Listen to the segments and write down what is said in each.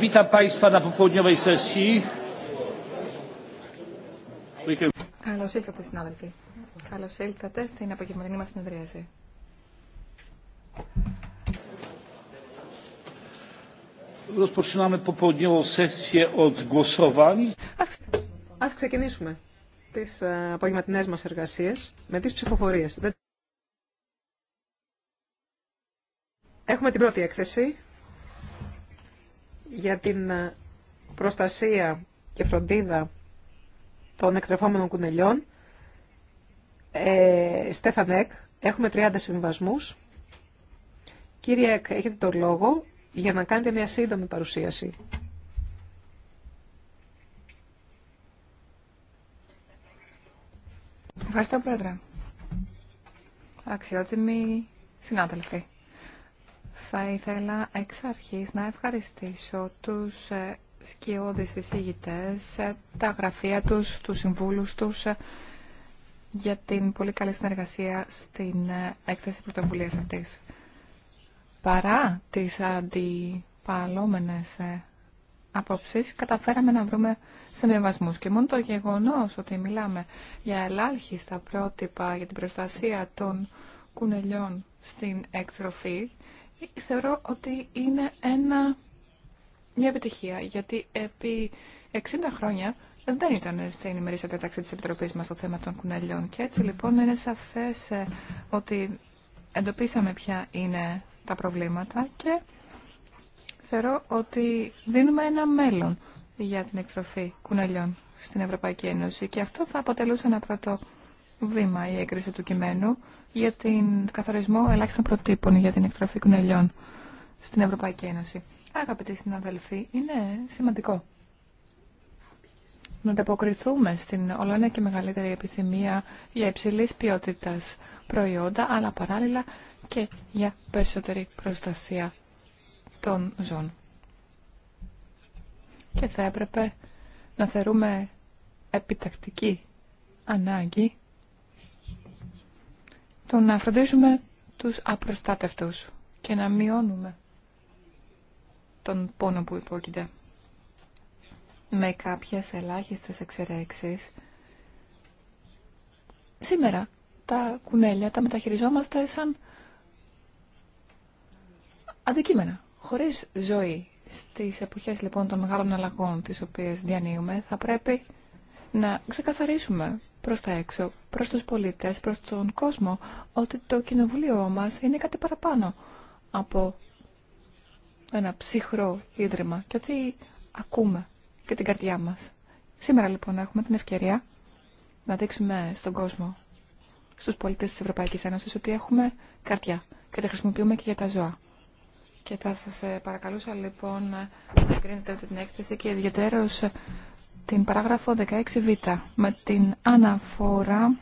Witam Państwa na popołudniowej sesji. Καλώ ήλθατε, συνάδελφοι. Καλώ ήλθατε στην απογευματινή μα συνεδρίαση. Rozpoczynamy popołudniową sesję od głosowań. Ας ξεκινήσουμε τις ε, απογευματινές μας εργασίες με τις ψηφοφορίες. Έχουμε την πρώτη έκθεση για την ε, προστασία και φροντίδα των εκτρεφόμενων κουνελιών. Ε, Στέφαν Εκ, έχουμε 30 συμβασμούς. Κύριε Εκ, έχετε το λόγο για να κάνετε μια σύντομη παρουσίαση. Ευχαριστώ, Πρόεδρε. Αξιότιμη συνάδελφοι. Θα ήθελα εξ αρχής να ευχαριστήσω τους ε, σκιώδεις εισηγητές, ε, τα γραφεία τους, τους συμβούλους τους ε, για την πολύ καλή συνεργασία στην έκθεση πρωτοβουλίας αυτής. Παρά τις αντιπαλόμενες απόψεις, καταφέραμε να βρούμε συμβιβασμούς. Και μόνο το γεγονός ότι μιλάμε για ελάχιστα πρότυπα για την προστασία των κουνελιών στην εκτροφή θεωρώ ότι είναι ένα, μια επιτυχία, γιατί επί 60 χρόνια δεν ήταν στην ημερήσια τέταξη της Επιτροπής μας το θέμα των κουνελιών. Και έτσι λοιπόν είναι σαφές ε, ότι εντοπίσαμε ποια είναι τα προβλήματα και θεωρώ ότι δίνουμε ένα μέλλον για την εκτροφή κουνελιών στην Ευρωπαϊκή Ένωση και αυτό θα αποτελούσε ένα πρώτο βήμα η έγκριση του κειμένου για την καθορισμό ελάχιστων προτύπων για την εκτροφή κουνελιών στην Ευρωπαϊκή Ένωση. Αγαπητοί συναδελφοί, είναι σημαντικό να ανταποκριθούμε στην ολόνα και μεγαλύτερη επιθυμία για υψηλή ποιότητα προϊόντα, αλλά παράλληλα και για περισσότερη προστασία των ζώων. Και θα έπρεπε να θερούμε επιτακτική ανάγκη το να φροντίζουμε τους απροστάτευτους και να μειώνουμε τον πόνο που υπόκειται. Με κάποιες ελάχιστες εξαιρέξεις, σήμερα τα κουνέλια τα μεταχειριζόμαστε σαν αντικείμενα, χωρίς ζωή. Στις εποχές λοιπόν των μεγάλων αλλαγών τις οποίες διανύουμε θα πρέπει να ξεκαθαρίσουμε προς τα έξω, προς τους πολίτες, προς τον κόσμο, ότι το κοινοβουλίο μας είναι κάτι παραπάνω από ένα ψυχρό ίδρυμα και ότι ακούμε και την καρδιά μας. Σήμερα λοιπόν έχουμε την ευκαιρία να δείξουμε στον κόσμο, στους πολίτες της Ευρωπαϊκής Ένωσης, ότι έχουμε καρδιά και τα χρησιμοποιούμε και για τα ζώα. Και θα σας ε, παρακαλούσα λοιπόν να εγκρίνετε την έκθεση και ιδιαίτερως την παράγραφο 16β με την αναφορά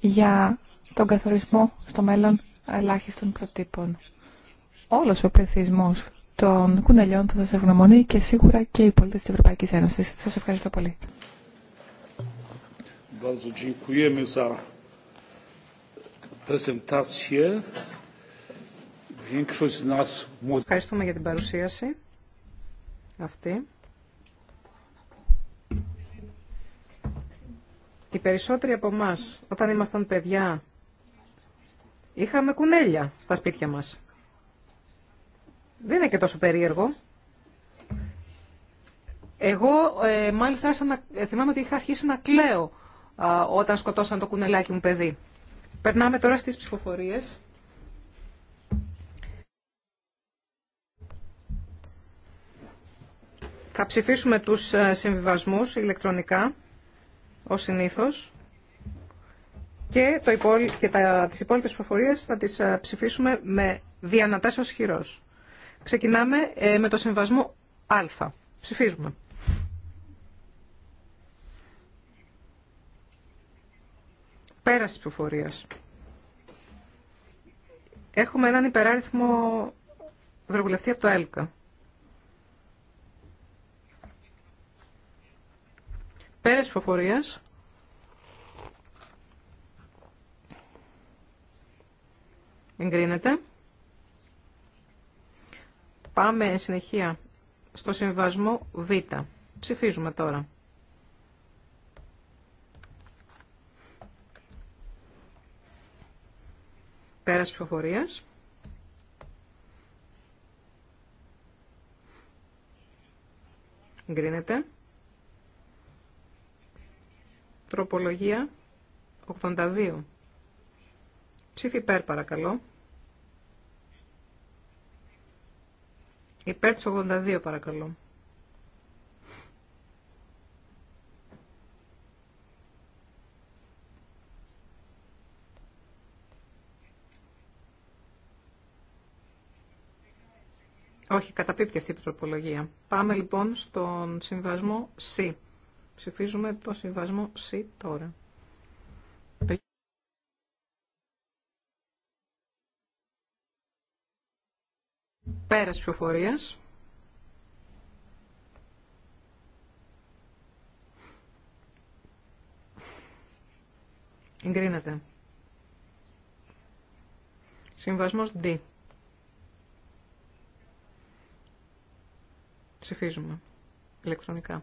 για τον καθορισμό στο μέλλον ελάχιστων προτύπων. Όλος ο πληθυσμός των κουνελιών θα σας ευγνωμονεί και σίγουρα και οι πολίτες της Ευρωπαϊκής Ένωσης. Σας ευχαριστώ πολύ. Ευχαριστούμε για την παρουσίαση αυτή. Οι περισσότεροι από εμά, όταν ήμασταν παιδιά, είχαμε κουνέλια στα σπίτια μας. Δεν είναι και τόσο περίεργο. Εγώ, ε, μάλιστα, άρχισα ε, θυμάμαι ότι είχα αρχίσει να κλαίω όταν σκοτώσαν το κουνελάκι μου παιδί. Περνάμε τώρα στις ψηφοφορίες. Θα ψηφίσουμε τους ε, συμβιβασμούς ηλεκτρονικά, ως συνήθως, και, το υπόλοι... και τα... τις υπόλοιπες προφορίες θα τις ε, ψηφίσουμε με ως χειρός. Ξεκινάμε ε, με το συμβασμό Α. Ψηφίζουμε. Πέραση της προφορίας. Έχουμε έναν υπεράριθμο ευρωβουλευτή από το ΕΛΚΑ. Πέρας ψηφοφορίας. Εγκρίνεται. Πάμε εν συνεχεία στο συμβασμό Β. Ψηφίζουμε τώρα. Πέρας ψηφοφορίας. Εγκρίνεται. Τροπολογία 82. Ψήφι υπέρ παρακαλώ. Υπέρ της 82 παρακαλώ. Όχι, καταπίπτει αυτή η τροπολογία. Πάμε λοιπόν στον συμβασμό C. Ψηφίζουμε το συμβασμό C τώρα. Πέρας ψηφοφορίας. Εγκρίνεται. Συμβασμός D. Ψηφίζουμε ηλεκτρονικά.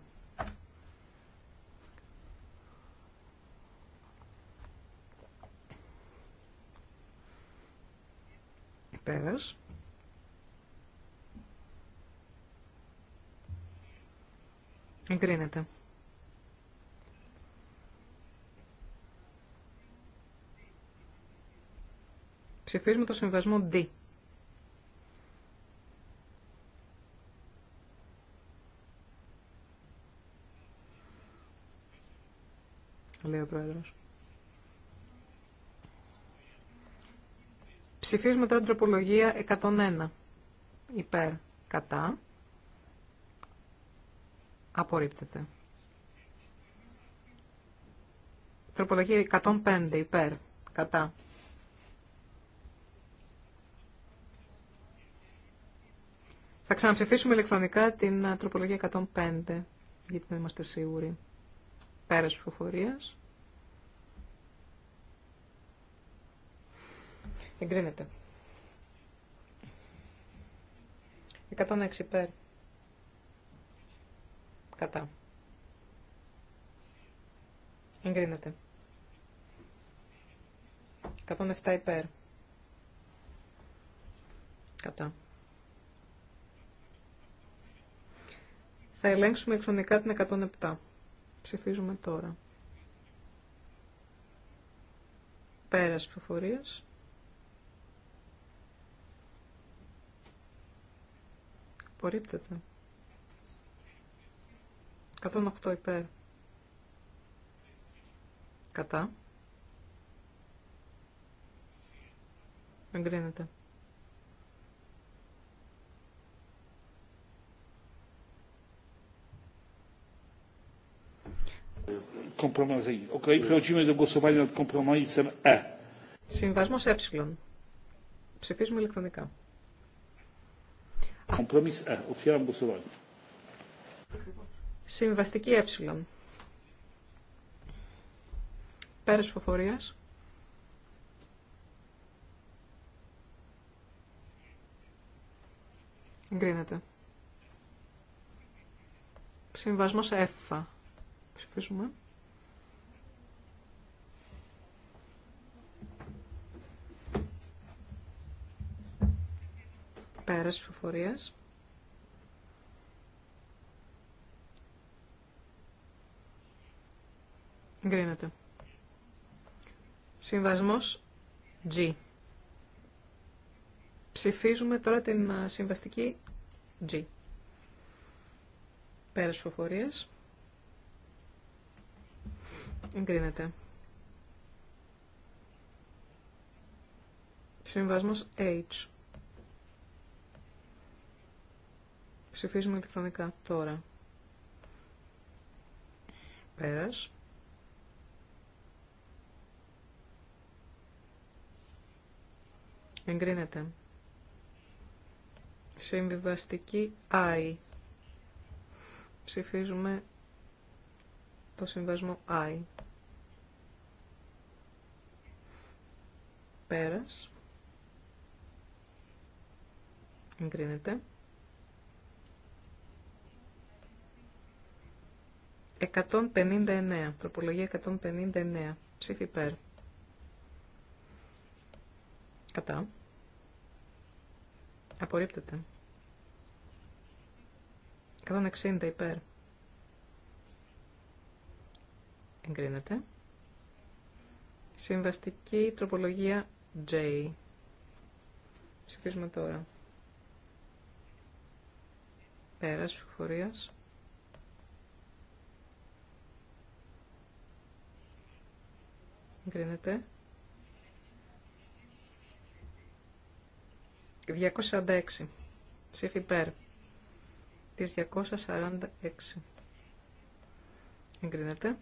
Πέρας. Εγκρίνεται. Ψηφίζουμε το συμβασμό D. Λέει ο Πρόεδρος. Ψηφίζουμε τώρα την τροπολογία 101. Υπέρ. Κατά. Απορρίπτεται. Τροπολογία 105. Υπέρ. Κατά. Θα ξαναψηφίσουμε ηλεκτρονικά την τροπολογία 105, γιατί δεν είμαστε σίγουροι. Πέρας ψηφοφορίας. Εγκρίνεται. 106 υπέρ. Κατά. Εγκρίνεται. 107 υπέρ. Κατά. Θα ελέγξουμε ηλεκτρονικά την 107. Ψηφίζουμε τώρα. Πέρας ψηφοφορίας. Απορρίπτεται. 108 υπέρ. Κατά. Εγκρίνεται. Ε. Συμβασμός ε. Ψηφίζουμε ηλεκτρονικά. Συμβαστική ε. Πέρας φοφορίας. Εγκρίνεται. Συμβασμός έφα. Ψηφίζουμε. Πέρας ψηφοφορίας. Εγκρίνεται. Συμβασμός G. Ψηφίζουμε τώρα την συμβαστική G. Πέρας ψηφοφορίας. Εγκρίνεται. Συμβασμός H. Ψηφίζουμε ηλεκτρονικά τώρα. Πέρας. Εγκρίνεται. Συμβιβαστική I. Ψηφίζουμε το συμβασμό I. Πέρας. Εγκρίνεται. 159. Τροπολογία 159. Ψήφι υπέρ. Κατά. Απορρίπτεται. 160 υπέρ. Εγκρίνεται. Συμβαστική τροπολογία J. Ψηφίζουμε τώρα. Πέρας ψηφοφορίας. Εγκρίνεται. 246. Ψήφι υπέρ. Της 246. Εγκρίνεται.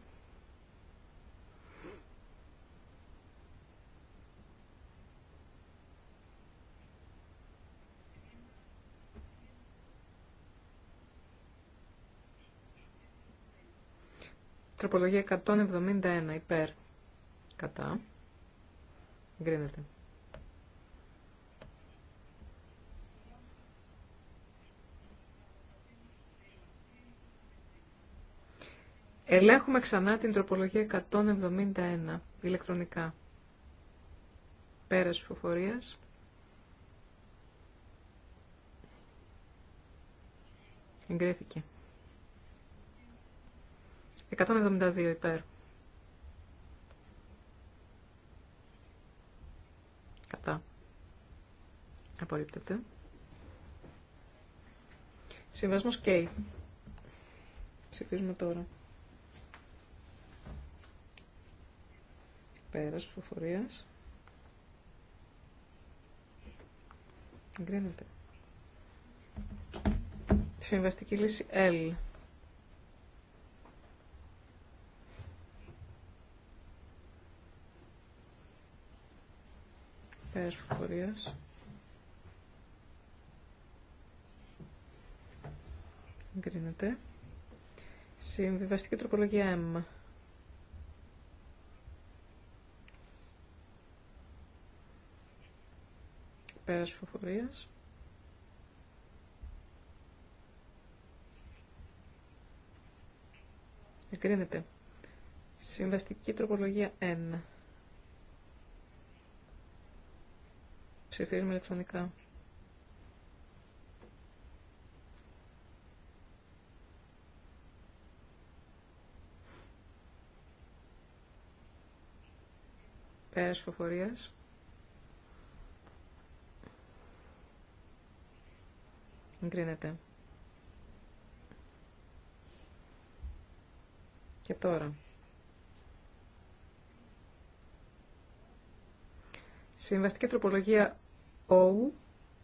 171 υπέρ. Κατά. Γκρίνεται. Ελέγχουμε ξανά την τροπολογία 171 ηλεκτρονικά. Πέρας ψηφοφορίας. Εγκρίθηκε. 172 υπέρ. Κατά. Απορρίπτεται. Συμβασμός K. τώρα. Πέρας ψηφοφορίας. Εγκρίνεται. Συμβαστική λύση L. Πέρας ψηφοφορίας. Εγκρίνεται. Συμβιβαστική τροπολογία M. Πέρας ψηφοφορίας. Εγκρίνεται. Συμβαστική τροπολογία 1. Ψηφίζουμε ηλεκτρονικά. Πέρας φοφορίας. Εγκρίνεται. Και τώρα. Συμβαστική τροπολογία ου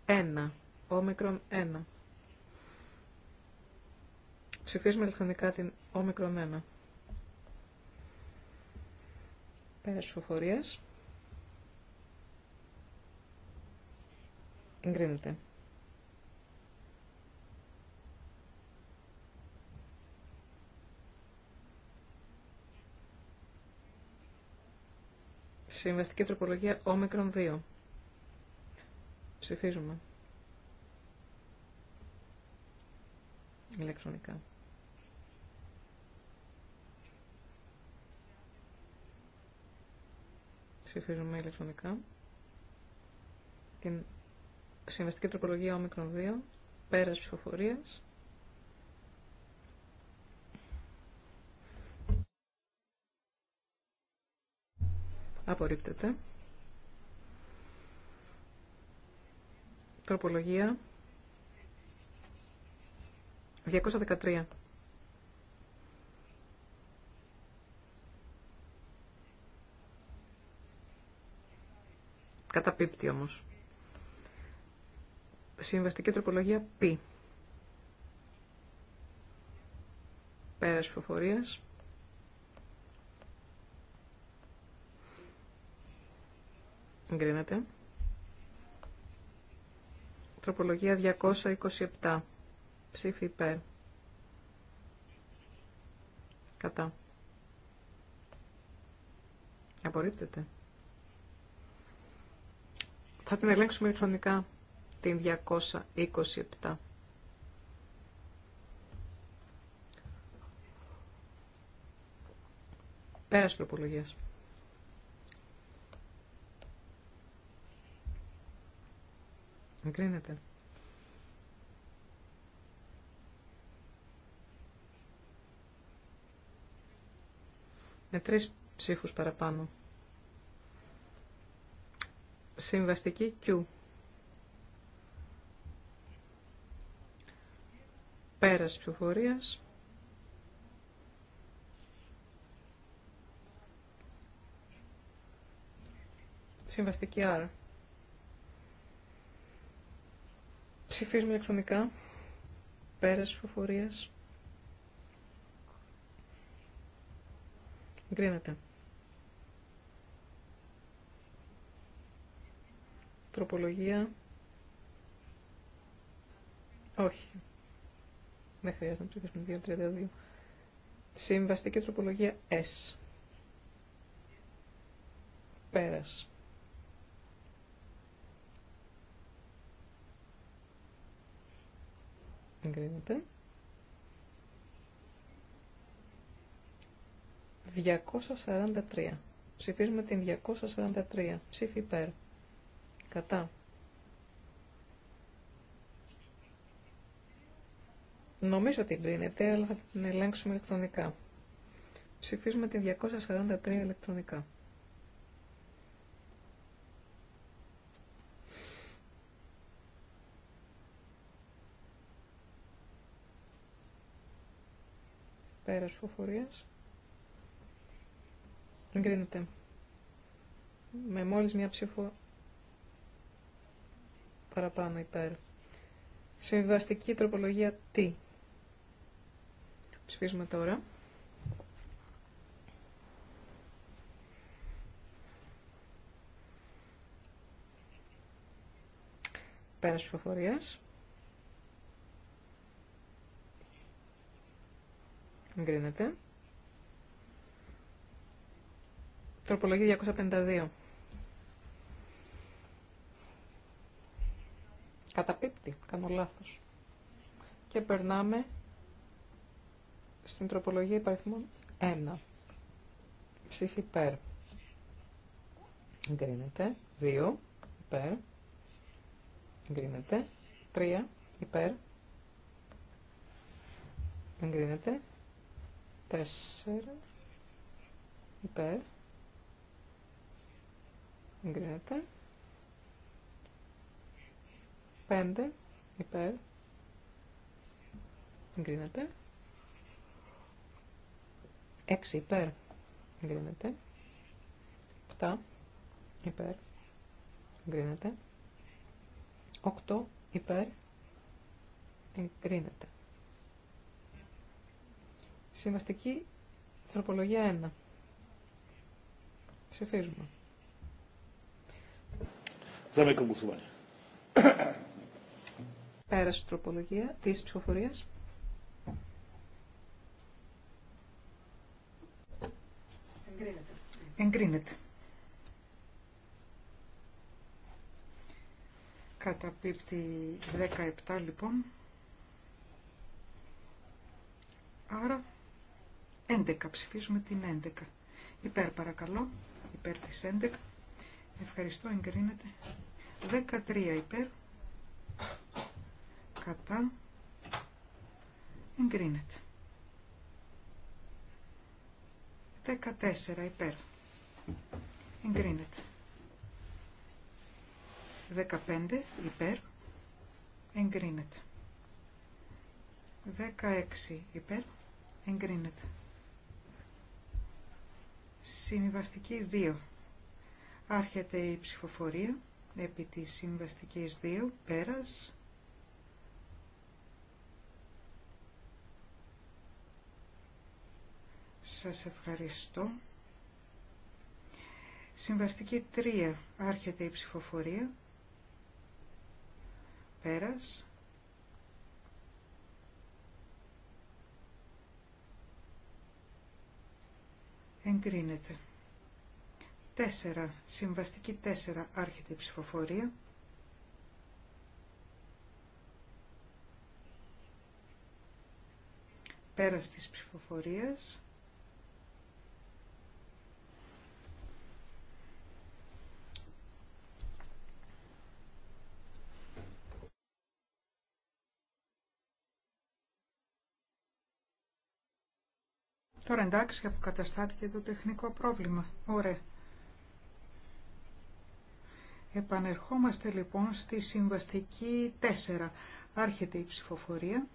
1, όμικρον 1. Ψηφίζουμε ηλεκτρονικά την όμικρον 1. Πέρας ψηφοφορίας. Εγκρίνεται. Συμβαστική τροπολογία όμικρον 2. Ψηφίζουμε. Ηλεκτρονικά. Ψηφίζουμε ηλεκτρονικά. Την συμβαστική τροπολογία όμικρον 2, πέρας ψηφοφορίας. Απορρίπτεται. Τροπολογία 213. Καταπίπτει όμως. Συμβαστική τροπολογία π. Πέρας ψηφοφορίας. Εγκρίνεται. Τροπολογία 227. Ψήφι υπέρ. Κατά. Απορρίπτεται. Θα την ελέγξουμε ηλεκτρονικά την 227. Πέρας τροπολογίας. Εγκρίνεται. Με τρεις ψήφους παραπάνω. Συμβαστική Q. Πέρας ψηφοφορίας. Συμβαστική R. Ψηφίζουμε ηλεκτρονικά. Πέρας προφορίας. Γκρίνεται. Τροπολογία. Όχι. Δεν χρειάζεται να ψηφίσουμε 2.32. Συμβαστική τροπολογία S. Πέρας. εγκρίνεται. 243. Ψηφίζουμε την 243. Ψήφι υπέρ. Κατά. Νομίζω ότι εγκρίνεται, αλλά θα την ελέγξουμε ηλεκτρονικά. Ψηφίζουμε την 243 ηλεκτρονικά. Πέρας φοφορίας. Εγκρίνεται. Με μόλις μια ψήφο παραπάνω υπέρ. Συμβαστική τροπολογία τι. Ψηφίζουμε τώρα. Πέρας φοφορίας. Εγκρίνεται. Τροπολογία 252. Καταπίπτει, κάνω λάθος. Και περνάμε στην τροπολογία υπαριθμών 1. Ψήφι υπέρ. Εγκρίνεται. 2. Υπέρ. Εγκρίνεται. 3. Υπέρ. Εγκρίνεται. 4 υπέρ εγκρίνεται 5 υπέρ εγκρίνεται 6 υπέρ εγκρίνεται 7 υπέρ εγκρίνεται 8 υπέρ εγκρίνεται Συμβαστική τροπολογία 1. Ψηφίζουμε. Ζαμικό Πέρασε τροπολογία της ψηφοφορίας. Εγκρίνεται. Εγκρίνεται. Καταπίπτει 17 λοιπόν. Άρα 11. Ψηφίζουμε την 11. Υπέρ παρακαλώ. Υπέρ της 11. Ευχαριστώ. Εγκρίνεται. 13 υπέρ. Κατά. Εγκρίνεται. 14 υπέρ. Εγκρίνεται. 15 υπέρ. Εγκρίνεται. 16 υπέρ. Εγκρίνεται. Συμβαστική 2. Άρχεται η ψηφοφορία επί της συμβαστικής 2. Πέρας. Σας ευχαριστώ. Συμβαστική 3. Άρχεται η ψηφοφορία. Πέρας. Εγκρίνεται. 4. Συμβαστική 4. Άρχεται η ψηφοφορία. Πέρας της ψηφοφορίας. Τώρα εντάξει, αποκαταστάθηκε το τεχνικό πρόβλημα. Ωραία. Επανερχόμαστε λοιπόν στη συμβαστική 4. Άρχεται η ψηφοφορία.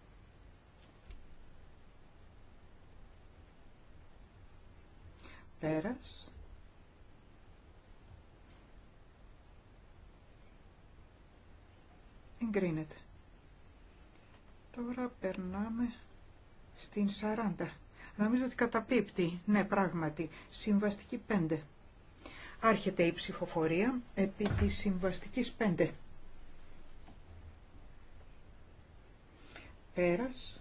Πέρας. Εγκρίνεται. Τώρα περνάμε στην 40. Νομίζω ότι καταπίπτει. Ναι, πράγματι. Συμβαστική 5. Άρχεται η ψηφοφορία επί τη συμβαστικής 5. Πέρας.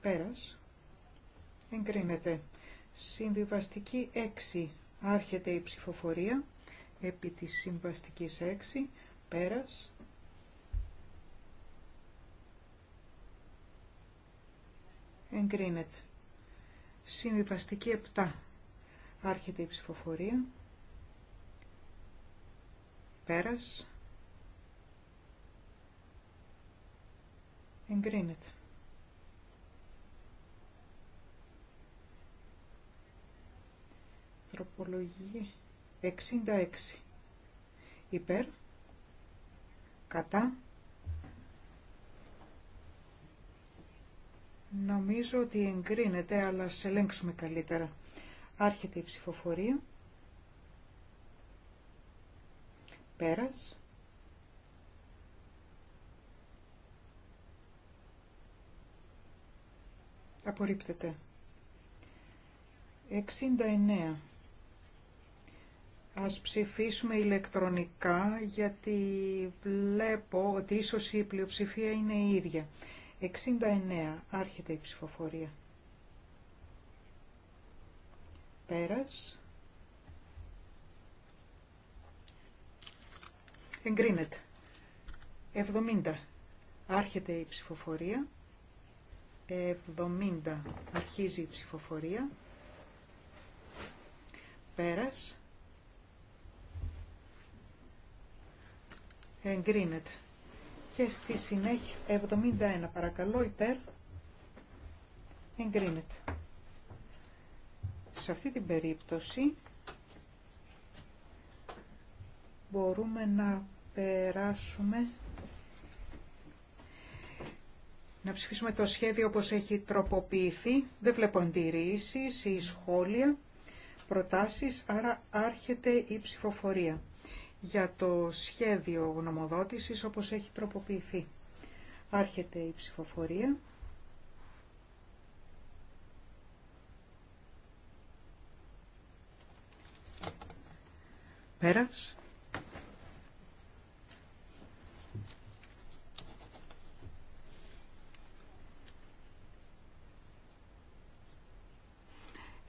Πέρας. Εγκρίνεται. Συμβιβαστική 6. Άρχεται η ψηφοφορία επί της συμβαστικής 6 πέρας εγκρίνεται συμβαστική 7 άρχεται η ψηφοφορία πέρας εγκρίνεται τροπολογία 66 υπέρ κατά νομίζω ότι εγκρίνεται αλλά σε ελέγξουμε καλύτερα άρχεται η ψηφοφορία πέρας απορρίπτεται 69 Ας ψηφίσουμε ηλεκτρονικά γιατί βλέπω ότι ίσως η πλειοψηφία είναι η ίδια. 69. Άρχεται η ψηφοφορία. Πέρας. Εγκρίνεται. 70. Άρχεται η ψηφοφορία. 70. Αρχίζει η ψηφοφορία. Πέρας. εγκρίνεται. Και στη συνέχεια 71 παρακαλώ υπέρ εγκρίνεται. Σε αυτή την περίπτωση μπορούμε να περάσουμε να ψηφίσουμε το σχέδιο όπως έχει τροποποιηθεί. Δεν βλέπω αντιρρήσεις ή σχόλια, προτάσεις, άρα άρχεται η ψηφοφορία για το σχέδιο γνωμοδότησης όπως έχει τροποποιηθεί. Άρχεται η ψηφοφορία. Πέρας.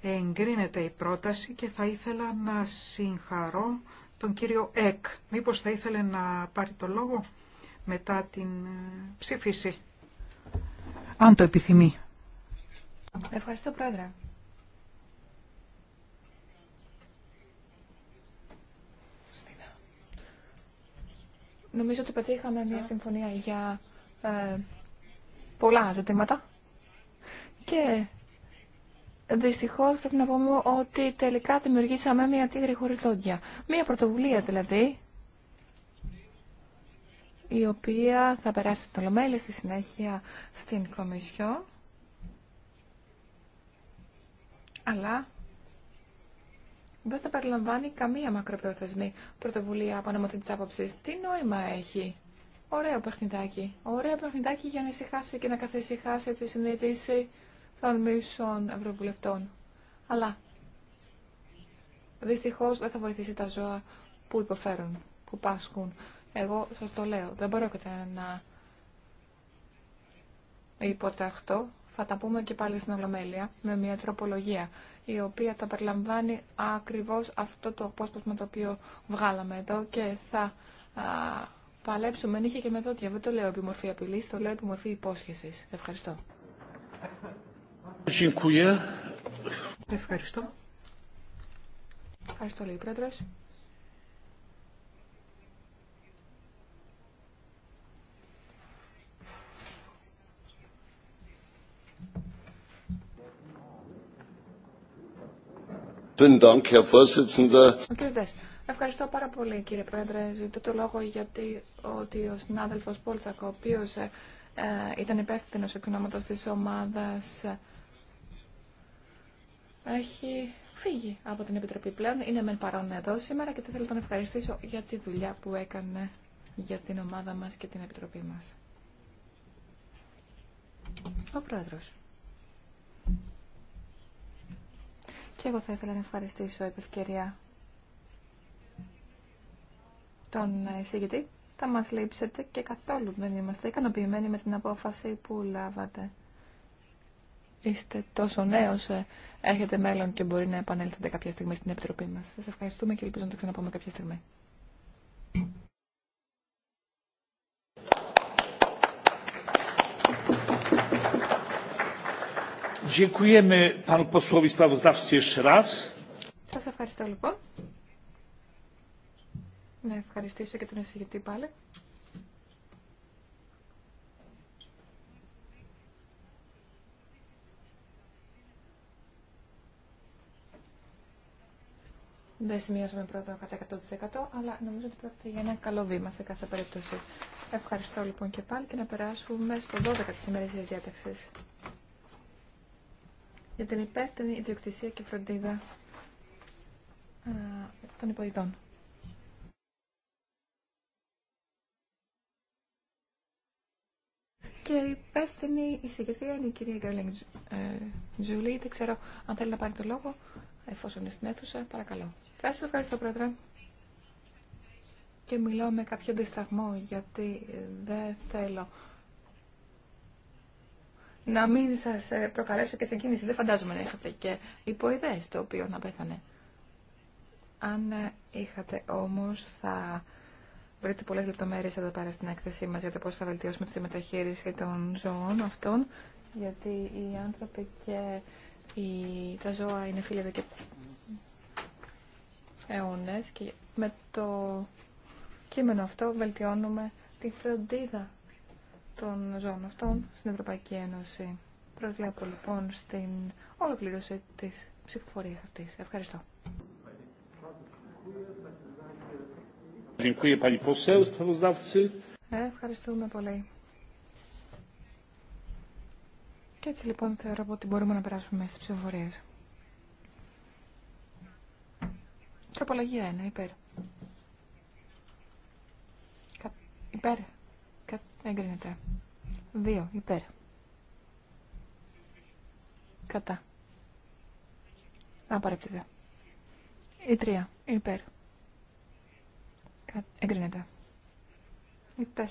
Εγκρίνεται η πρόταση και θα ήθελα να συγχαρώ τον κύριο Εκ. Μήπως θα ήθελε να πάρει το λόγο μετά την ε, ψήφιση, αν το επιθυμεί. Ευχαριστώ, Πρόεδρε. Νομίζω ότι πετύχαμε μια συμφωνία για ε, πολλά ζητήματα και Δυστυχώς πρέπει να πούμε ότι τελικά δημιουργήσαμε μια τίγρη χωρίς δόντια. Μια πρωτοβουλία δηλαδή, η οποία θα περάσει στην Ολομέλη στη συνέχεια στην Κομισιό. Αλλά δεν θα περιλαμβάνει καμία μακροπρόθεσμη πρωτοβουλία από νομοθετή τη άποψη. Τι νόημα έχει. Ωραίο παιχνιδάκι. Ωραίο παιχνιδάκι για να ησυχάσει και να καθησυχάσει τη συνείδηση των μισών ευρωβουλευτών. Αλλά δυστυχώς δεν θα βοηθήσει τα ζώα που υποφέρουν, που πάσχουν. Εγώ σας το λέω, δεν μπορώ και να υποταχτώ. Θα τα πούμε και πάλι στην Ολομέλεια με μια τροπολογία η οποία θα περιλαμβάνει ακριβώς αυτό το απόσπασμα το οποίο βγάλαμε εδώ και θα α, παλέψουμε νύχια και με δόντια. Δεν το λέω επιμορφή απειλής, το λέω επιμορφή υπόσχεσης. Ευχαριστώ. Ευχαριστώ. Ευχαριστώ, λέει η Πρόεδρος. Ευχαριστώ πάρα πολύ κύριε Πρόεδρε. Ζητώ το λόγο γιατί ότι ο συνάδελφος Πόλτσακ, ο οποίος ε, ε ήταν υπεύθυνος εκ ονόματος της ομάδας έχει φύγει από την Επιτροπή πλέον. Είναι μεν παρόν εδώ σήμερα και θα θέλω να τον ευχαριστήσω για τη δουλειά που έκανε για την ομάδα μας και την Επιτροπή μας. Ο Πρόεδρος. Και εγώ θα ήθελα να ευχαριστήσω επ' ευκαιρία τον εισηγητή. Θα μας λείψετε και καθόλου δεν είμαστε ικανοποιημένοι με την απόφαση που λάβατε είστε τόσο νέος, ε, έχετε μέλλον και μπορεί να επανέλθετε κάποια στιγμή στην Επιτροπή μας. Σας ευχαριστούμε και ελπίζω να το ξαναπούμε κάποια στιγμή. Σας ευχαριστώ λοιπόν. Να ευχαριστήσω και τον εισηγητή πάλι. Δεν σημειώσαμε πρώτα κατά 100% αλλά νομίζω ότι πρόκειται για ένα καλό βήμα σε κάθε περίπτωση. Ευχαριστώ λοιπόν και πάλι και να περάσουμε στο 12 της ημερήσιας διάταξης. Για την υπεύθυνη ιδιοκτησία και φροντίδα των υποειδών. Και υπεύθυνη η συγκεκριμένη είναι η κυρία Γκέρλινγκ ε, Τζούλη. Δεν ξέρω αν θέλει να πάρει το λόγο, εφόσον είναι στην αίθουσα. Παρακαλώ. Σα ευχαριστώ, Πρόεδρε. Και μιλάω με κάποιο δισταγμό, γιατί ε, δεν θέλω να μην σα ε, προκαλέσω και σε κίνηση. Δεν φαντάζομαι να είχατε και υποειδές το οποίο να πέθανε. Αν ε, είχατε όμω θα βρείτε πολλέ λεπτομέρειε εδώ πέρα στην έκθεσή μα για το πώ θα βελτιώσουμε τη μεταχείριση των ζώων αυτών, γιατί οι άνθρωποι και τα ζώα είναι φίλοι εδώ και και με το κείμενο αυτό βελτιώνουμε τη φροντίδα των ζώων αυτών στην Ευρωπαϊκή Ένωση. Προσβλέπω λοιπόν στην ολοκλήρωση της ψηφοφορίας αυτής. Ευχαριστώ. Ευχαριστούμε πολύ. Και έτσι λοιπόν θεωρώ ότι μπορούμε να περάσουμε στις ψηφοφορίες. Τροπολογία 1. Υπέρ. Κα... Υπέρ. Κα... Εγκρίνεται. 2. Υπέρ. Κατά. Απαρρίπτεται. Η 3. Υπέρ. Κα... Εγκρίνεται. Η 4.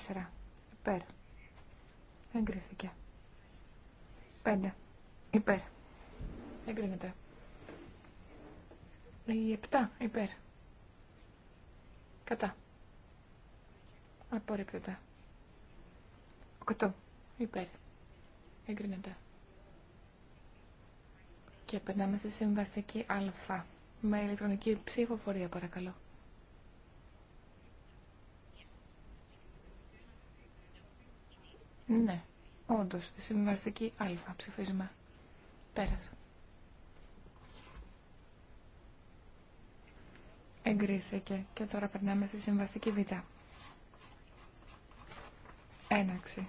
Υπέρ. Εγκρίθηκε. πέντε Υπέρ. Εγκρίνεται. Η 7 υπέρ. Κατά. Απορρίπτεται. 8 υπέρ. Εγκρίνεται. Και περνάμε στη συμβαστική α. Με ηλεκτρονική ψηφοφορία παρακαλώ. Ναι, όντως, συμβαστική α ψηφίζουμε. Πέρασε. Εγκρίθηκε. Και τώρα περνάμε στη συμβαστική β. Έναξη.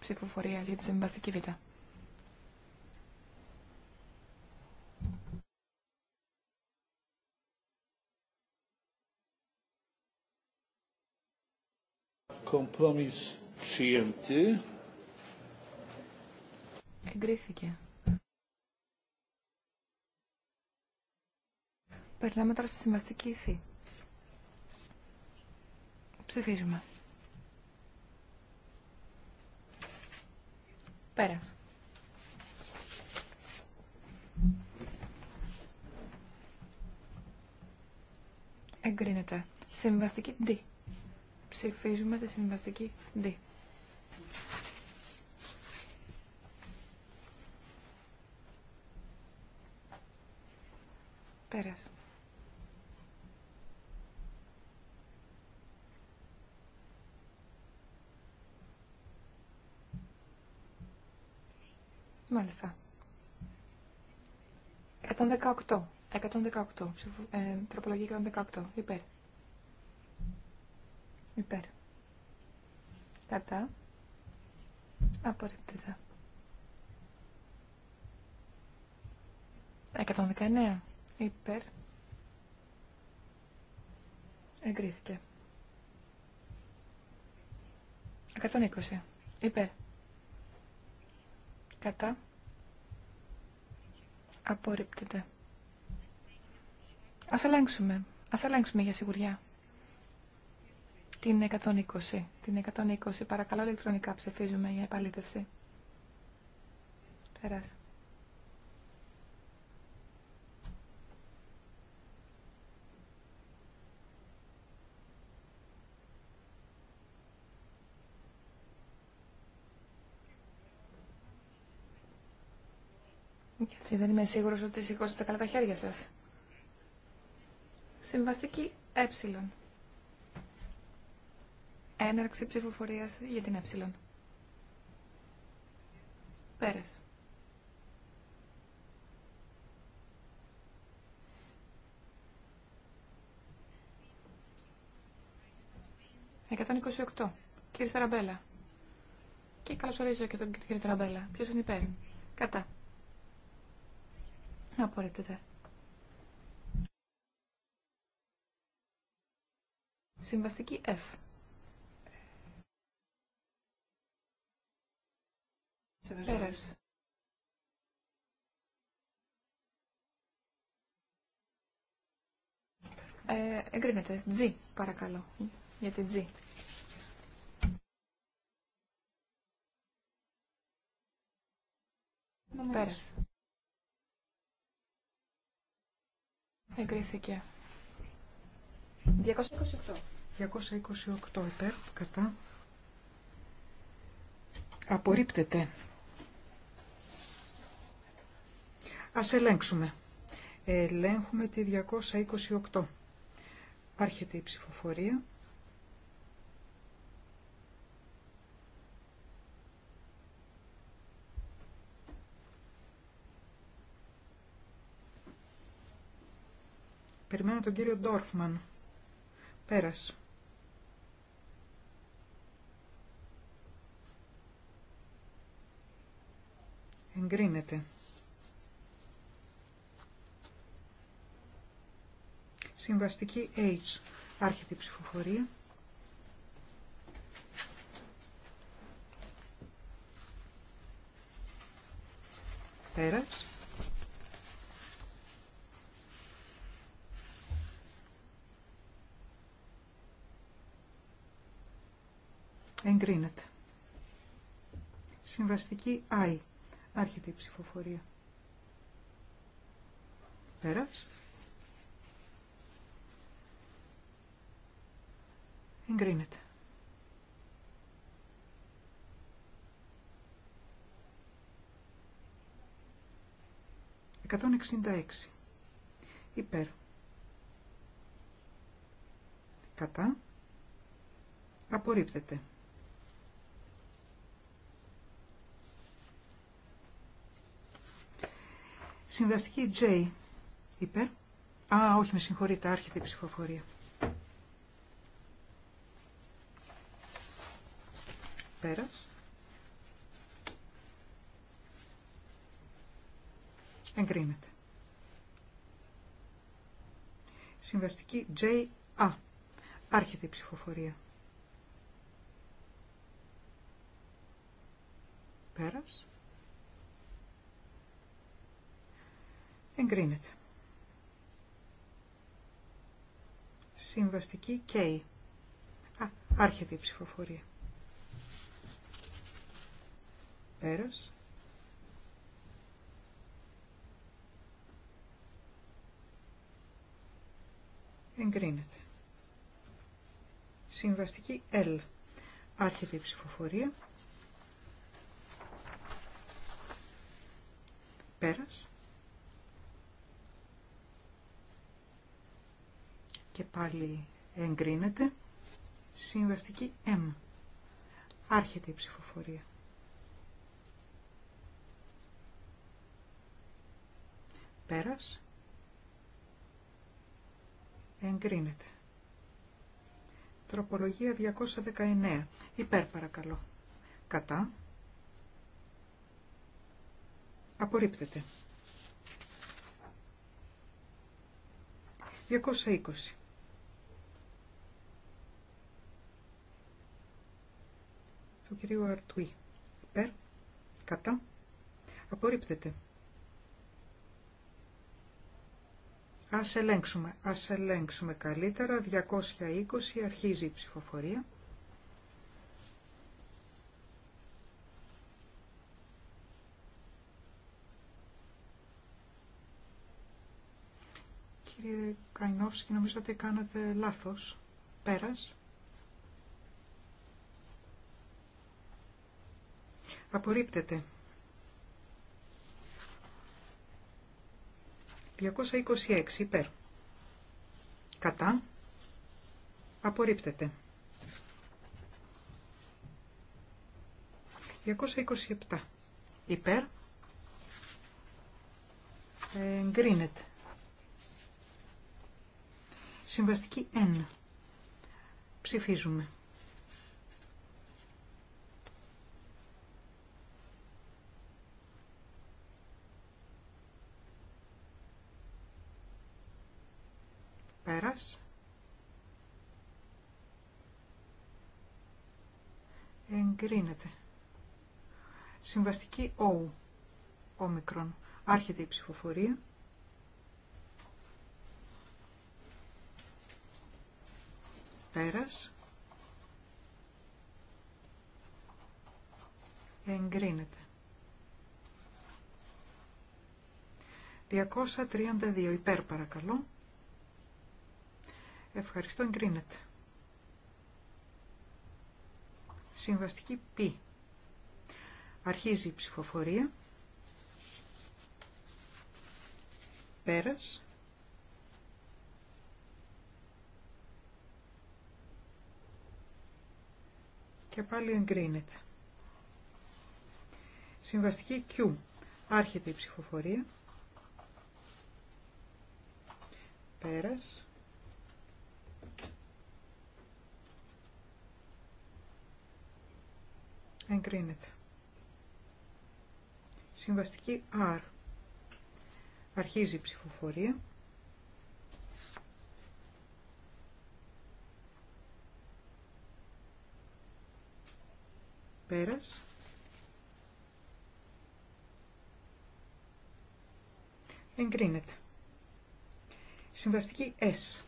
Ψηφοφορία για τη συμβαστική β. Εγκρίθηκε. Περνάμε τώρα στη συμβαστική ηθή. Ψηφίζουμε. Πέρας. Εγκρίνεται. Συμβαστική D. Ψηφίζουμε τη συμβαστική D. Πέρασε. 118. 118. Ε, τροπολογία 118. Υπέρ. Υπέρ. Κατά. Απορρίπτεται. 119. Υπέρ. Εγκρίθηκε. 120. Υπέρ. Κατά. Απορρίπτεται. Ας ελέγξουμε. Ας ελέγξουμε για σιγουριά. Την 120. Την 120. Παρακαλώ ηλεκτρονικά ψηφίζουμε για επαλήθευση. Περάσει. Και δεν είμαι σίγουρος ότι σηκώσατε καλά τα χέρια σας. Συμβαστική ε. Έναρξη ψηφοφορίας για την ε. Πέρες. Εκατόν Κύριε Σαραμπέλα. Και καλωσορίζω και τον κύριο Τραμπέλα. Ποιος είναι υπέρ. Κατά. Απορρίπτεται. Συμβαστική F. Πέρας. Ε, εγκρίνεται. G, παρακαλώ. Γιατί την G. Πέρασε. Εγκρίθηκε. 228. 228 υπέρ, κατά. Απορρίπτεται. Ας ελέγξουμε. Ελέγχουμε τη 228. Άρχεται η ψηφοφορία. Περιμένω τον κύριο Ντόρφμαν. Πέρας. Εγκρίνεται. Συμβαστική H. Άρχεται η ψηφοφορία. Πέρας. Εγκρίνεται. Συμβαστική ΆΗ. Άρχεται η ψηφοφορία. Πέρας. Εγκρίνεται. Εκατόν εξήντα έξι. Υπέρ. Κατά. Απορρίπτεται. Συμβαστική J. Υπέρ. Α, όχι, με συγχωρείτε, άρχεται η ψηφοφορία. Πέρας. Εγκρίνεται. Συμβαστική J, Άρχεται η ψηφοφορία. Πέρας. Εγκρίνεται. Συμβαστική K. Α, άρχεται η ψηφοφορία. Πέρας. Εγκρίνεται. Συμβαστική L. Άρχεται η ψηφοφορία. Πέρας. και πάλι εγκρίνεται. Συμβαστική M. Άρχεται η ψηφοφορία. Πέρας. Εγκρίνεται. Τροπολογία 219. Υπέρ παρακαλώ. Κατά. Απορρίπτεται. 220. του κυρίου Αρτουή. Υπέρ, κατά, απορρίπτεται. Ας ελέγξουμε, ας ελέγξουμε καλύτερα. 220 αρχίζει η ψηφοφορία. Κύριε Καϊνόφσκι, νομίζω ότι κάνατε λάθος. Πέρας. Απορρίπτεται. 226 υπέρ. Κατά. Απορρίπτεται. 227 υπέρ. Εγκρίνεται. Συμβαστική 1. Ψηφίζουμε. εγκρίνεται. Συμβαστική ο όμικρον. Άρχεται η ψηφοφορία. Πέρας. Εγκρίνεται. 232 υπέρ παρακαλώ. Ευχαριστώ εγκρίνεται. Συμβαστική π. Αρχίζει η ψηφοφορία. Πέρας. Και πάλι εγκρίνεται. Συμβαστική Q. Άρχεται η ψηφοφορία. Πέρας. Εγκρίνεται. Συμβαστική R. Αρχίζει η ψηφοφορία. Πέρας. Εγκρίνεται. Συμβαστική S.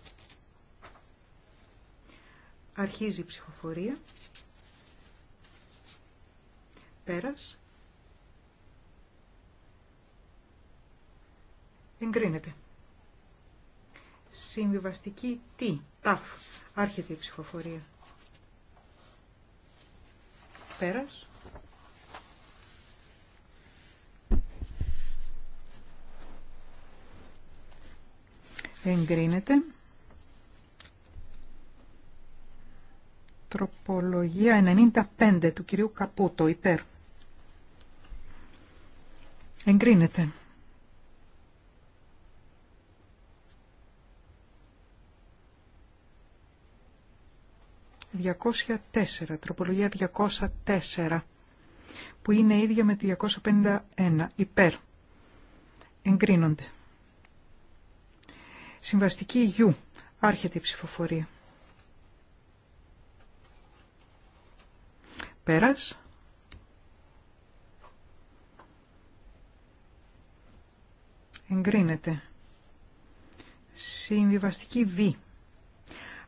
Αρχίζει η ψηφοφορία. Πέρας. Εγκρίνεται. Συμβιβαστική τι, ταφ, άρχεται η ψηφοφορία. Πέρας. Εγκρίνεται. Τροπολογία 95 του κυρίου Καπούτο, υπέρ. Εγκρίνεται. ...204, τροπολογία 204, που είναι ίδια με τη 251, υπέρ. Εγκρίνονται. Συμβαστική U, άρχεται η ψηφοφορία. Πέρας. Εγκρίνεται. Συμβιβαστική Β.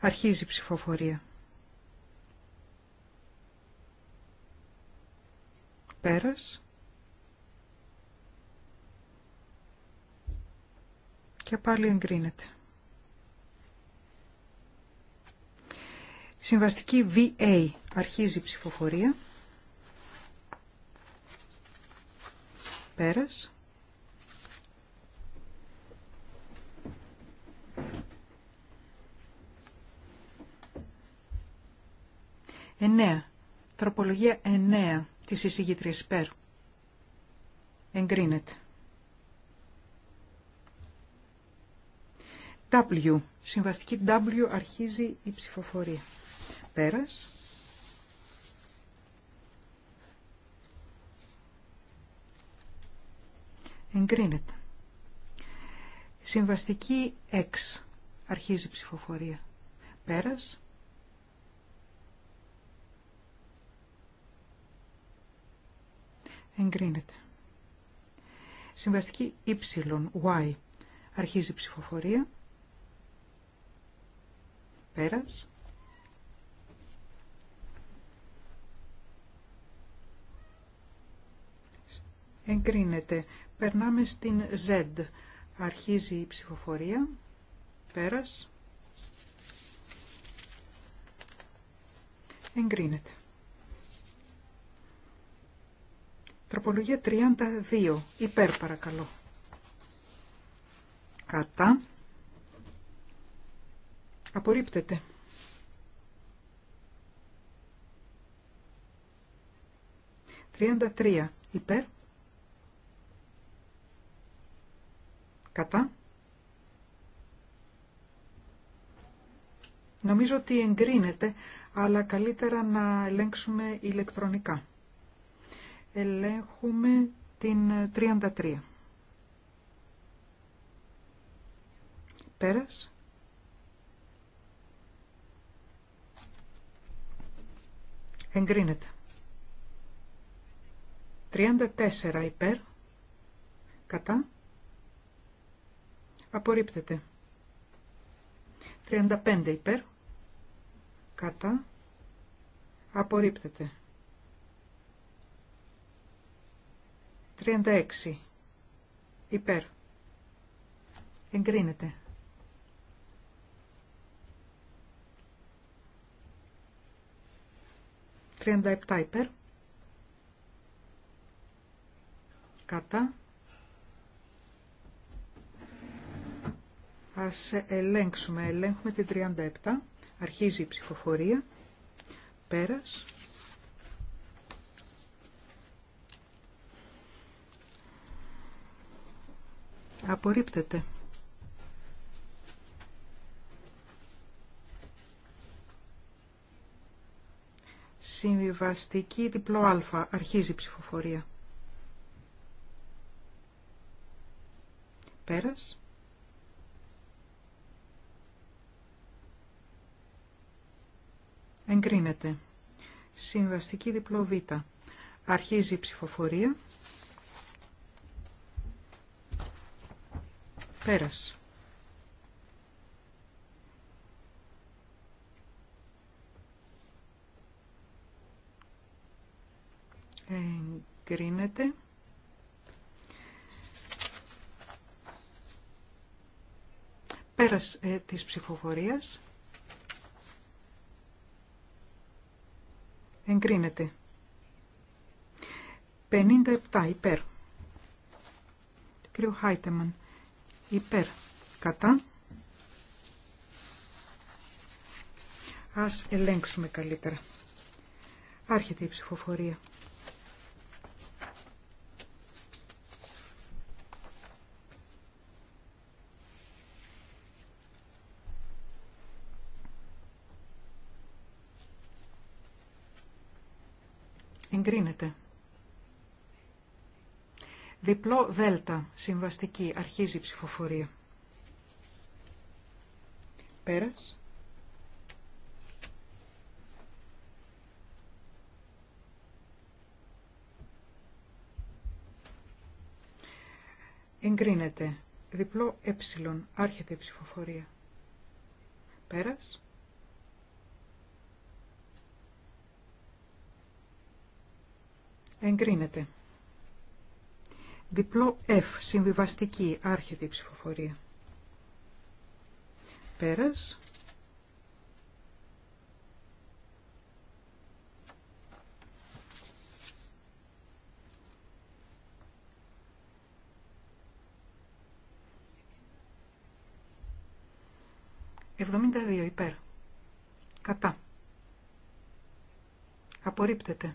Αρχίζει η ψηφοφορία. Πέρας. Και πάλι εγκρίνεται. Συμβαστική VA. Αρχίζει η ψηφοφορία. Πέρας. 9. Τροπολογία 9 της εισηγήτριας ΠΕΡ. Εγκρίνεται. W. Συμβαστική W αρχίζει η ψηφοφορία. Πέρας. Εγκρίνεται. Συμβαστική X αρχίζει η ψηφοφορία. Πέρας. εγκρίνεται. Συμβαστική Y, Y, αρχίζει η ψηφοφορία, πέρας. Εγκρίνεται. Περνάμε στην Z. Αρχίζει η ψηφοφορία. Πέρας. Εγκρίνεται. Τροπολογία 32. Υπέρ παρακαλώ. Κατά. Απορρίπτεται. 33. Υπέρ. Κατά. Νομίζω ότι εγκρίνεται, αλλά καλύτερα να ελέγξουμε ηλεκτρονικά. Ελέγχουμε την 33. Πέρας. Εγκρίνεται. 34 υπέρ. Κατά. Απορρίπτεται. 35 υπέρ. Κατά. Απορρίπτεται. 36. Υπέρ. Εγκρίνεται. 37 υπέρ. Κατά. Ας ελέγξουμε. Ελέγχουμε την 37. Αρχίζει η ψηφοφορία. Πέρας. Απορρίπτεται. Συμβιβαστική διπλό α. Αρχίζει η ψηφοφορία. Πέρας. Εγκρίνεται. Συμβαστική διπλό β. Αρχίζει η ψηφοφορία. Πέρας. Εγκρίνεται. Πέρας ε, της ψηφοφορίας. Εγκρίνεται. 57 υπέρ. Κύριο Χάιτεμαν υπέρ κατά ας ελέγξουμε καλύτερα άρχεται η ψηφοφορία εγκρίνεται Διπλό δέλτα, συμβαστική, αρχίζει η ψηφοφορία. Πέρας. Εγκρίνεται. Διπλό ε, άρχεται η ψηφοφορία. Πέρας. Εγκρίνεται. Διπλό F, συμβιβαστική, άρχεται η ψηφοφορία. Πέρας. Εβδομήντα δύο υπέρ. Κατά. Απορρίπτεται.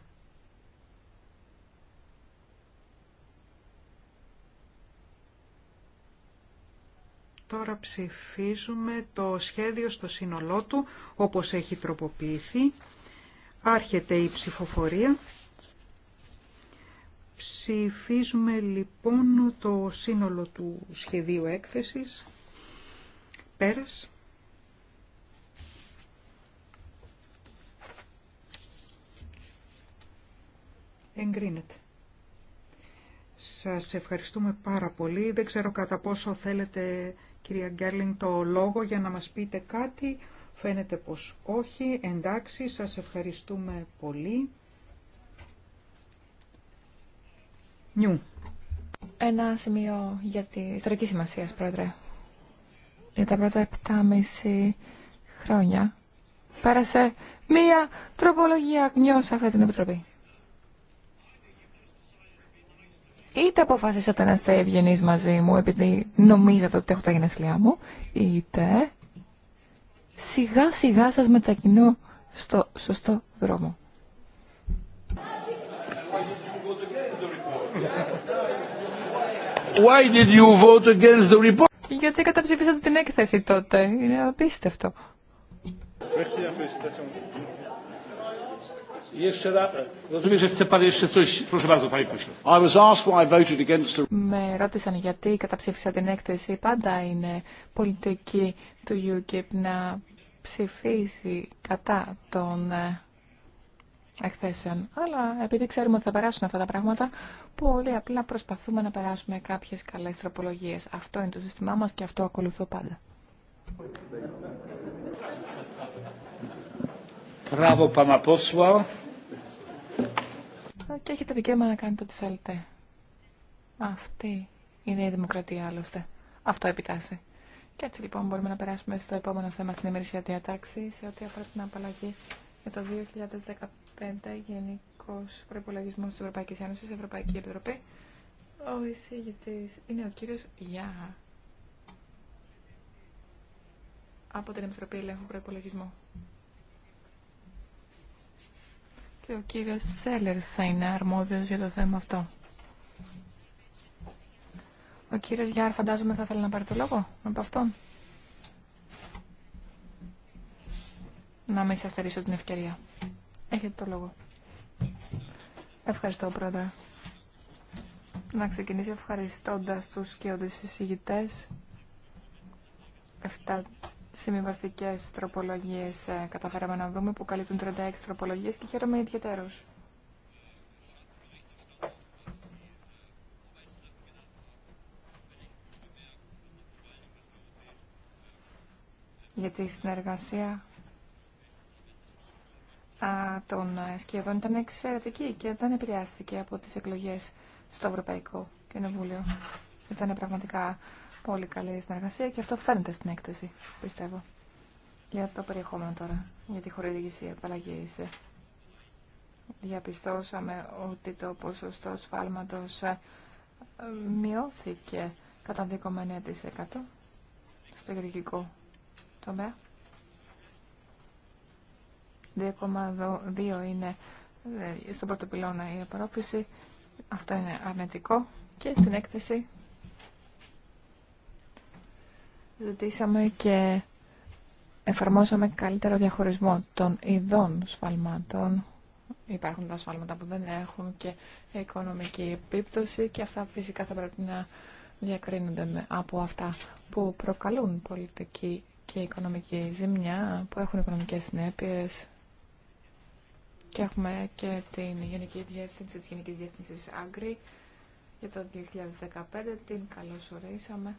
Τώρα ψηφίζουμε το σχέδιο στο σύνολό του, όπως έχει τροποποιηθεί. Άρχεται η ψηφοφορία. Ψηφίζουμε λοιπόν το σύνολο του σχεδίου έκθεσης. Πέρας. Εγκρίνεται. Σας ευχαριστούμε πάρα πολύ. Δεν ξέρω κατά πόσο θέλετε κυρία Γκέρλινγκ το λόγο για να μας πείτε κάτι. Φαίνεται πως όχι. Εντάξει, σας ευχαριστούμε πολύ. Νιου. Ένα σημείο για τη ιστορική σημασία, Πρόεδρε. Για τα πρώτα 7,5 χρόνια πέρασε μία τροπολογία γνώση αυτή την Επιτροπή. Είτε αποφασίσατε να είστε ευγενεί μαζί μου επειδή νομίζατε ότι έχω τα γενέθλιά μου, είτε σιγά σιγά σας μετακινώ στο σωστό δρόμο. Why did you vote against the report? Γιατί καταψηφίσατε την έκθεση τότε. Είναι απίστευτο. Με ρώτησαν γιατί καταψήφισα την έκθεση. Πάντα είναι πολιτική του UKIP να ψηφίζει κατά των εκθέσεων. Αλλά επειδή ξέρουμε ότι θα περάσουν αυτά τα πράγματα, πολύ απλά προσπαθούμε να περάσουμε κάποιες καλές τροπολογίες. Αυτό είναι το σύστημά μας και αυτό ακολουθώ πάντα. Bravo pana ε, και έχετε δικαίωμα να κάνετε ό,τι θέλετε. Αυτή είναι η δημοκρατία άλλωστε. Αυτό επιτάσσει. Και έτσι λοιπόν μπορούμε να περάσουμε στο επόμενο θέμα στην ημερήσια διατάξη σε ό,τι αφορά την απαλλαγή για το 2015 Γενικό Προπολογισμό τη Ευρωπαϊκή Ένωση, Ευρωπαϊκή Επιτροπή. Ο εισηγητή είναι ο κύριο Γιάχα. Από την Επιτροπή Ελέγχου Προπολογισμού. Και ο κύριος Σέλερ θα είναι αρμόδιος για το θέμα αυτό. Ο κύριος Γιάρ φαντάζομαι θα θέλει να πάρει το λόγο από αυτό. Να μην σας θερήσω την ευκαιρία. Έχετε το λόγο. Ευχαριστώ πρόεδρε. Να ξεκινήσω ευχαριστώντας τους και οδησυσυγητές συμβιβαστικέ τροπολογίε ε, καταφέραμε να βρούμε που καλύπτουν 36 τροπολογίε και χαίρομαι ιδιαίτερω. γιατί η συνεργασία των ε, σκιωδών ήταν εξαιρετική και δεν επηρεάστηκε από τις εκλογές στο Ευρωπαϊκό Κοινοβούλιο. Ήταν πραγματικά Πολύ καλή συνεργασία και αυτό φαίνεται στην έκθεση, πιστεύω. Για το περιεχόμενο τώρα, για τη χορηγήση απαλλαγή. Διαπιστώσαμε ότι το ποσοστό σφάλματος ε, μειώθηκε κατά 2,9% στο γεωργικό τομέα. 2,2 είναι ε, στον πρώτο πυλώνα η απορρόφηση. Αυτό είναι αρνητικό. Και στην έκθεση Ζητήσαμε και εφαρμόσαμε καλύτερο διαχωρισμό των ειδών σφαλμάτων. Υπάρχουν τα σφάλματα που δεν έχουν και οικονομική επίπτωση και αυτά φυσικά θα πρέπει να διακρίνονται από αυτά που προκαλούν πολιτική και οικονομική ζημιά, που έχουν οικονομικές συνέπειες. Και έχουμε και την Γενική Διεύθυνση της Γενικής Διεύθυνσης Άγκρη για το 2015, την ορίσαμε.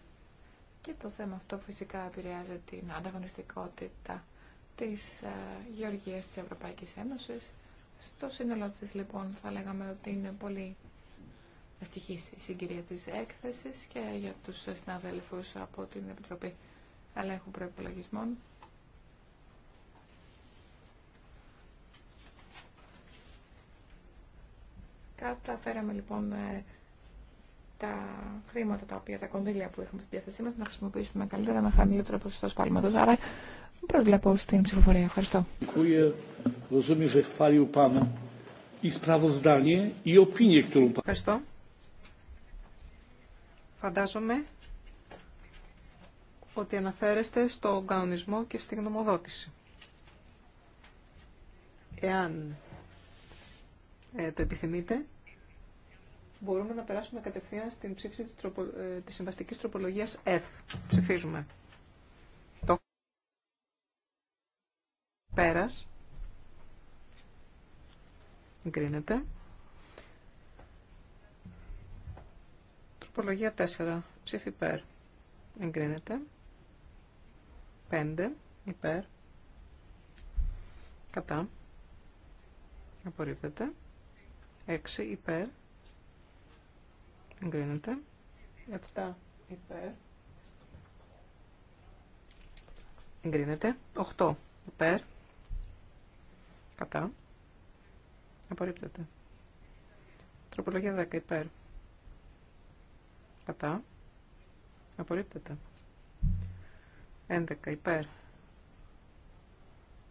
Και το θέμα αυτό φυσικά επηρεάζει την ανταγωνιστικότητα της ε, γεωργίας της Ευρωπαϊκής Ένωσης. Στο σύνολο της λοιπόν θα λέγαμε ότι είναι πολύ ευτυχής η συγκυρία της έκθεσης και για τους συναδέλφους από την Επιτροπή Ελέγχου Προϋπολογισμών. Καταφέραμε λοιπόν ε, τα χρήματα τα οποία, τα κονδύλια που έχουμε στη διάθεσή μα, να χρησιμοποιήσουμε καλύτερα, να χαμηλότερο ποσοστό σφάλματο. Άρα προβλέπω στην ψηφοφορία. Ευχαριστώ. Ευχαριστώ. Φαντάζομαι ότι αναφέρεστε στον κανονισμό και στη γνωμοδότηση. Εάν ε, το επιθυμείτε, μπορούμε να περάσουμε κατευθείαν στην ψήφιση της, τροπο, ε, της συμβαστικής τροπολογίας F. Ψηφίζουμε. Το πέρας. Εγκρίνεται. Τροπολογία 4. Ψήφι ΠΕΡ, Εγκρίνεται. 5. Υπέρ. Κατά. Απορρίπτεται. 6. Υπέρ. Εγκρίνεται. 7 υπέρ. Εγκρίνεται. 8 υπέρ. Κατά. Απορρίπτεται. Τροπολογία 10 υπέρ. Κατά. Απορρίπτεται. 11 υπέρ.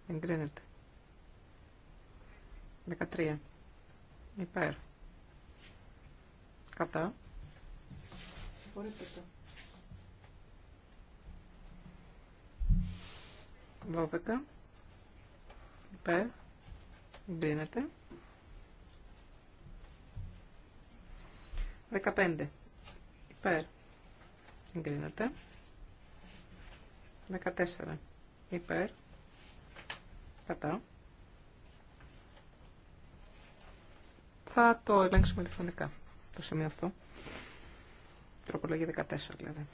Εγκρίνεται. 13 υπέρ. Κατά. 12 υπέρ εγκρίνεται 15 υπέρ εγκρίνεται 14 υπέρ κατά θα το ελέγξουμε ηλεκτρονικά το σημείο αυτό Τροπολογία 14 δηλαδή.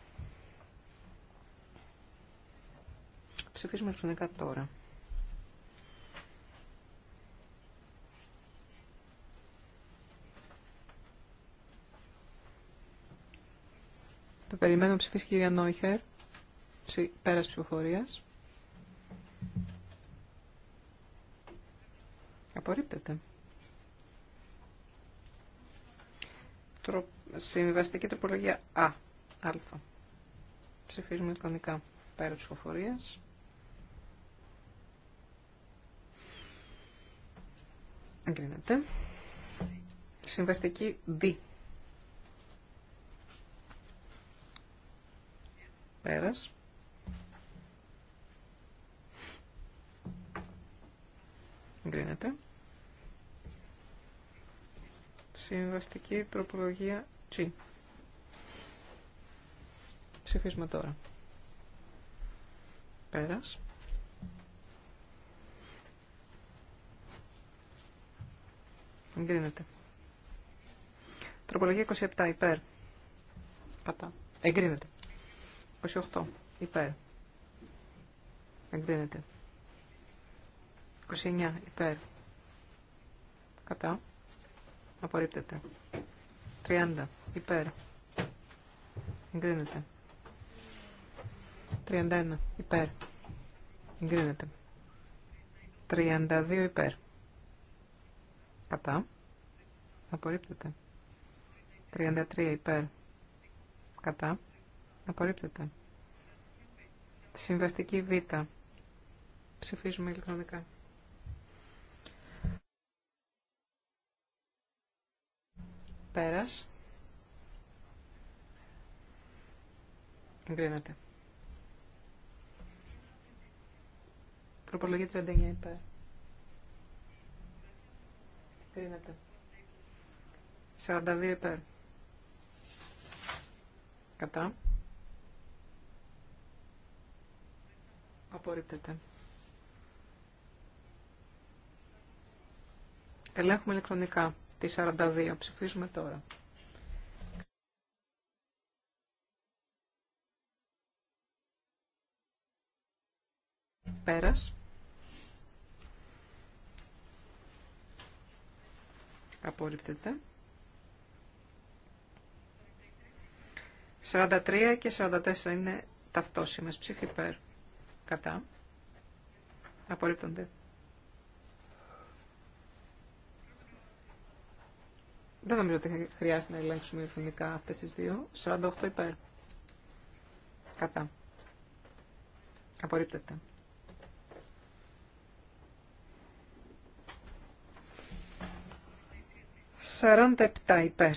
Ψηφίζουμε ηλεκτρονικά τώρα. Το περιμένω ψηφίσει κυρία Νόιχερ. πέρας ψηφοφορίας. Απορρίπτεται. Τροπολογία. Συμβιβαστική τροπολογία Α. Α. Ψηφίζουμε εικονικά πέρα ψηφοφορία. Εγκρίνεται. Συμβαστική Δ. Πέρας. Εγκρίνεται. Συμβαστική τροπολογία Τσι. Ψηφίζουμε τώρα. Πέρας. Εγκρίνεται. Τροπολογία 27 υπέρ. Κατά. Εγκρίνεται. 28 υπέρ. Εγκρίνεται. 29 υπέρ. Κατά. Απορρίπτεται. 30. Υπέρ. Εγκρίνεται. 31. Υπέρ. Εγκρίνεται. 32. Υπέρ. Κατά. Απορρίπτεται. 33. Υπέρ. Κατά. Απορρίπτεται. Συμβαστική Β. Ψηφίζουμε ηλεκτρονικά. πέρας. Εγκρίνεται. Τροπολογία 39 υπέρ. Εγκρίνεται. 42 υπέρ. Κατά. Απορρίπτεται. Ελέγχουμε ηλεκτρονικά τη 42. Ψηφίζουμε τώρα. Πέρας. Απορρίπτεται. 43 και 44 είναι ταυτόσιμες. Ψήφι υπέρ. Κατά. Απορρίπτονται. Δεν νομίζω ότι χρειάζεται να ελέγξουμε ευθυνικά αυτές τις δύο. 48 υπέρ. Κατά. Απορρίπτεται. Σαράντα επτά υπέρ.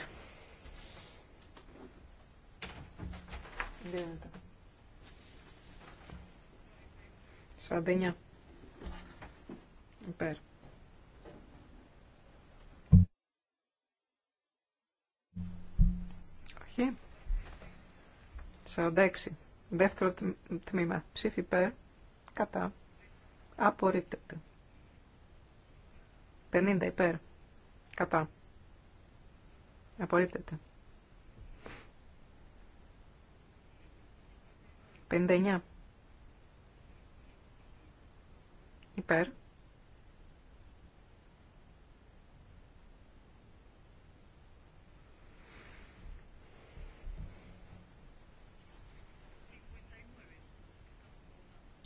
Σαράντα εννιά υπέρ. 46. Δεύτερο τμήμα. Ψήφι υπέρ. Κατά. Απορρίπτεται. 50 υπέρ. Κατά. Απορρίπτεται. 59. Υπέρ.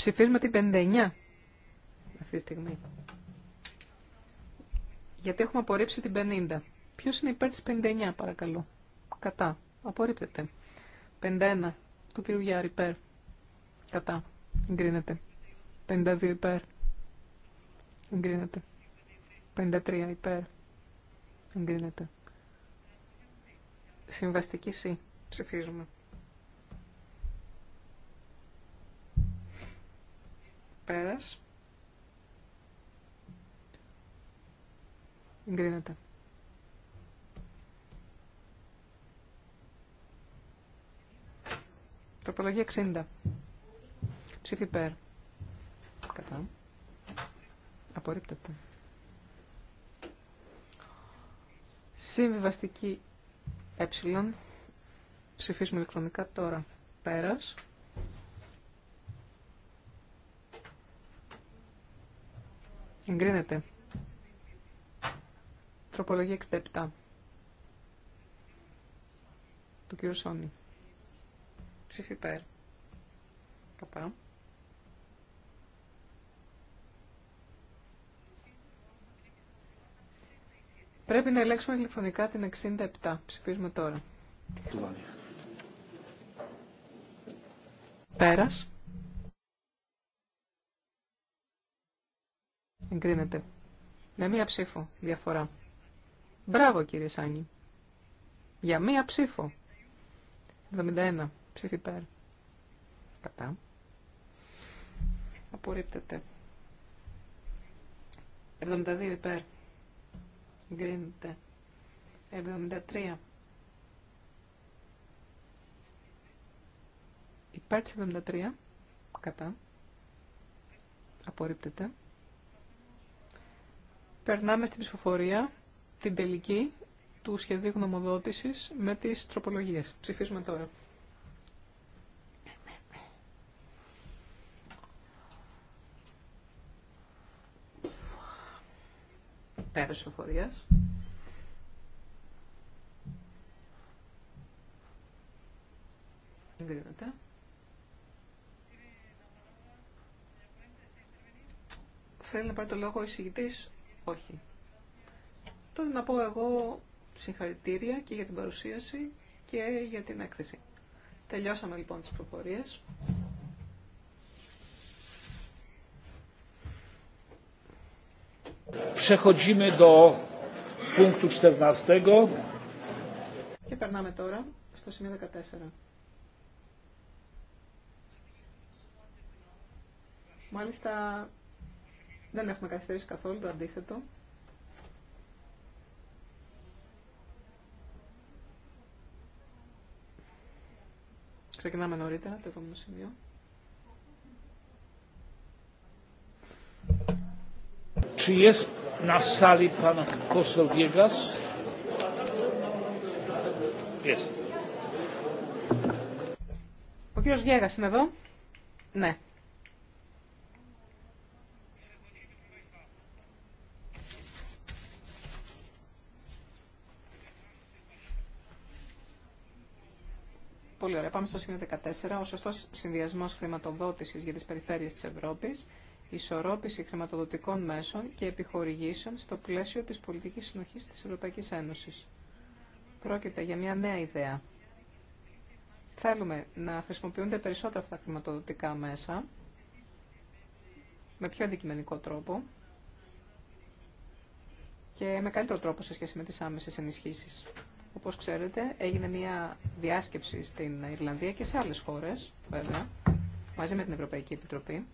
Ψηφίζουμε την 59 αυτή τη στιγμή. Γιατί έχουμε απορρίψει την 50. Ποιο είναι υπέρ τη 59, παρακαλώ. Κατά. Απορρίπτεται. 51 του κύριου Γιάρη υπέρ. Κατά. Εγκρίνεται. 52 υπέρ. Εγκρίνεται. 53 υπέρ. Εγκρίνεται. Συμβαστική C. Ψηφίζουμε. Πέρας. Εγκρίνεται. 60. Ψήφι υπέρ. Κατά. Απορρίπτεται. Συμβιβαστική ε. Ψηφίσουμε ηλεκτρονικά τώρα. Πέρας. Εγκρίνεται. Τροπολογία 67. Του κύριο Σόνι. Ψήφι ΠΕΡ. Πρέπει να ελέγξουμε ηλεκτρονικά την 67. Ψηφίζουμε τώρα. Πέρας. Εγκρίνεται. Με μία ψήφο διαφορά. Μπράβο κύριε Σάνι. Για μία ψήφο. 71. Ψήφι υπέρ. Κατά. Απορρίπτεται. 72 υπέρ. Εγκρίνεται. 73. Υπέρ της 73. Κατά. Απορρίπτεται. Περνάμε στην ψηφοφορία, την τελική του σχεδίου γνωμοδότησης με τις τροπολογίες. Ψηφίζουμε τώρα. ο ψηφοφορίας. Εγκρίνεται. Θέλει να πάρει το λόγο ο εισηγητής. Όχι. Τότε να πω εγώ συγχαρητήρια και για την παρουσίαση και για την έκθεση. Τελειώσαμε λοιπόν τις προφορίες. Και περνάμε τώρα στο σημείο 14. Μάλιστα δεν έχουμε καθυστερήσει καθόλου το αντίθετο. Ξεκινάμε νωρίτερα το επόμενο σημείο. Ο κύριος Γέγας είναι εδώ. Ναι. Πολύ ωραία. Πάμε στο σημείο 14. Ο σωστό συνδυασμό χρηματοδότηση για τι περιφέρειες τη Ευρώπη, ισορρόπηση χρηματοδοτικών μέσων και επιχορηγήσεων στο πλαίσιο τη πολιτική συνοχή τη Ευρωπαϊκή Ένωση. Πρόκειται για μια νέα ιδέα. Θέλουμε να χρησιμοποιούνται περισσότερα αυτά τα χρηματοδοτικά μέσα, με πιο αντικειμενικό τρόπο και με καλύτερο τρόπο σε σχέση με τις άμεσες ενισχύσεις. Όπως ξέρετε, έγινε μια διάσκεψη στην Ιρλανδία και σε άλλες χώρες, βέβαια, μαζί με την Ευρωπαϊκή Επιτροπή,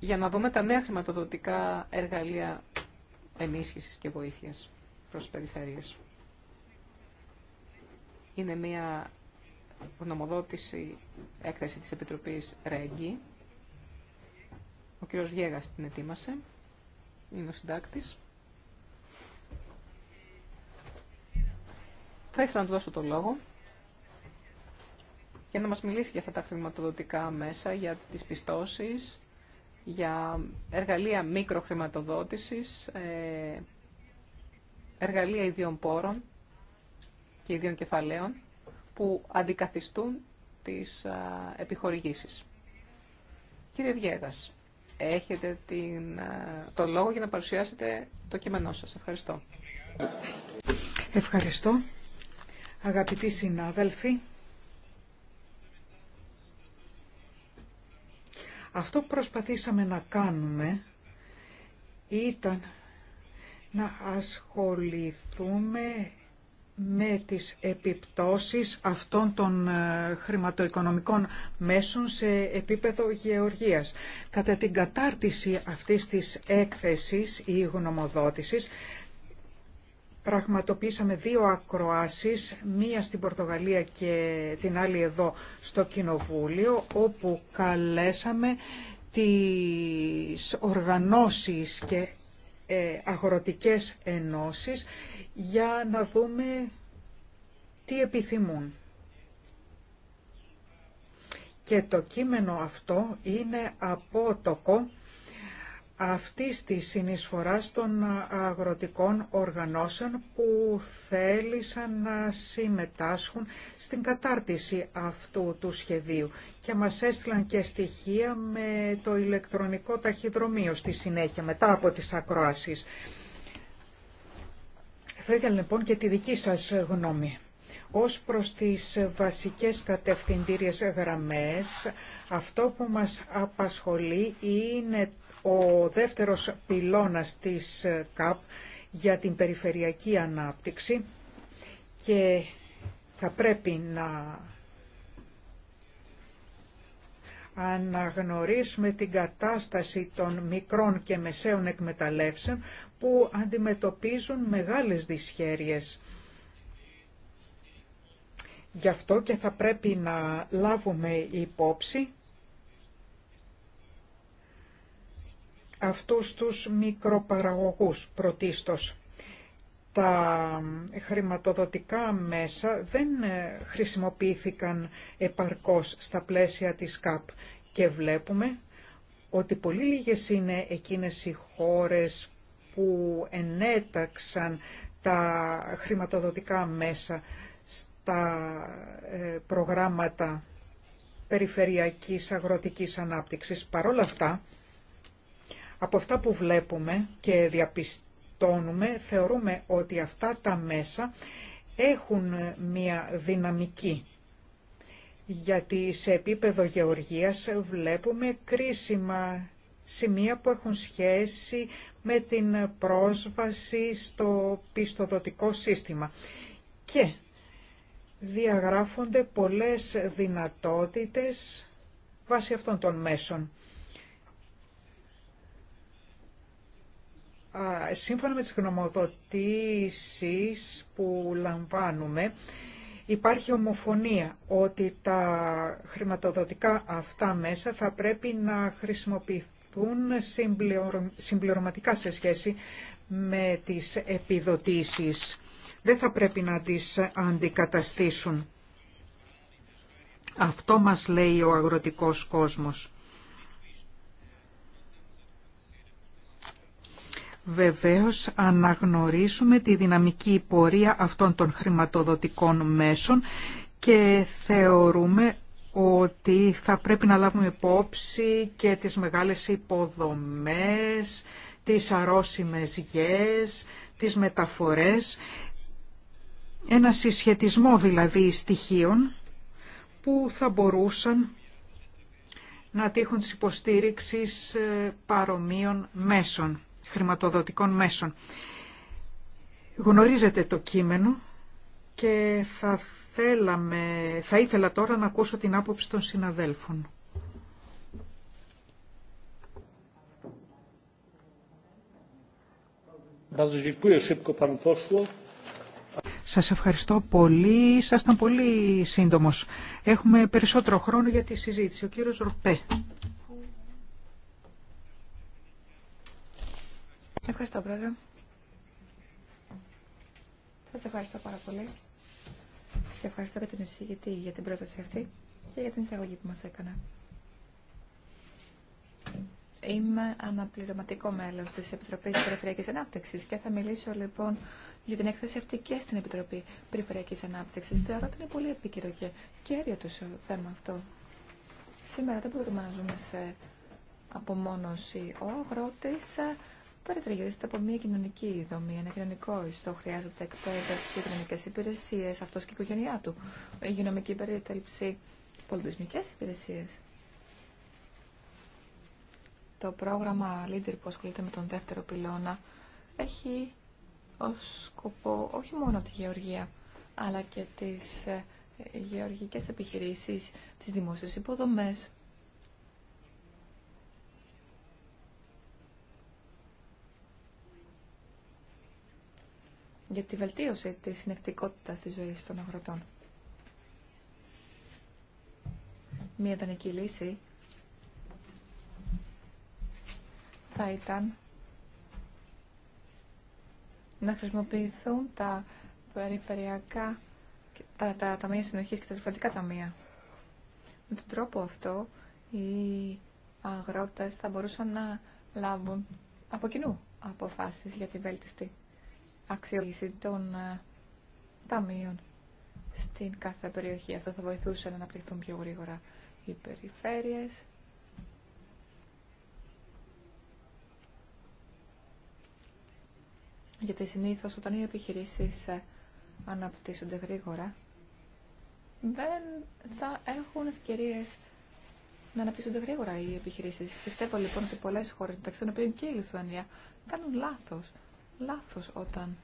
για να δούμε τα νέα χρηματοδοτικά εργαλεία ενίσχυσης και βοήθειας προς περιφέρειες. Είναι μια γνωμοδότηση, έκθεση της Επιτροπής ΡΕΓΚΙ. Ο κ. Βιέγας την ετοίμασε, είναι ο συντάκτης. Θα ήθελα να του δώσω το λόγο για να μας μιλήσει για αυτά τα χρηματοδοτικά μέσα, για τις πιστώσεις, για εργαλεία μικροχρηματοδότησης, ε, εργαλεία ιδίων πόρων και ιδίων κεφαλαίων που αντικαθιστούν τις επιχορηγήσεις. Κύριε Βιέγας, έχετε την, το λόγο για να παρουσιάσετε το κείμενό σας. Ευχαριστώ. Ευχαριστώ. Αγαπητοί συνάδελφοι, αυτό που προσπαθήσαμε να κάνουμε ήταν να ασχοληθούμε με τις επιπτώσεις αυτών των ε, χρηματοοικονομικών μέσων σε επίπεδο γεωργίας. Κατά την κατάρτιση αυτής της έκθεσης ή γνωμοδότησης πραγματοποίησαμε δύο ακροάσεις, μία στην Πορτογαλία και την άλλη εδώ στο Κοινοβούλιο, όπου καλέσαμε τις οργανώσεις και ε, αγροτικές ενώσεις για να δούμε τι επιθυμούν. Και το κείμενο αυτό είναι απότοκο αυτής της συνεισφοράς των αγροτικών οργανώσεων που θέλησαν να συμμετάσχουν στην κατάρτιση αυτού του σχεδίου και μας έστειλαν και στοιχεία με το ηλεκτρονικό ταχυδρομείο στη συνέχεια μετά από τις ακροάσεις. Θα ήθελα λοιπόν και τη δική σας γνώμη. Ως προς τις βασικές κατευθυντήριες γραμμές, αυτό που μας απασχολεί είναι ο δεύτερος πυλώνας της ΚΑΠ για την περιφερειακή ανάπτυξη και θα πρέπει να αναγνωρίσουμε την κατάσταση των μικρών και μεσαίων εκμεταλλεύσεων που αντιμετωπίζουν μεγάλες δυσχέρειες. Γι' αυτό και θα πρέπει να λάβουμε υπόψη αυτούς τους μικροπαραγωγούς πρωτίστως. Τα χρηματοδοτικά μέσα δεν ε, χρησιμοποιήθηκαν επαρκώς στα πλαίσια της ΚΑΠ και βλέπουμε ότι πολύ λίγες είναι εκείνες οι χώρες που ενέταξαν τα χρηματοδοτικά μέσα στα ε, προγράμματα περιφερειακής αγροτικής ανάπτυξης. Παρ' όλα αυτά, από αυτά που βλέπουμε και διαπιστώνουμε, θεωρούμε ότι αυτά τα μέσα έχουν μία δυναμική. Γιατί σε επίπεδο γεωργίας βλέπουμε κρίσιμα σημεία που έχουν σχέση με την πρόσβαση στο πιστοδοτικό σύστημα. Και διαγράφονται πολλές δυνατότητες βάσει αυτών των μέσων. σύμφωνα με τις γνωμοδοτήσεις που λαμβάνουμε, υπάρχει ομοφωνία ότι τα χρηματοδοτικά αυτά μέσα θα πρέπει να χρησιμοποιηθούν συμπληρωματικά σε σχέση με τις επιδοτήσεις. Δεν θα πρέπει να τις αντικαταστήσουν. Αυτό μας λέει ο αγροτικός κόσμος. βεβαίως αναγνωρίσουμε τη δυναμική πορεία αυτών των χρηματοδοτικών μέσων και θεωρούμε ότι θα πρέπει να λάβουμε υπόψη και τις μεγάλες υποδομές, τις αρρώσιμες γές, τις μεταφορές, ένα συσχετισμό δηλαδή στοιχείων που θα μπορούσαν να τύχουν της υποστήριξης ε, παρομοίων μέσων χρηματοδοτικών μέσων. Γνωρίζετε το κείμενο και θα, θέλαμε, θα ήθελα τώρα να ακούσω την άποψη των συναδέλφων. Σας ευχαριστώ πολύ. Σας ήταν πολύ σύντομος. Έχουμε περισσότερο χρόνο για τη συζήτηση. Ο κύριος Ροπέ. Ευχαριστώ, Πρόεδρε. Σα ευχαριστώ πάρα πολύ. Και ευχαριστώ και την εισηγητή για την πρόταση αυτή και για την εισαγωγή που μας έκανε. Είμαι αναπληρωματικό μέλος της Επιτροπής Περιφερειακής Ανάπτυξης και θα μιλήσω λοιπόν για την έκθεση αυτή και στην Επιτροπή Περιφερειακής Ανάπτυξης. Θεωρώ ότι είναι πολύ επίκαιρο και κέριο το θέμα αυτό. Σήμερα δεν μπορούμε να ζούμε σε απομόνωση. Ο αγρότης περιτριγυρίζεται από μια κοινωνική δομή, ένα κοινωνικό ιστό. Χρειάζεται εκπαίδευση, κοινωνικέ υπηρεσίε, αυτό και η οικογένειά του. Υγειονομική περίθαλψη, πολιτισμικέ υπηρεσίε. Το πρόγραμμα Leader που ασχολείται με τον δεύτερο πυλώνα έχει ως σκοπό όχι μόνο τη γεωργία, αλλά και τι ε, γεωργικές επιχειρήσεις, τι δημόσιες υποδομές, για τη βελτίωση της συνεκτικότητας της ζωής των αγροτών. Μία δανεική λύση θα ήταν να χρησιμοποιηθούν τα περιφερειακά, τα, τα ταμεία συνοχής και τα τριφαντικά ταμεία. Με τον τρόπο αυτό οι αγρότες θα μπορούσαν να λάβουν από κοινού αποφάσεις για τη βέλτιστη αξιοποίηση των ε, ταμείων στην κάθε περιοχή. Αυτό θα βοηθούσε να αναπτυχθούν πιο γρήγορα οι περιφέρειες. Γιατί συνήθως όταν οι επιχειρήσεις ε, αναπτύσσονται γρήγορα, δεν θα έχουν ευκαιρίε να αναπτύσσονται γρήγορα οι επιχειρήσεις. Πιστεύω λοιπόν ότι πολλές χώρες, μεταξύ των οποίων και η Λιθουανία, κάνουν λάθος λάθος όταν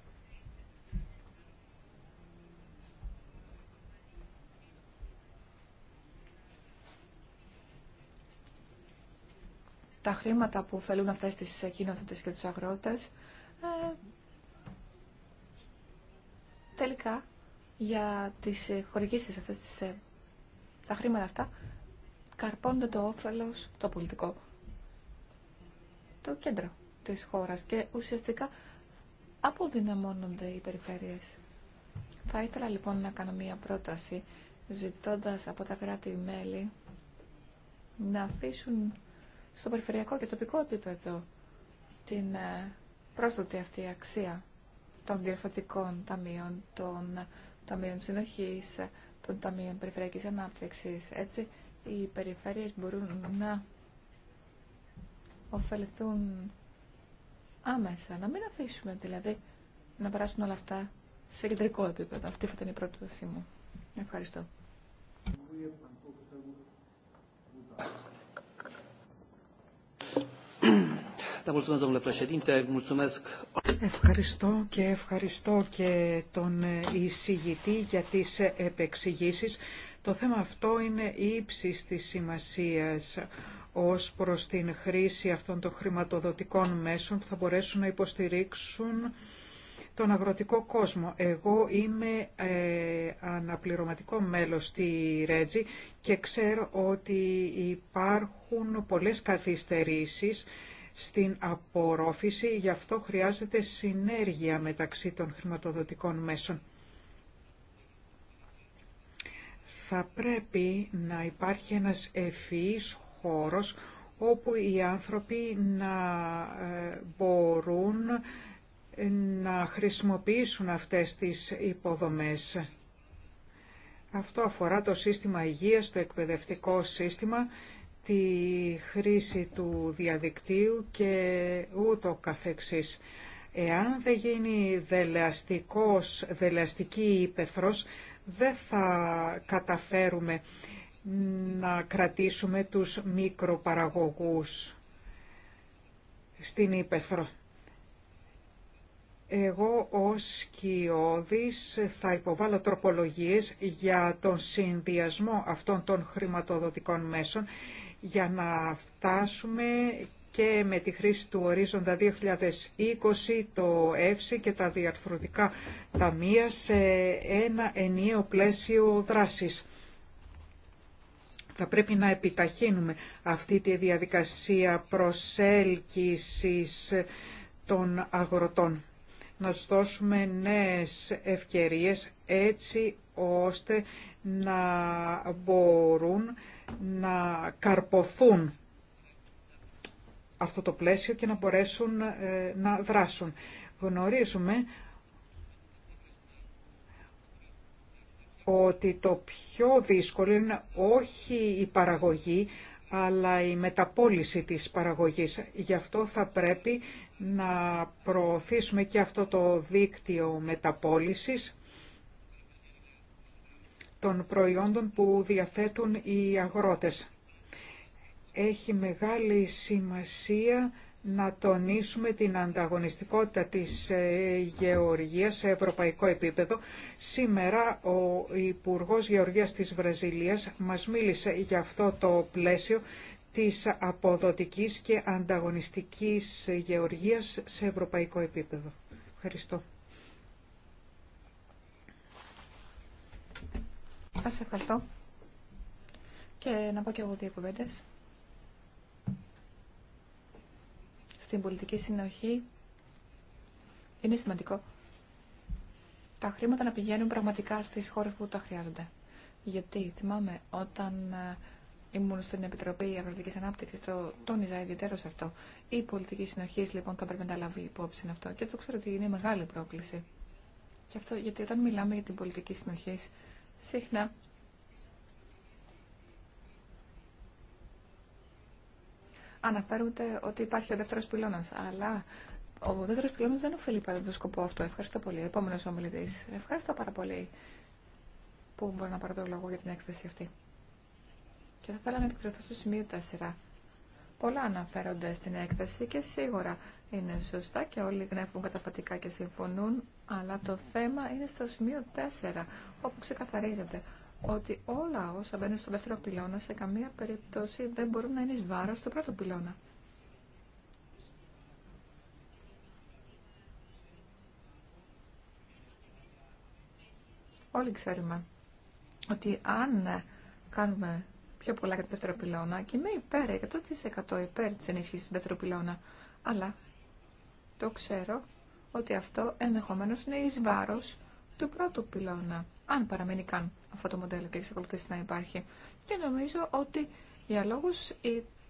τα χρήματα που ωφελούν αυτές τις κοινότητες και τους αγρότες ε, τελικά για τις ε, χορηγήσεις αυτές τις, ε, τα χρήματα αυτά καρπώνται το όφελος το πολιτικό το κέντρο της χώρας και ουσιαστικά αποδυναμώνονται οι περιφέρειες. Θα ήθελα λοιπόν να κάνω μία πρόταση ζητώντας από τα κράτη-μέλη να αφήσουν στο περιφερειακό και τοπικό επίπεδο την ε, πρόσθετη αυτή αξία των διορθωτικών ταμείων, των ταμείων συνοχής, των ταμείων περιφερειακής ανάπτυξης. Έτσι, οι περιφέρειες μπορούν να ωφεληθούν άμεσα, να μην αφήσουμε δηλαδή να περάσουν όλα αυτά σε κεντρικό επίπεδο. Αυτή θα ήταν η πρόταση μου. Ευχαριστώ. Ευχαριστώ και ευχαριστώ και τον εισηγητή για τις επεξηγήσεις. Το θέμα αυτό είναι ύψης της σημασίας ως προς την χρήση αυτών των χρηματοδοτικών μέσων που θα μπορέσουν να υποστηρίξουν τον αγροτικό κόσμο. Εγώ είμαι ε, αναπληρωματικό μέλος στη Ρέτζη και ξέρω ότι υπάρχουν πολλές καθυστερήσεις στην απορρόφηση, γι' αυτό χρειάζεται συνέργεια μεταξύ των χρηματοδοτικών μέσων. Θα πρέπει να υπάρχει ένας ευφυής όπου οι άνθρωποι να ε, μπορούν να χρησιμοποιήσουν αυτές τις υποδομές. Αυτό αφορά το σύστημα υγείας, το εκπαιδευτικό σύστημα, τη χρήση του διαδικτύου και ούτω καθεξής. Εάν δεν γίνει δελεαστικός, δελεαστική ύπεθρος, δεν θα καταφέρουμε να κρατήσουμε τους μικροπαραγωγούς στην Ήπεθρο. Εγώ ως κοιόδης θα υποβάλω τροπολογίες για τον συνδυασμό αυτών των χρηματοδοτικών μέσων για να φτάσουμε και με τη χρήση του ορίζοντα 2020, το ΕΦΣΙ και τα διαρθρωτικά ταμεία σε ένα ενίο πλαίσιο δράσης. Θα πρέπει να επιταχύνουμε αυτή τη διαδικασία προσέλκυσης των αγροτών. Να τους δώσουμε νέες ευκαιρίες έτσι ώστε να μπορούν να καρποθούν αυτό το πλαίσιο και να μπορέσουν ε, να δράσουν. Γνωρίζουμε ότι το πιο δύσκολο είναι όχι η παραγωγή, αλλά η μεταπόληση της παραγωγής. Γι' αυτό θα πρέπει να προωθήσουμε και αυτό το δίκτυο μεταπόλησης των προϊόντων που διαθέτουν οι αγρότες. Έχει μεγάλη σημασία να τονίσουμε την ανταγωνιστικότητα της ε, γεωργίας σε ευρωπαϊκό επίπεδο. Σήμερα ο Υπουργός Γεωργίας της Βραζιλίας μας μίλησε για αυτό το πλαίσιο της αποδοτικής και ανταγωνιστικής γεωργίας σε ευρωπαϊκό επίπεδο. Ευχαριστώ. Σας ευχαριστώ. Και να πω και εγώ δύο κουβέντες. στην πολιτική συνοχή είναι σημαντικό τα χρήματα να πηγαίνουν πραγματικά στις χώρες που τα χρειάζονται. Γιατί θυμάμαι όταν ε, ήμουν στην Επιτροπή Αγροτικής Ανάπτυξης, το τόνιζα σε αυτό. Η πολιτική συνοχή λοιπόν θα πρέπει να τα λάβει υπόψη αυτό και το ξέρω ότι είναι μεγάλη πρόκληση. Και αυτό γιατί όταν μιλάμε για την πολιτική συνοχή, συχνά αναφέρονται ότι υπάρχει ο δεύτερο πυλώνα. Αλλά ο δεύτερο πυλώνα δεν ωφελεί πάντα τον σκοπό αυτό. Ευχαριστώ πολύ. Επόμενο ομιλητή. Ευχαριστώ πάρα πολύ που μπορώ να πάρω το λόγο για την έκθεση αυτή. Και θα ήθελα να επικεντρωθώ στο σημείο 4. Πολλά αναφέρονται στην έκθεση και σίγουρα είναι σωστά και όλοι γνέφουν καταφατικά και συμφωνούν, αλλά το θέμα είναι στο σημείο 4, όπου ξεκαθαρίζεται ότι όλα όσα μπαίνουν στο δεύτερο πυλώνα σε καμία περίπτωση δεν μπορούν να είναι εις βάρος στο πρώτο πυλώνα. Όλοι ξέρουμε ότι αν κάνουμε πιο πολλά για το δεύτερο πυλώνα και είμαι υπέρ, 100% υπέρ της ενίσχυσης του δεύτερου πυλώνα, αλλά το ξέρω ότι αυτό ενδεχομένως είναι εις βάρος του πρώτου πυλώνα, αν παραμένει καν αυτό το μοντέλο και εξακολουθήσει να υπάρχει. Και νομίζω ότι για λόγους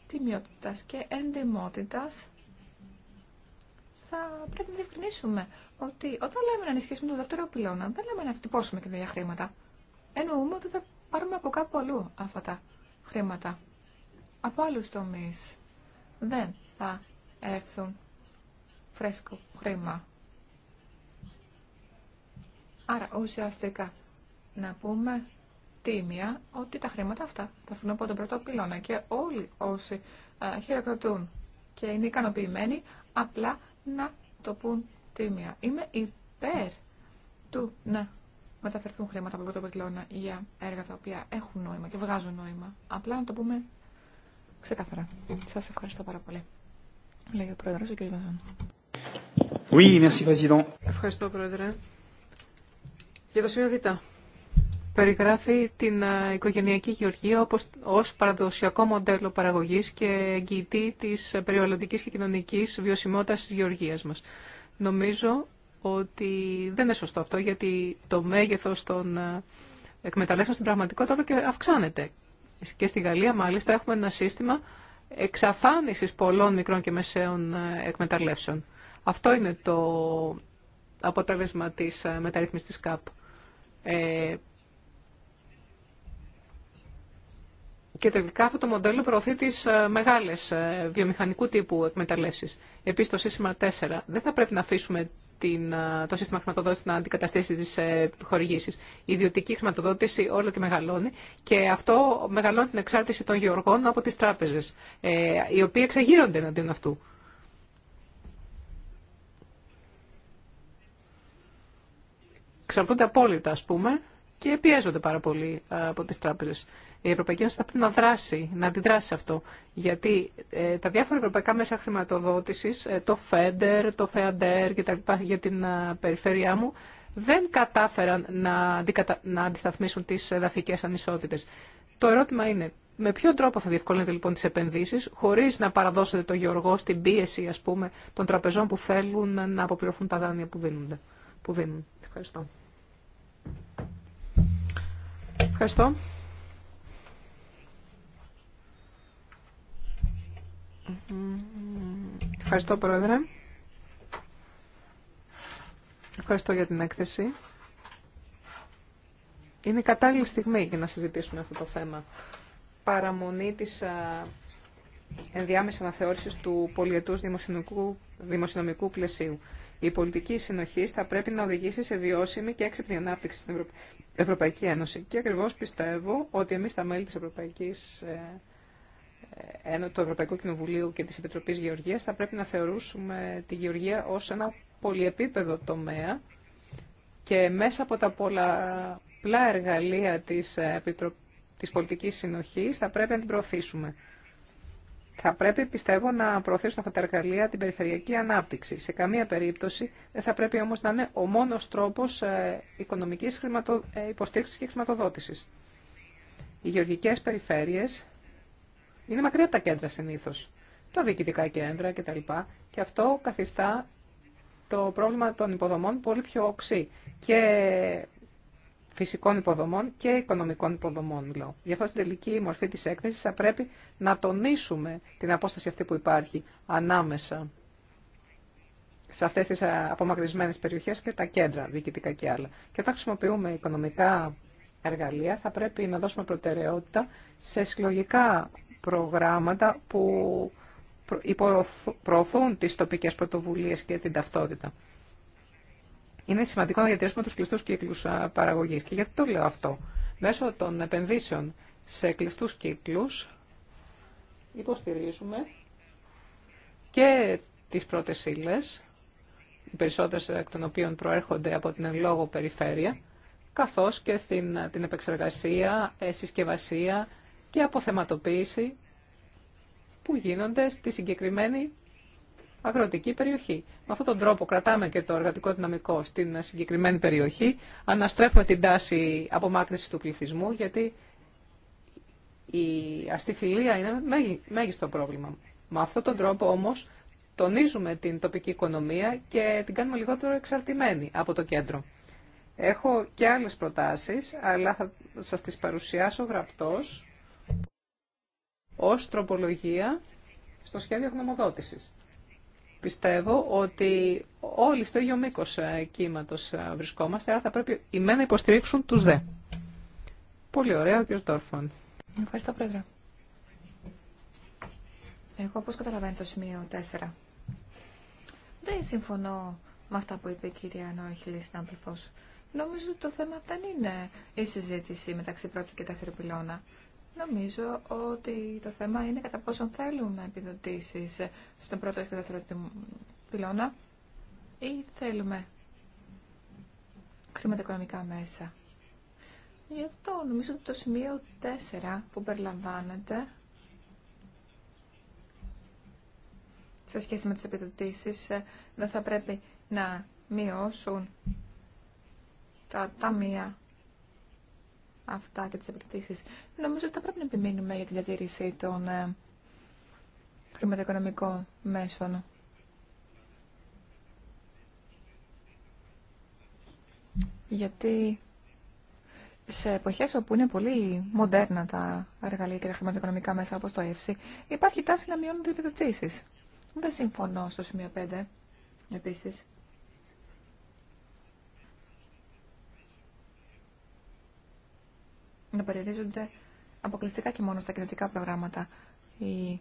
τιμιότητα και εντιμότητας θα πρέπει να διευκρινίσουμε ότι όταν λέμε να ενισχύσουμε το δεύτερο πυλώνα, δεν λέμε να χτυπώσουμε και τα χρήματα. Εννοούμε ότι θα πάρουμε από κάπου αλλού αυτά τα χρήματα. Από άλλου τομεί. Δεν θα έρθουν φρέσκο χρήμα Άρα ουσιαστικά να πούμε τίμια ότι τα χρήματα αυτά θα φύγουν από τον πρώτο πυλώνα και όλοι όσοι α, ε, χειροκροτούν και είναι ικανοποιημένοι απλά να το πούν τίμια. Είμαι υπέρ του να μεταφερθούν χρήματα από τον πρώτο πυλώνα για έργα τα οποία έχουν νόημα και βγάζουν νόημα. Απλά να το πούμε ξεκάθαρα. Σας ευχαριστώ πάρα πολύ. Λέει ο Πρόεδρος, ο κ. Oui, Ευχαριστώ, Πρόεδρε. Για το σημείο Β. Περιγράφει την ε, οικογενειακή γεωργία όπως, ως παραδοσιακό μοντέλο παραγωγής και εγγυητή της ε, περιβαλλοντικής και κοινωνικής βιωσιμότητας της γεωργίας μας. Νομίζω ότι δεν είναι σωστό αυτό, γιατί το μέγεθος των ε, εκμεταλλεύσεων στην πραγματικότητα και αυξάνεται. Και στη Γαλλία, μάλιστα, έχουμε ένα σύστημα εξαφάνισης πολλών μικρών και μεσαίων εκμεταλλεύσεων. Αυτό είναι το αποτέλεσμα της μεταρρύθμισης της ΚΑΠ. Ε, και τελικά αυτό το μοντέλο προωθεί τι ε, μεγάλε ε, βιομηχανικού τύπου εκμεταλλεύσει. Επίση το σύστημα 4. Δεν θα πρέπει να αφήσουμε την, το σύστημα χρηματοδότηση να αντικαταστήσει τι χορηγήσει. Η ιδιωτική χρηματοδότηση όλο και μεγαλώνει και αυτό μεγαλώνει την εξάρτηση των γεωργών από τι τράπεζε, οι οποίοι εξαγείρονται εναντίον αυτού. εξαρτούνται απόλυτα, ας πούμε, και πιέζονται πάρα πολύ από τις τράπεζες. Η Ευρωπαϊκή Ένωση θα πρέπει να δράσει, να αντιδράσει σε αυτό. Γιατί ε, τα διάφορα ευρωπαϊκά μέσα χρηματοδότηση, ε, το FEDER, το FEADER για την περιφέρειά μου, δεν κατάφεραν να, να αντισταθμίσουν τι εδαφικέ ανισότητε. Το ερώτημα είναι, με ποιο τρόπο θα διευκολύνετε λοιπόν τι επενδύσει, χωρί να παραδώσετε το γεωργό στην πίεση, α πούμε, των τραπεζών που θέλουν να αποπληρωθούν τα δάνεια που, δίνονται, που δίνουν. Ευχαριστώ. Ευχαριστώ. Ευχαριστώ, Πρόεδρε. Ευχαριστώ για την έκθεση. Είναι κατάλληλη στιγμή για να συζητήσουμε αυτό το θέμα. Παραμονή της ενδιάμεσης αναθεώρησης του πολιετούς δημοσιονομικού, δημοσιονομικού πλαισίου. Η πολιτική συνοχή θα πρέπει να οδηγήσει σε βιώσιμη και έξυπνη ανάπτυξη στην Ευρωπαϊκή Ένωση. Και ακριβώ πιστεύω ότι εμεί τα μέλη τη Ευρωπαϊκή ε, ε, του Ευρωπαϊκού Κοινοβουλίου και της Επιτροπής Γεωργίας θα πρέπει να θεωρούσουμε τη Γεωργία ως ένα πολυεπίπεδο τομέα και μέσα από τα πολλαπλά εργαλεία της, ε, πολιτική της πολιτικής θα πρέπει να την προωθήσουμε. Θα πρέπει, πιστεύω, να προωθήσουν αυτά τα εργαλεία την περιφερειακή ανάπτυξη. Σε καμία περίπτωση δεν θα πρέπει όμως να είναι ο μόνος τρόπος ε, οικονομικής ε, υποστήριξης και χρηματοδότησης. Οι γεωργικές περιφέρειες είναι μακριά από τα κέντρα συνήθω, τα διοικητικά κέντρα κτλ. Και αυτό καθιστά το πρόβλημα των υποδομών πολύ πιο οξύ και φυσικών υποδομών και οικονομικών υποδομών, Γι' αυτό στην τελική μορφή της έκθεσης θα πρέπει να τονίσουμε την απόσταση αυτή που υπάρχει ανάμεσα σε αυτές τις απομακρυσμένες περιοχές και τα κέντρα διοικητικά και άλλα. Και όταν χρησιμοποιούμε οικονομικά εργαλεία θα πρέπει να δώσουμε προτεραιότητα σε συλλογικά προγράμματα που προωθούν τις τοπικές πρωτοβουλίες και την ταυτότητα είναι σημαντικό να διατηρήσουμε του κλειστού κύκλου παραγωγής. Και γιατί το λέω αυτό. Μέσω των επενδύσεων σε κλειστούς κύκλους υποστηρίζουμε και τις πρώτε ύλε, οι περισσότερε εκ των οποίων προέρχονται από την εν περιφέρεια, καθώς και στην, την επεξεργασία, ε, συσκευασία και αποθεματοποίηση που γίνονται στη συγκεκριμένη αγροτική περιοχή. Με αυτόν τον τρόπο κρατάμε και το εργατικό δυναμικό στην συγκεκριμένη περιοχή, αναστρέφουμε την τάση απομάκρυσης του πληθυσμού, γιατί η αστιφιλία είναι μέγιστο πρόβλημα. Με αυτόν τον τρόπο όμως τονίζουμε την τοπική οικονομία και την κάνουμε λιγότερο εξαρτημένη από το κέντρο. Έχω και άλλες προτάσεις, αλλά θα σας τις παρουσιάσω γραπτώς ως τροπολογία στο σχέδιο γνωμοδότησης πιστεύω ότι όλοι στο ίδιο μήκο ε, κύματο ε, βρισκόμαστε, άρα θα πρέπει οι μένα υποστηρίξουν του δε. Πολύ ωραία, κύριε κ. Τόρφων. Ευχαριστώ, Πρόεδρε. Εγώ πώς καταλαβαίνω το σημείο 4. Δεν συμφωνώ με αυτά που είπε η κυρία Νόχιλη, συνάδελφος. Νομίζω ότι το θέμα δεν είναι η συζήτηση μεταξύ πρώτου και τέσσερου πυλώνα. Νομίζω ότι το θέμα είναι κατά πόσον θέλουμε επιδοτήσεις στον πρώτο και δεύτερο πυλώνα ή θέλουμε χρηματοοικονομικά μέσα. Γι' αυτό νομίζω ότι το σημείο 4 που περιλαμβάνεται σε σχέση με τις επιδοτήσεις ε, δεν θα πρέπει να μειώσουν τα ταμεία αυτά και τις επιδοτήσεις. Νομίζω ότι θα πρέπει να επιμείνουμε για τη διατήρηση των ε, χρηματοοικονομικών μέσων. Γιατί σε εποχές όπου είναι πολύ μοντέρνα τα εργαλεία και τα χρηματοοικονομικά μέσα όπως το ΕΦΣΥ, υπάρχει τάση να μειώνουν τις επιδοτήσεις. Δεν συμφωνώ στο σημείο 5, επίσης. να περιορίζονται αποκλειστικά και μόνο στα κοινωτικά προγράμματα ή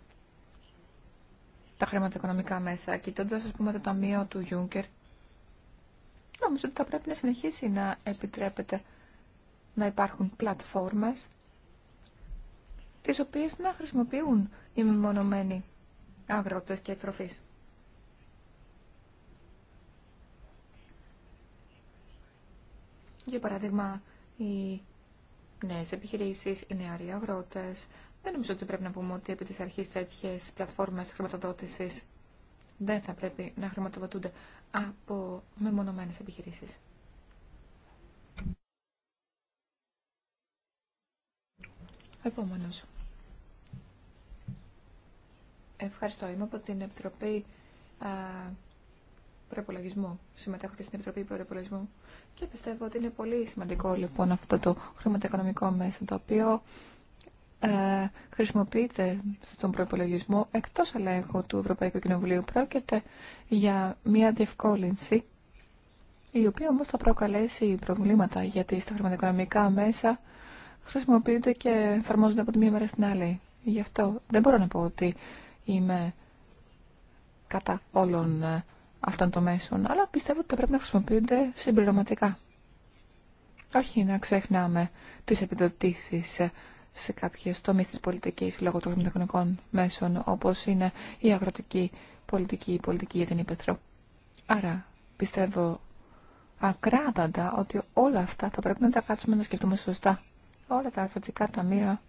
τα χρηματοοικονομικά μέσα. Κοιτώντα, α πούμε, το ταμείο του Juncker, νομίζω ότι θα πρέπει να συνεχίσει να επιτρέπεται να υπάρχουν πλατφόρμες τις οποίες να χρησιμοποιούν οι μεμονωμένοι αγρότες και εκτροφείς. Για παράδειγμα, η Νέε επιχειρήσει οι νεαροί αγρότε. Δεν νομίζω ότι πρέπει να πούμε ότι επί τη αρχή τέτοιε πλατφόρμε χρηματοδότηση δεν θα πρέπει να χρηματοδοτούνται από μεμονωμένε επιχειρήσει. Επόμενος. Ευχαριστώ. Είμαι από την Επιτροπή προπολογισμού. Συμμετέχω και στην Επιτροπή Προπολογισμού. Και πιστεύω ότι είναι πολύ σημαντικό λοιπόν αυτό το χρηματοοικονομικό μέσο το οποίο ε, χρησιμοποιείται στον προπολογισμό εκτό ελέγχου του Ευρωπαϊκού Κοινοβουλίου. Πρόκειται για μια διευκόλυνση η οποία όμως θα προκαλέσει προβλήματα γιατί στα χρηματοοικονομικά μέσα χρησιμοποιούνται και εφαρμόζονται από τη μία μέρα στην άλλη. Γι' αυτό δεν μπορώ να πω ότι είμαι κατά όλων ε, αυτών των μέσων, αλλά πιστεύω ότι θα πρέπει να χρησιμοποιούνται συμπληρωματικά. Όχι να ξεχνάμε τις επιδοτήσεις σε κάποιες τομείς της πολιτικής λόγω των τεχνικών μέσων, όπως είναι η αγροτική πολιτική, η πολιτική για την υπεθρο. Άρα, πιστεύω ακράδαντα ότι όλα αυτά θα πρέπει να τα κάτσουμε να σκεφτούμε σωστά. Όλα τα αγροτικά ταμεία,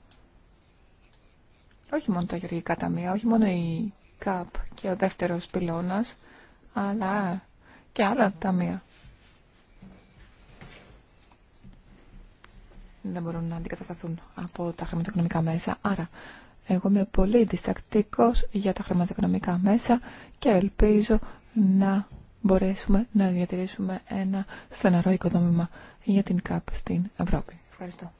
όχι μόνο τα γεωργικά ταμεία, όχι μόνο η ΚΑΠ και ο δεύτερος πυλώνας, αλλά και άλλα ταμεία. Δεν μπορούν να αντικατασταθούν από τα χρηματοοικονομικά μέσα. Άρα, εγώ είμαι πολύ διστακτικό για τα χρηματοοικονομικά μέσα και ελπίζω να μπορέσουμε να διατηρήσουμε ένα στεναρό οικοδόμημα για την ΚΑΠ στην Ευρώπη. Ευχαριστώ.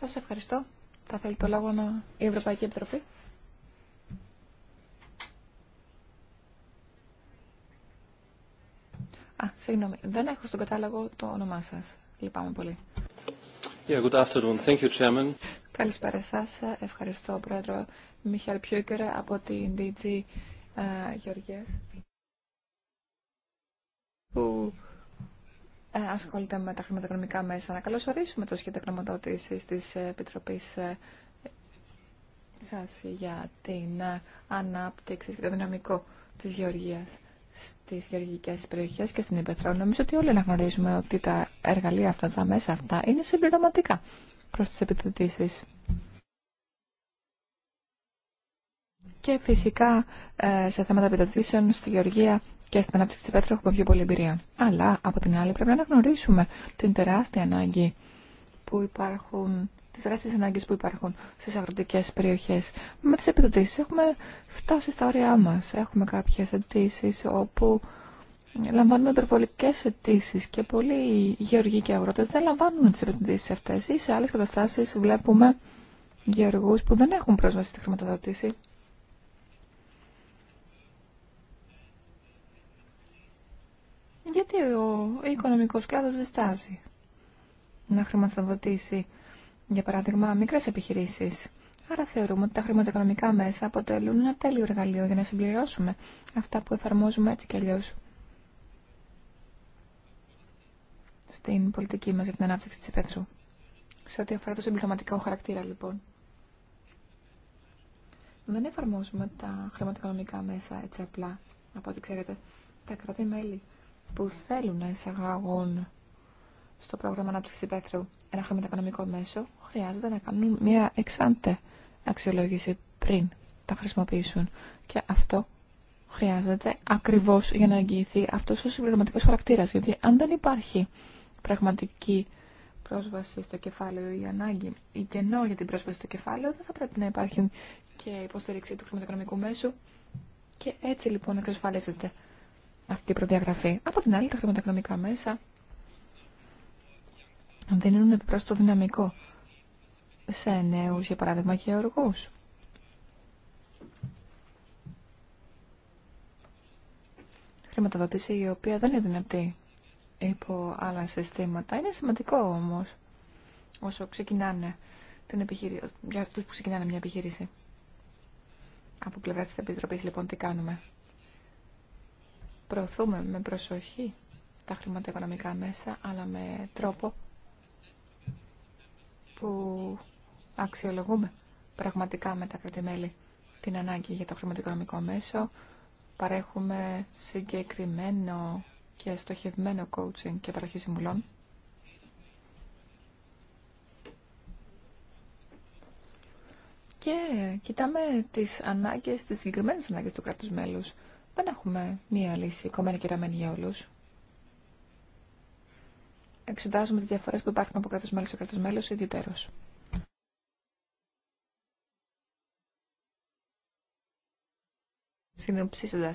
Σας ευχαριστώ. Θα θέλει το λόγο να... η Ευρωπαϊκή Επιτροπή. Α, συγγνώμη. Δεν έχω στον κατάλογο το όνομά σας. Λυπάμαι πολύ. Yeah, good afternoon. Thank you, Chairman. Καλησπέρα σας. Ευχαριστώ, Πρόεδρο Μιχαήλ Πιούκερ από την DG uh, ε, Γεωργίας. Ooh. Ε, ασχολείται με τα χρηματοοικονομικά μέσα. Να καλωσορίσουμε το σχέδιο χρηματοδότηση τη Επιτροπή ε, σα για την ε, ανάπτυξη και το δυναμικό τη γεωργία στι γεωργικέ περιοχέ και στην Υπεθρό. Νομίζω ότι όλοι αναγνωρίζουμε ότι τα εργαλεία αυτά, τα μέσα αυτά, είναι συμπληρωματικά προ τι επιδοτήσει. Και φυσικά σε θέματα επιδοτήσεων στη Γεωργία και στην ανάπτυξη της πέτρου έχουμε πιο πολλή εμπειρία. Αλλά από την άλλη πρέπει να αναγνωρίσουμε την τεράστια ανάγκη που υπάρχουν τις τεράστιες ανάγκες που υπάρχουν στις αγροτικές περιοχές. Με τις επιδοτήσεις έχουμε φτάσει στα όρια μας. Έχουμε κάποιες αιτήσει όπου λαμβάνουμε υπερβολικέ αιτήσει και πολλοί γεωργοί και αγρότε δεν λαμβάνουν τι επιδοτήσεις αυτέ. Ή σε άλλε καταστάσει βλέπουμε γεωργού που δεν έχουν πρόσβαση στη χρηματοδότηση γιατί ο οικονομικός κλάδος διστάζει να χρηματοδοτήσει, για παράδειγμα, μικρές επιχειρήσεις. Άρα θεωρούμε ότι τα χρηματοοικονομικά μέσα αποτελούν ένα τέλειο εργαλείο για να συμπληρώσουμε αυτά που εφαρμόζουμε έτσι κι αλλιώς στην πολιτική μας για την ανάπτυξη της Πέτρου. Σε ό,τι αφορά το συμπληρωματικό χαρακτήρα, λοιπόν. Δεν εφαρμόζουμε τα χρηματοοικονομικά μέσα έτσι απλά, από ό,τι ξέρετε. Τα κρατή μέλη που θέλουν να εισαγάγουν στο πρόγραμμα ανάπτυξη πέτρου ένα χρηματοοικονομικό μέσο, χρειάζεται να κάνουν μια εξάντε αξιολόγηση πριν τα χρησιμοποιήσουν. Και αυτό χρειάζεται ακριβώ για να εγγυηθεί αυτό ο συμπληρωματικό χαρακτήρα. Γιατί αν δεν υπάρχει πραγματική πρόσβαση στο κεφάλαιο ή ανάγκη ή κενό για την πρόσβαση στο κεφάλαιο, δεν θα πρέπει να υπάρχει και υποστήριξη του χρηματοοικονομικού μέσου. Και έτσι λοιπόν εξασφαλίζεται αυτή η προδιαγραφή. Από την άλλη, τα χρηματοοικονομικά μέσα δίνουν επιπρόσθετο δυναμικό σε νέους, για παράδειγμα, και οργούς. Χρηματοδότηση η οποία δεν είναι δυνατή υπό άλλα συστήματα. Είναι σημαντικό όμως όσο ξεκινάνε την για τους που ξεκινάνε μια επιχείρηση. Από πλευρά της Επιτροπής λοιπόν τι κάνουμε προωθούμε με προσοχή τα χρηματοοικονομικά μέσα, αλλά με τρόπο που αξιολογούμε πραγματικά με τα κρατημέλη την ανάγκη για το χρηματοοικονομικό μέσο. Παρέχουμε συγκεκριμένο και στοχευμένο coaching και παροχή συμβουλών. Και κοιτάμε τις ανάγκες, τις συγκεκριμένες ανάγκες του κράτους μέλους δεν έχουμε μία λύση κομμένη και ραμμένη για όλου. Εξετάζουμε τι διαφορέ που υπάρχουν από κράτο μέλο σε κράτο μέλο ιδιαίτερω. Συνοψίζοντα,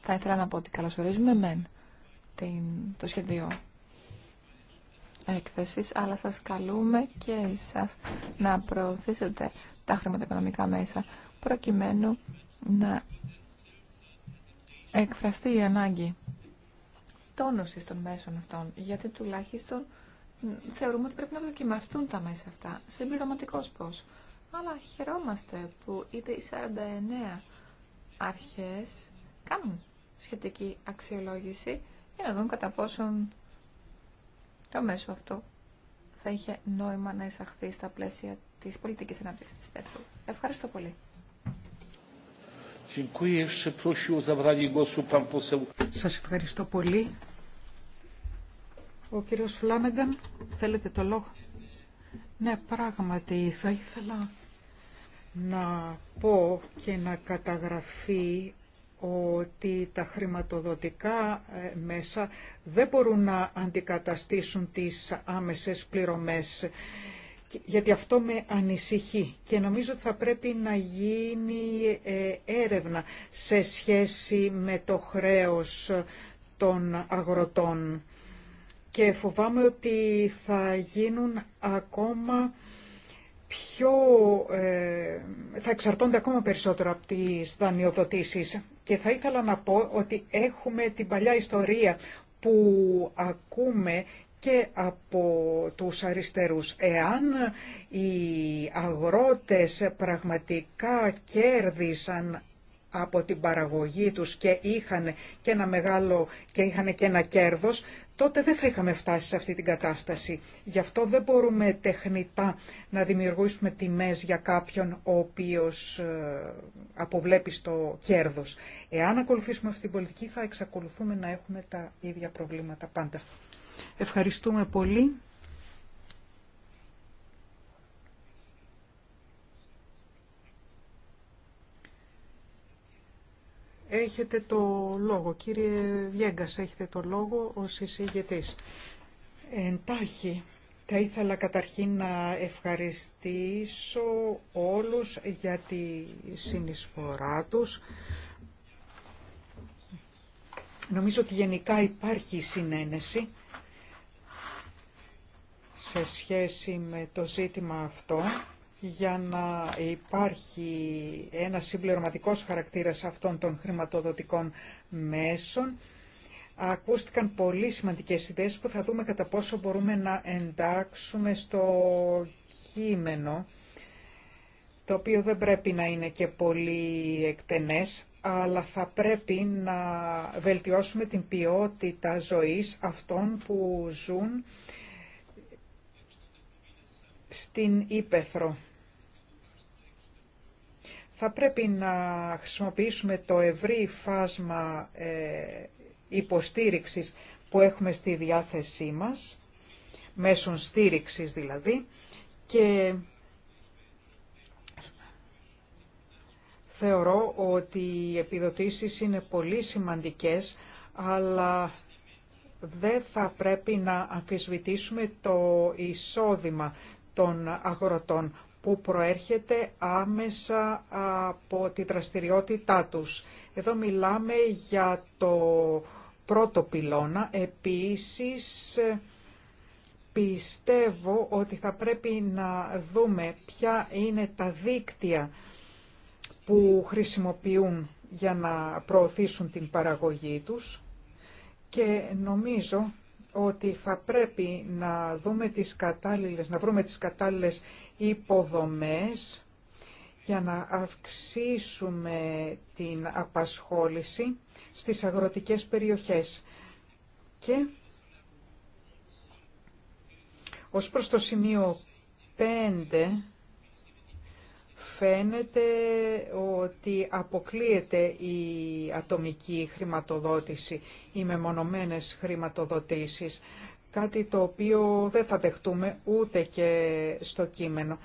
θα ήθελα να πω ότι καλωσορίζουμε μεν το σχέδιο έκθεσης, αλλά σα καλούμε και εσάς να προωθήσετε τα χρηματοοικονομικά μέσα προκειμένου να εκφραστεί η ανάγκη τόνωσης των μέσων αυτών, γιατί τουλάχιστον θεωρούμε ότι πρέπει να δοκιμαστούν τα μέσα αυτά, Συμπληρωματικό πώ. Αλλά χαιρόμαστε που είτε οι 49 αρχές κάνουν σχετική αξιολόγηση για να δουν κατά πόσον το μέσο αυτό θα είχε νόημα να εισαχθεί στα πλαίσια της πολιτικής ανάπτυξης της Πέτρου. Ευχαριστώ πολύ. Σας ευχαριστώ πολύ. Ο κύριος Φλάνεγκαν, θέλετε το λόγο. Ναι, πράγματι, θα ήθελα να πω και να καταγραφεί ότι τα χρηματοδοτικά ε, μέσα δεν μπορούν να αντικαταστήσουν τις άμεσες πληρωμές γιατί αυτό με ανησυχεί και νομίζω ότι θα πρέπει να γίνει ε, έρευνα σε σχέση με το χρέος των αγροτών και φοβάμαι ότι θα γίνουν ακόμα πιο, ε, θα εξαρτώνται ακόμα περισσότερο από τις δανειοδοτήσεις. Και θα ήθελα να πω ότι έχουμε την παλιά ιστορία που ακούμε και από τους αριστερούς. Εάν οι αγρότες πραγματικά κέρδισαν από την παραγωγή τους και είχαν και ένα μεγάλο και είχαν και ένα κέρδος, τότε δεν θα είχαμε φτάσει σε αυτή την κατάσταση. Γι' αυτό δεν μπορούμε τεχνητά να δημιουργήσουμε τιμές για κάποιον ο οποίος ε, αποβλέπει στο κέρδος. Εάν ακολουθήσουμε αυτή την πολιτική θα εξακολουθούμε να έχουμε τα ίδια προβλήματα πάντα. Ευχαριστούμε πολύ. Έχετε το λόγο, κύριε Βιέγκας, έχετε το λόγο ως εισηγητής. Εντάχει, θα ήθελα καταρχήν να ευχαριστήσω όλους για τη συνεισφορά τους. Νομίζω ότι γενικά υπάρχει συνένεση σε σχέση με το ζήτημα αυτό για να υπάρχει ένα συμπληρωματικός χαρακτήρας αυτών των χρηματοδοτικών μέσων. Ακούστηκαν πολύ σημαντικές ιδέες που θα δούμε κατά πόσο μπορούμε να εντάξουμε στο κείμενο, το οποίο δεν πρέπει να είναι και πολύ εκτενές, αλλά θα πρέπει να βελτιώσουμε την ποιότητα ζωής αυτών που ζουν στην Ήπεθρο. Θα πρέπει να χρησιμοποιήσουμε το ευρύ φάσμα ε, υποστήριξης που έχουμε στη διάθεσή μας, μέσων στήριξης δηλαδή, και θεωρώ ότι οι επιδοτήσεις είναι πολύ σημαντικές, αλλά δεν θα πρέπει να αμφισβητήσουμε το εισόδημα των αγροτών που προέρχεται άμεσα από τη δραστηριότητά τους. Εδώ μιλάμε για το πρώτο πυλώνα. Επίσης, πιστεύω ότι θα πρέπει να δούμε ποια είναι τα δίκτυα που χρησιμοποιούν για να προωθήσουν την παραγωγή τους και νομίζω ότι θα πρέπει να, δούμε τις κατάλληλες, να βρούμε τις κατάλληλες υποδομές για να αυξήσουμε την απασχόληση στις αγροτικές περιοχές. Και ως προς το σημείο 5 φαίνεται ότι αποκλείεται η ατομική χρηματοδότηση, οι μεμονωμένες χρηματοδοτήσεις, κάτι το οποίο δεν θα δεχτούμε ούτε και στο κείμενο.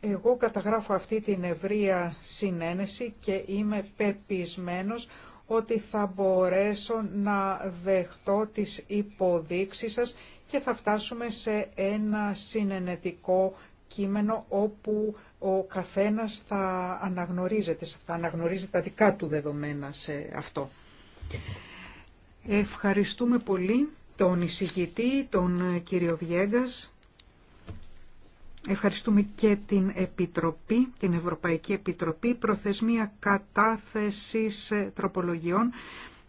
Εγώ καταγράφω αυτή την ευρεία συνένεση και είμαι πεπισμένος ότι θα μπορέσω να δεχτώ τις υποδείξεις σας και θα φτάσουμε σε ένα συνενετικό κείμενο όπου ο καθένας θα αναγνωρίζεται, θα αναγνωρίζει τα δικά του δεδομένα σε αυτό. Ευχαριστούμε πολύ τον εισηγητή, τον κύριο Βιέγκας. Ευχαριστούμε και την Επιτροπή, την Ευρωπαϊκή Επιτροπή. Προθεσμία κατάθεσης τροπολογιών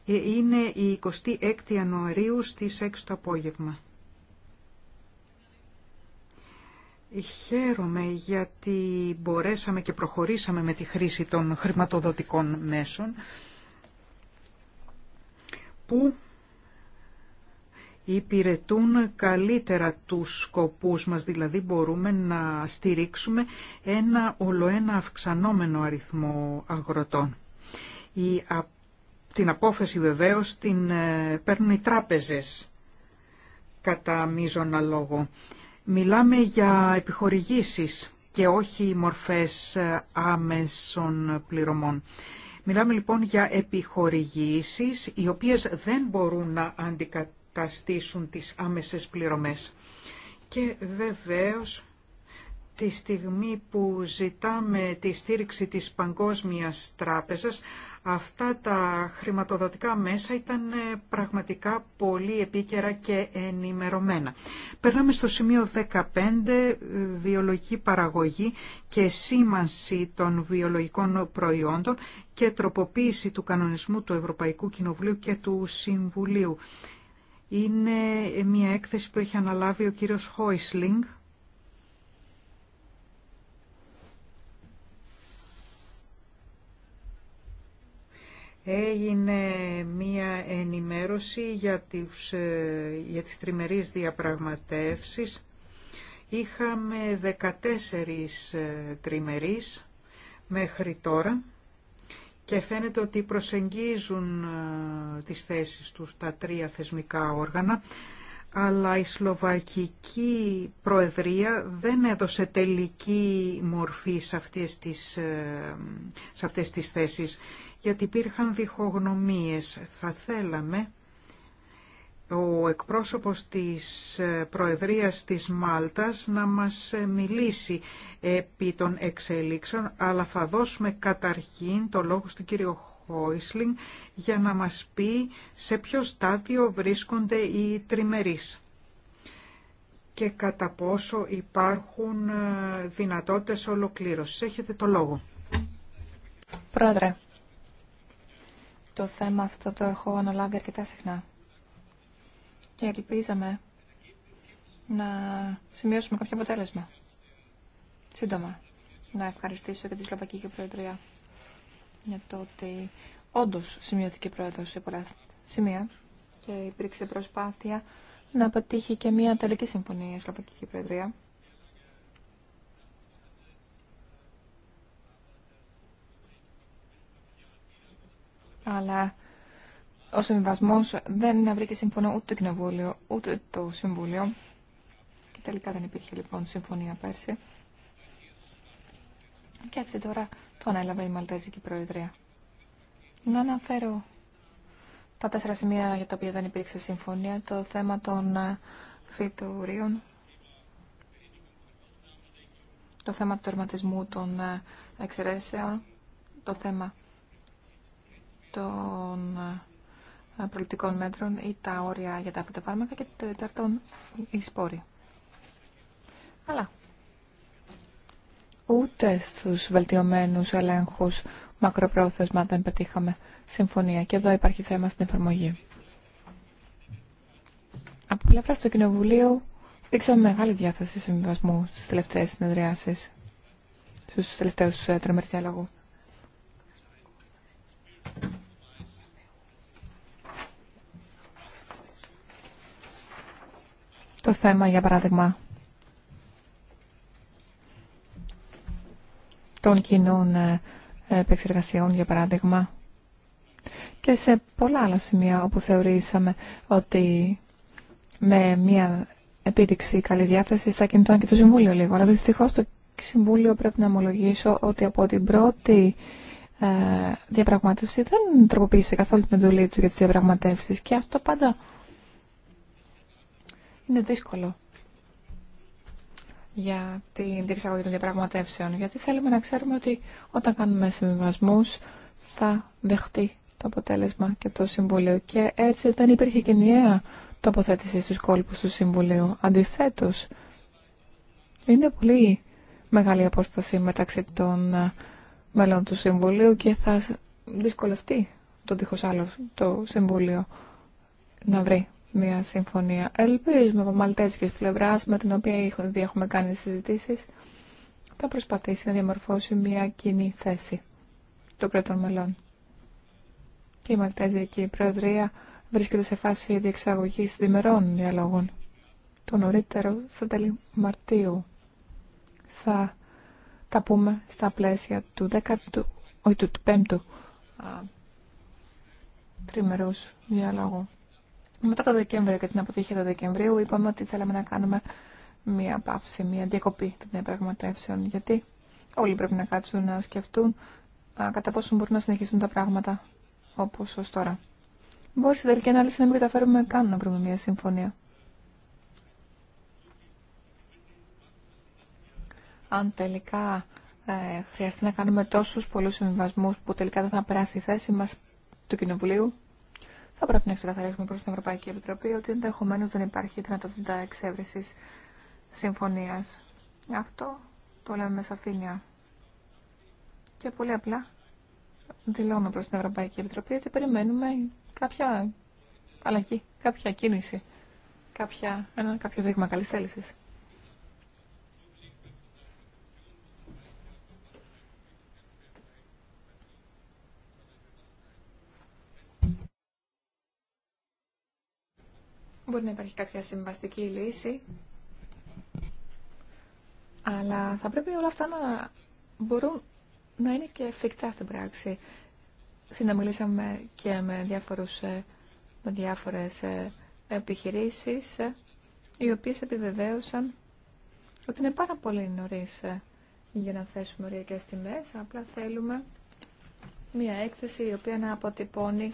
ε, είναι η 26 η Ιανουαρίου στις 6 το απόγευμα. Χαίρομαι γιατί μπορέσαμε και προχωρήσαμε με τη χρήση των χρηματοδοτικών μέσων που υπηρετούν καλύτερα τους σκοπούς μας, δηλαδή μπορούμε να στηρίξουμε ένα ολοένα αυξανόμενο αριθμό αγροτών. Η, την απόφαση βεβαίως την ε, παίρνουν οι τράπεζες κατά μείζωνα λόγο. Μιλάμε για επιχορηγήσεις και όχι μορφές ε, άμεσων πληρωμών. Μιλάμε λοιπόν για επιχορηγήσεις οι οποίες δεν μπορούν να αντικαταστήσουν τις άμεσες πληρωμές. Και βεβαίως τη στιγμή που ζητάμε τη στήριξη της Παγκόσμιας Τράπεζας Αυτά τα χρηματοδοτικά μέσα ήταν ε, πραγματικά πολύ επίκαιρα και ενημερωμένα. Περνάμε στο σημείο 15, ε, βιολογική παραγωγή και σήμανση των βιολογικών προϊόντων και τροποποίηση του κανονισμού του Ευρωπαϊκού Κοινοβουλίου και του Συμβουλίου. Είναι ε, μια έκθεση που έχει αναλάβει ο κύριος Χόισλινγκ έγινε μία ενημέρωση για, τις, ε, για τις τριμερείς διαπραγματεύσεις. Είχαμε 14 ε, τριμερείς μέχρι τώρα και φαίνεται ότι προσεγγίζουν ε, τις θέσεις τους τα τρία θεσμικά όργανα, αλλά η Σλοβακική Προεδρία δεν έδωσε τελική μορφή σε αυτές τις, σε αυτές τις θέσεις γιατί υπήρχαν διχογνωμίες. Θα θέλαμε ο εκπρόσωπος της Προεδρίας της Μάλτας να μας μιλήσει επί των εξελίξεων, αλλά θα δώσουμε καταρχήν το λόγο στον κύριο Χόισλινγκ για να μας πει σε ποιο στάδιο βρίσκονται οι τριμερείς και κατά πόσο υπάρχουν δυνατότητες ολοκλήρωσης. Έχετε το λόγο. Πρόεδρε, το θέμα αυτό το έχω αναλάβει αρκετά συχνά. Και ελπίζαμε να σημειώσουμε κάποιο αποτέλεσμα. Σύντομα, να ευχαριστήσω και τη Σλοβακική Προεδρία για το ότι όντω σημειώθηκε πρόεδρο σε πολλά σημεία και υπήρξε προσπάθεια να πετύχει και μια τελική συμφωνία η Σλοβακική Προεδρία. αλλά ο συμβιβασμό δεν βρήκε σύμφωνο ούτε το Κοινοβούλιο ούτε το Συμβούλιο. Και τελικά δεν υπήρχε λοιπόν συμφωνία πέρσι. Και έτσι τώρα το ανέλαβε η Μαλτέζικη Προεδρία. Να αναφέρω τα τέσσερα σημεία για τα οποία δεν υπήρξε συμφωνία. Το θέμα των ε, φυτουρίων, το θέμα του τερματισμού των ε, εξαιρέσεων, το θέμα των ε, προληπτικών μέτρων ή τα όρια για τα φυτοφάρμακα και τέταρτον οι σπόροι. Αλλά ούτε στους βελτιωμένους ελέγχους μακροπρόθεσμα δεν πετύχαμε συμφωνία και εδώ υπάρχει θέμα στην εφαρμογή. Από πλευρά του Κοινοβουλίου δείξαμε μεγάλη διάθεση συμβιβασμού στις τελευταίες συνεδριάσεις, στους τελευταίους ε, τρομερείς διάλογους. το θέμα, για παράδειγμα, των κοινών ε, επεξεργασιών, για παράδειγμα, και σε πολλά άλλα σημεία όπου θεωρήσαμε ότι με μια επίδειξη καλή διάθεση θα κινητώνει και το Συμβούλιο λίγο. Αλλά δυστυχώ το Συμβούλιο πρέπει να ομολογήσω ότι από την πρώτη ε, διαπραγμάτευση δεν τροποποίησε καθόλου την εντολή του για τι διαπραγματεύσει και αυτό πάντα είναι δύσκολο για την διεξαγωγή των διαπραγματεύσεων. Γιατί θέλουμε να ξέρουμε ότι όταν κάνουμε συμβιβασμού θα δεχτεί το αποτέλεσμα και το Συμβούλιο. Και έτσι δεν υπήρχε κοινιαία τοποθέτηση στους κόλπους του Συμβουλίου. Αντιθέτως, είναι πολύ μεγάλη απόσταση μεταξύ των ε, μελών του Συμβουλίου και θα δυσκολευτεί το άλλο το Συμβούλιο να βρει μια συμφωνία. Ελπίζουμε από μαλτέζικες πλευράς με την οποία ήδη έχουμε κάνει συζητήσεις θα προσπαθήσει να διαμορφώσει μια κοινή θέση των κρατών μελών. Και η Μαλτέζικη Προεδρία βρίσκεται σε φάση διεξαγωγής διμερών διαλόγων. Το νωρίτερο στα τέλη Μαρτίου θα τα πούμε στα πλαίσια του 10ου, του 5ου τριμερούς διαλόγου. Μετά το Δεκέμβριο και την αποτυχία του Δεκεμβρίου είπαμε ότι θέλαμε να κάνουμε μία παύση, μία διακοπή των διαπραγματεύσεων. Γιατί όλοι πρέπει να κάτσουν να σκεφτούν κατά πόσο μπορούν να συνεχίσουν τα πράγματα όπω ω τώρα. Μπορεί στην τελική ανάλυση να μην καταφέρουμε καν να βρούμε μία συμφωνία. Αν τελικά ε, χρειαστεί να κάνουμε τόσους πολλούς συμβιβασμούς που τελικά δεν θα περάσει η θέση μας του Κοινοβουλίου, θα πρέπει να ξεκαθαρίσουμε προ την Ευρωπαϊκή Επιτροπή ότι ενδεχομένω δεν υπάρχει δυνατότητα εξέβρισης συμφωνία. Αυτό το λέμε με σαφήνεια. Και πολύ απλά δηλώνω προ την Ευρωπαϊκή Επιτροπή ότι περιμένουμε κάποια αλλαγή, κάποια κίνηση, κάποια, ένα, κάποιο δείγμα καλή θέληση. Μπορεί να υπάρχει κάποια συμβαστική λύση, αλλά θα πρέπει όλα αυτά να μπορούν να είναι και εφικτά στην πράξη. Συναμιλήσαμε και με, διάφορους, ε, με διάφορες ε, επιχειρήσεις, ε, οι οποίες επιβεβαίωσαν ότι είναι πάρα πολύ νωρίς για να θέσουμε οριακές τιμές, απλά θέλουμε μια έκθεση η οποία να αποτυπώνει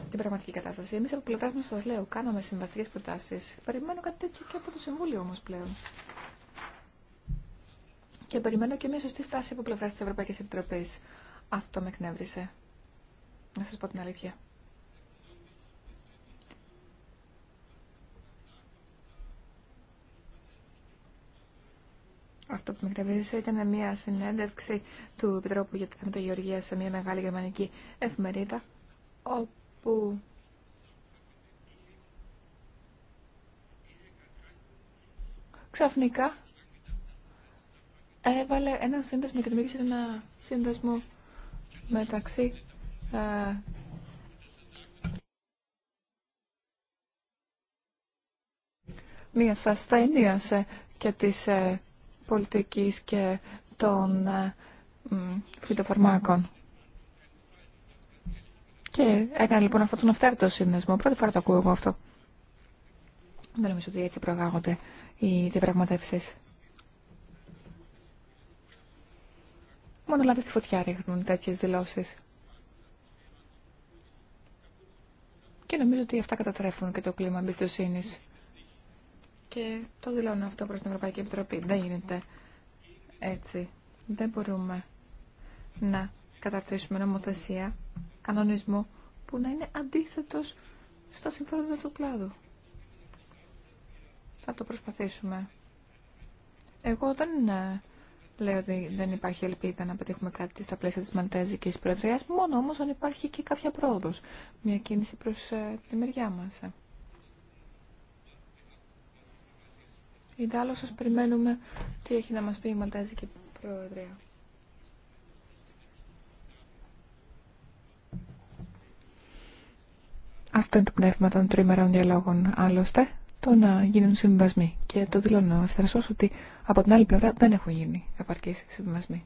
στην πραγματική κατάσταση. Εμεί από πλευρά μα σα λέω, κάναμε συμβαστικέ προτάσει. Περιμένω κάτι τέτοιο και από το Συμβούλιο όμω πλέον. Και περιμένω και μια σωστή στάση από πλευρά τη Ευρωπαϊκή Επιτροπή. Αυτό με εκνεύρισε. Να σα πω την αλήθεια. Αυτό που με εκνευρίσε ήταν μια συνέντευξη του Επιτρόπου για τη Θεματογεωργία σε μια μεγάλη γερμανική εφημερίδα, που ξαφνικά έβαλε ένα σύνδεσμο και δημιούργησε ένα σύνδεσμο μεταξύ ε, ασθένεια ασθένειας ε, και της ε, πολιτική και των ε, φυτοφαρμάκων. Και έκανε λοιπόν αυτόν τον αυθαίρετο σύνδεσμο. Πρώτη φορά το ακούω εγώ αυτό. Δεν νομίζω ότι έτσι προγάγονται οι διαπραγματεύσει. Μόνο λάδι στη φωτιά ρίχνουν τέτοιε δηλώσει. Και νομίζω ότι αυτά κατατρέφουν και το κλίμα εμπιστοσύνη. Και το δηλώνω αυτό προ την Ευρωπαϊκή Επιτροπή. Δεν γίνεται έτσι. Δεν μπορούμε να καταρτήσουμε νομοθεσία κανονισμό που να είναι αντίθετος στα συμφέροντα του κλάδου. Θα το προσπαθήσουμε. Εγώ δεν ε, λέω ότι δεν υπάρχει ελπίδα να πετύχουμε κάτι στα πλαίσια της Μαλτέζικης Προεδρίας, μόνο όμως αν υπάρχει και κάποια πρόοδος, μια κίνηση προς ε, τη μεριά μας. Ιντάλλως σας περιμένουμε τι έχει να μας πει η Μαλτέζικη Προεδρία. Αυτό είναι το πνεύμα των τριμερών διαλόγων. Άλλωστε, το να γίνουν συμβιβασμοί. Και το δηλώνω ευθερασώ ότι από την άλλη πλευρά δεν έχουν γίνει επαρκεί συμβιβασμοί.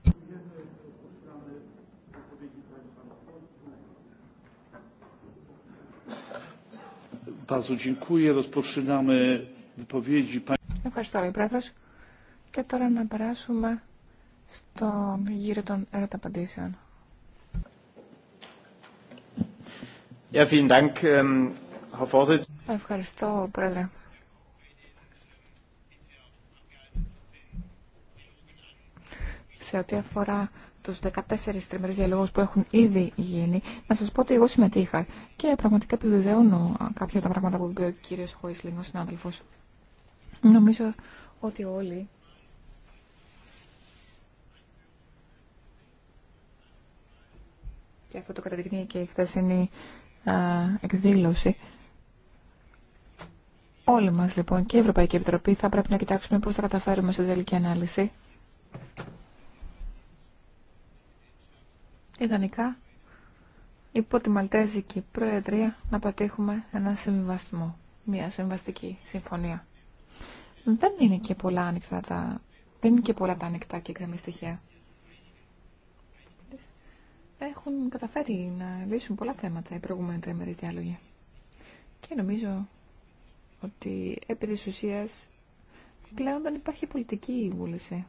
Ευχαριστώ, Ρε Πρόεδρος. Και τώρα να περάσουμε στον γύρο των ερωταπαντήσεων. Ähm, Ευχαριστώ, Πρόεδρε. Σε ό,τι αφορά τους 14 τριμερείς διαλόγους που έχουν ήδη γίνει, να σας πω ότι εγώ συμμετείχα και πραγματικά επιβεβαιώνω κάποια από τα πράγματα που είπε ο κύριος Χόισλινγκ, ο συνάδελφος. Νομίζω ότι όλοι και αυτό το καταδεικνύει και η χθεσινή εκδήλωση. Όλοι μας λοιπόν και η Ευρωπαϊκή Επιτροπή θα πρέπει να κοιτάξουμε πώς θα καταφέρουμε στην τελική ανάλυση. Ιδανικά, υπό τη Μαλτέζικη Προεδρία να πατήχουμε ένα συμβιβασμό, μια συμβαστική συμφωνία. Δεν είναι και πολλά ανοιχτά τα, δεν είναι και πολλά τα ανοιχτά και κρεμή στοιχεία έχουν καταφέρει να λύσουν πολλά θέματα οι προηγούμενοι τρέμερες διάλογοι. Και νομίζω ότι επί της ουσίας πλέον δεν υπάρχει πολιτική βούληση.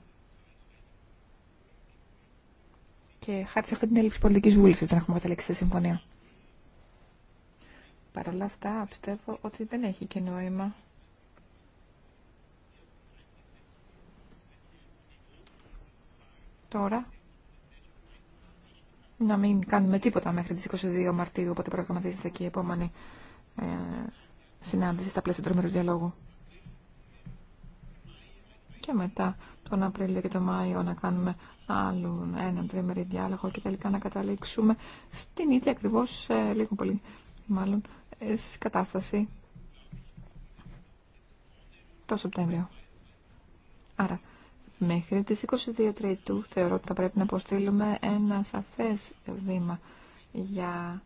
Και χάρη σε αυτή την έλλειψη πολιτική βούληση δεν έχουμε καταλήξει σε συμφωνία. Παρ' όλα αυτά πιστεύω ότι δεν έχει και νόημα τώρα να μην κάνουμε τίποτα μέχρι τις 22 Μαρτίου, οπότε προγραμματίζεται και η επόμενη ε, συνάντηση στα πλαίσια τρομερού διαλόγου. Και μετά τον Απρίλιο και τον Μάιο να κάνουμε άλλο έναν τρίμερη διάλογο και τελικά να καταλήξουμε στην ίδια ακριβώς, ε, λίγο πολύ μάλλον, ε, κατάσταση το Σεπτέμβριο. Άρα, Μέχρι τις 22 Τρίτου θεωρώ ότι θα πρέπει να αποστείλουμε ένα σαφές βήμα για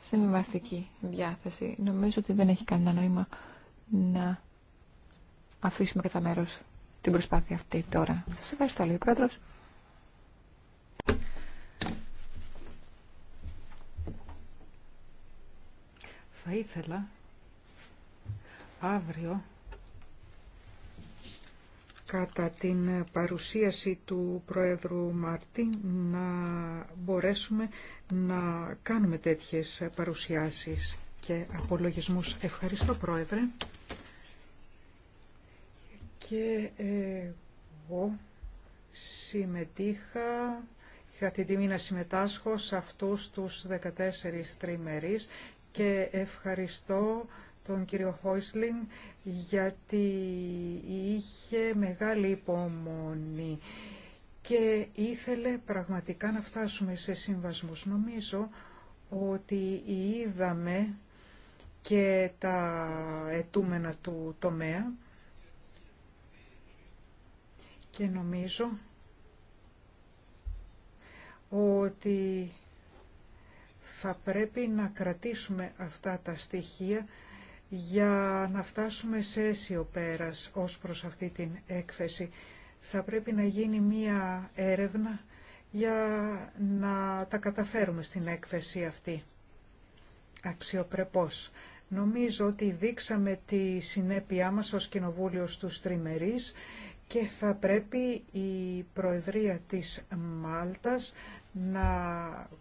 συμβιβαστική διάθεση. Νομίζω ότι δεν έχει κανένα νόημα να αφήσουμε κατά μέρο την προσπάθεια αυτή τώρα. Σας ευχαριστώ, λέει ο Πρόεδρος. Θα ήθελα αύριο κατά την παρουσίαση του Πρόεδρου Μάρτη να μπορέσουμε να κάνουμε τέτοιες παρουσιάσεις και απολογισμούς. Ευχαριστώ Πρόεδρε. Και εγώ συμμετείχα, είχα την τιμή να συμμετάσχω σε αυτούς τους 14 τριμερείς και ευχαριστώ τον κύριο Χόισλινγκ γιατί είχε μεγάλη υπομονή και ήθελε πραγματικά να φτάσουμε σε συμβασμούς. Νομίζω ότι είδαμε και τα ετούμενα του τομέα και νομίζω ότι θα πρέπει να κρατήσουμε αυτά τα στοιχεία για να φτάσουμε σε αίσιο πέρας ως προς αυτή την έκθεση. Θα πρέπει να γίνει μία έρευνα για να τα καταφέρουμε στην έκθεση αυτή αξιοπρεπώς. Νομίζω ότι δείξαμε τη συνέπειά μας ως Κοινοβούλιο του τριμερείς και θα πρέπει η Προεδρία της Μάλτας να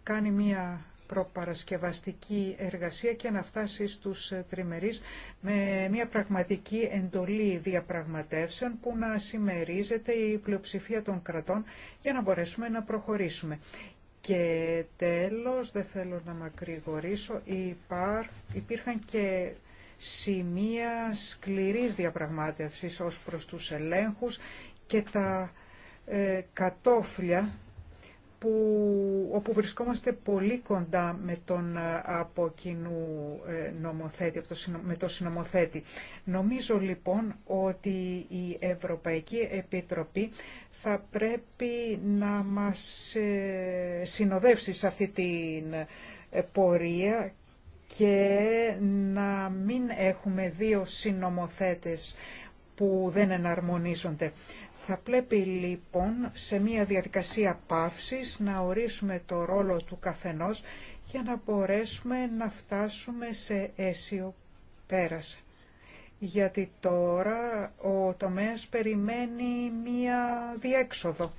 κάνει μία προπαρασκευαστική εργασία και να φτάσει στους ε, τριμερείς με μια πραγματική εντολή διαπραγματεύσεων που να συμμερίζεται η πλειοψηφία των κρατών για να μπορέσουμε να προχωρήσουμε. Και τέλος, δεν θέλω να μακρηγορήσω, υπήρχαν και σημεία σκληρής διαπραγμάτευσης ως προς τους ελέγχους και τα ε, κατόφλια που, όπου βρισκόμαστε πολύ κοντά με τον ε, από κοινού ε, νομοθέτη, με τον συνομοθέτη. Νομίζω λοιπόν ότι η Ευρωπαϊκή Επιτροπή θα πρέπει να μας ε, συνοδεύσει σε αυτή την πορεία και να μην έχουμε δύο συνομοθέτες που δεν εναρμονίζονται. Θα πρέπει λοιπόν σε μια διαδικασία παύσης να ορίσουμε το ρόλο του καθενός για να μπορέσουμε να φτάσουμε σε αίσιο πέρας. Γιατί τώρα ο τομέας περιμένει μία διέξοδο.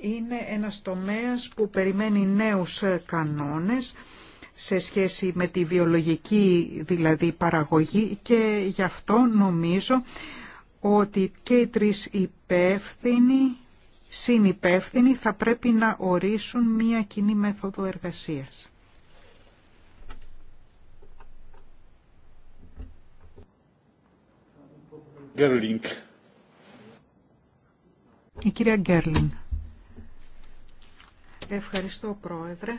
Είναι ένας τομέας που περιμένει νέους κανόνες σε σχέση με τη βιολογική δηλαδή παραγωγή και γι' αυτό νομίζω ότι και οι τρει υπεύθυνοι, συνυπεύθυνοι, θα πρέπει να ορίσουν μία κοινή μέθοδο εργασίας. Gerling. Η κυρία Γκέρλινγκ. Ευχαριστώ πρόεδρε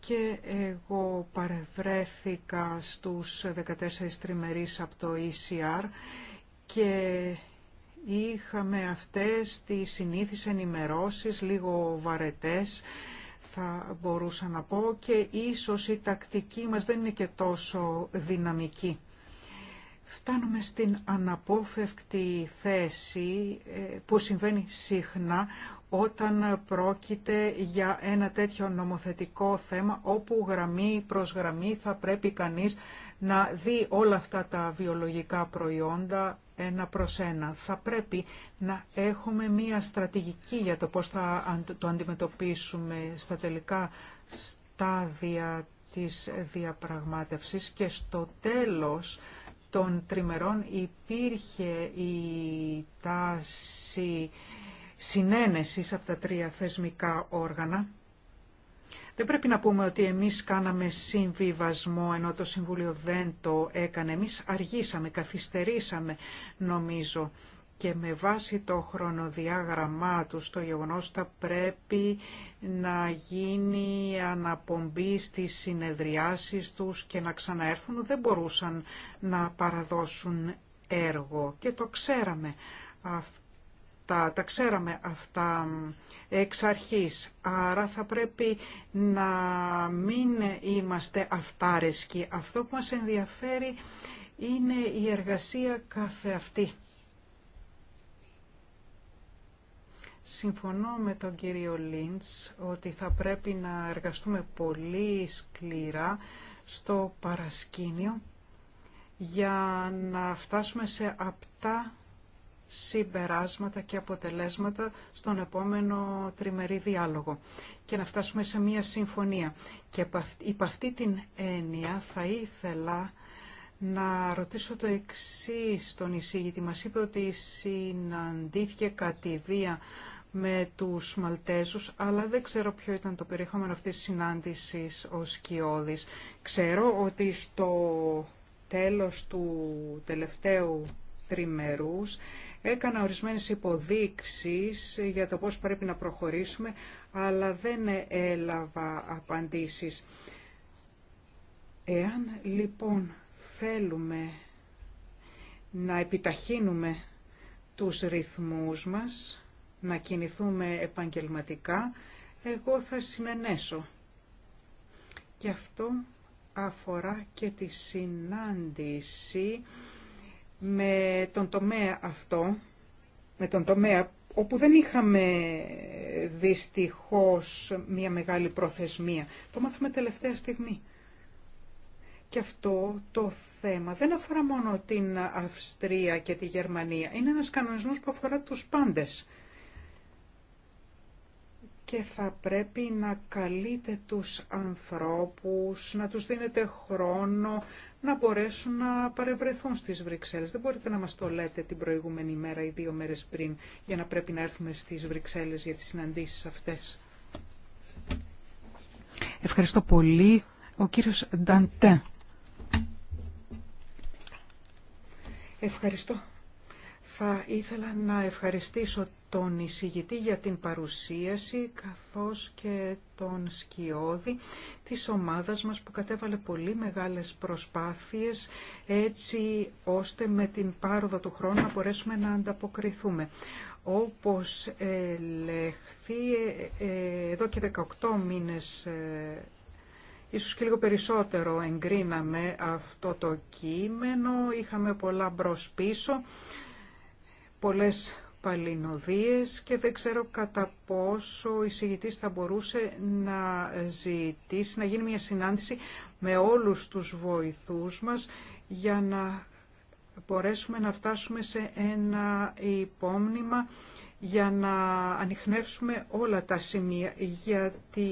και εγώ παρευρέθηκα στους 14 τριμερείς από το ECR και είχαμε αυτές τις συνήθεις ενημερώσεις λίγο βαρετές θα μπορούσα να πω και ίσως η τακτική μας δεν είναι και τόσο δυναμική. Φτάνουμε στην αναπόφευκτη θέση ε, που συμβαίνει συχνά όταν πρόκειται για ένα τέτοιο νομοθετικό θέμα όπου γραμμή προς γραμμή θα πρέπει κανείς να δει όλα αυτά τα βιολογικά προϊόντα ένα προς Θα πρέπει να έχουμε μία στρατηγική για το πώς θα το αντιμετωπίσουμε στα τελικά στάδια της διαπραγμάτευσης και στο τέλος των τριμερών υπήρχε η τάση συνένεσης από τα τρία θεσμικά όργανα δεν πρέπει να πούμε ότι εμείς κάναμε συμβιβασμό ενώ το Συμβούλιο δεν το έκανε. Εμείς αργήσαμε, καθυστερήσαμε νομίζω και με βάση το χρονοδιάγραμμά τους το γεγονός θα πρέπει να γίνει αναπομπή στις συνεδριάσεις τους και να ξαναέρθουν δεν μπορούσαν να παραδώσουν έργο και το ξέραμε αυτό τα ξέραμε αυτά εξ αρχής, άρα θα πρέπει να μην είμαστε αυτάρεσκοι. Αυτό που μας ενδιαφέρει είναι η εργασία κάθε αυτή. Συμφωνώ με τον κύριο Λίντς ότι θα πρέπει να εργαστούμε πολύ σκληρά στο παρασκήνιο για να φτάσουμε σε αυτά συμπεράσματα και αποτελέσματα στον επόμενο τριμερή διάλογο και να φτάσουμε σε μια συμφωνία. Και υπ' αυτή την έννοια θα ήθελα να ρωτήσω το εξή στον εισήγητη. Μας είπε ότι συναντήθηκε κατηδία με τους Μαλτέζους, αλλά δεν ξέρω ποιο ήταν το περιεχόμενο αυτής της συνάντησης ο Σκιώδης. Ξέρω ότι στο τέλος του τελευταίου τριμερούς έκανα ορισμένες υποδείξεις για το πώς πρέπει να προχωρήσουμε, αλλά δεν έλαβα απαντήσεις. Εάν λοιπόν θέλουμε να επιταχύνουμε τους ρυθμούς μας, να κινηθούμε επαγγελματικά, εγώ θα συνενέσω. Και αυτό αφορά και τη συνάντηση με τον τομέα αυτό, με τον τομέα όπου δεν είχαμε δυστυχώς μια μεγάλη προθεσμία. Το μάθαμε τελευταία στιγμή. Και αυτό το θέμα δεν αφορά μόνο την Αυστρία και τη Γερμανία. Είναι ένας κανονισμός που αφορά τους πάντες. Και θα πρέπει να καλείτε τους ανθρώπους, να τους δίνετε χρόνο, να μπορέσουν να παρευρεθούν στις Βρυξέλλες. Δεν μπορείτε να μας το λέτε την προηγούμενη μέρα ή δύο μέρες πριν για να πρέπει να έρθουμε στις Βρυξέλλες για τις συναντήσεις αυτές. Ευχαριστώ πολύ. Ο κύριος Νταντέ. Ευχαριστώ. Θα ήθελα να ευχαριστήσω τον εισηγητή για την παρουσίαση καθώς και τον σκιώδη της ομάδας μας που κατέβαλε πολύ μεγάλες προσπάθειες έτσι ώστε με την πάροδο του χρόνου να μπορέσουμε να ανταποκριθούμε. Όπως ε, εδώ και 18 μήνες ε, Ίσως και λίγο περισσότερο εγκρίναμε αυτό το κείμενο, είχαμε πολλά μπρος πίσω πολλές παλινοδίες και δεν ξέρω κατά πόσο η συγητής θα μπορούσε να ζητήσει, να γίνει μια συνάντηση με όλους τους βοηθούς μας για να μπορέσουμε να φτάσουμε σε ένα υπόμνημα για να ανοιχνεύσουμε όλα τα σημεία, γιατί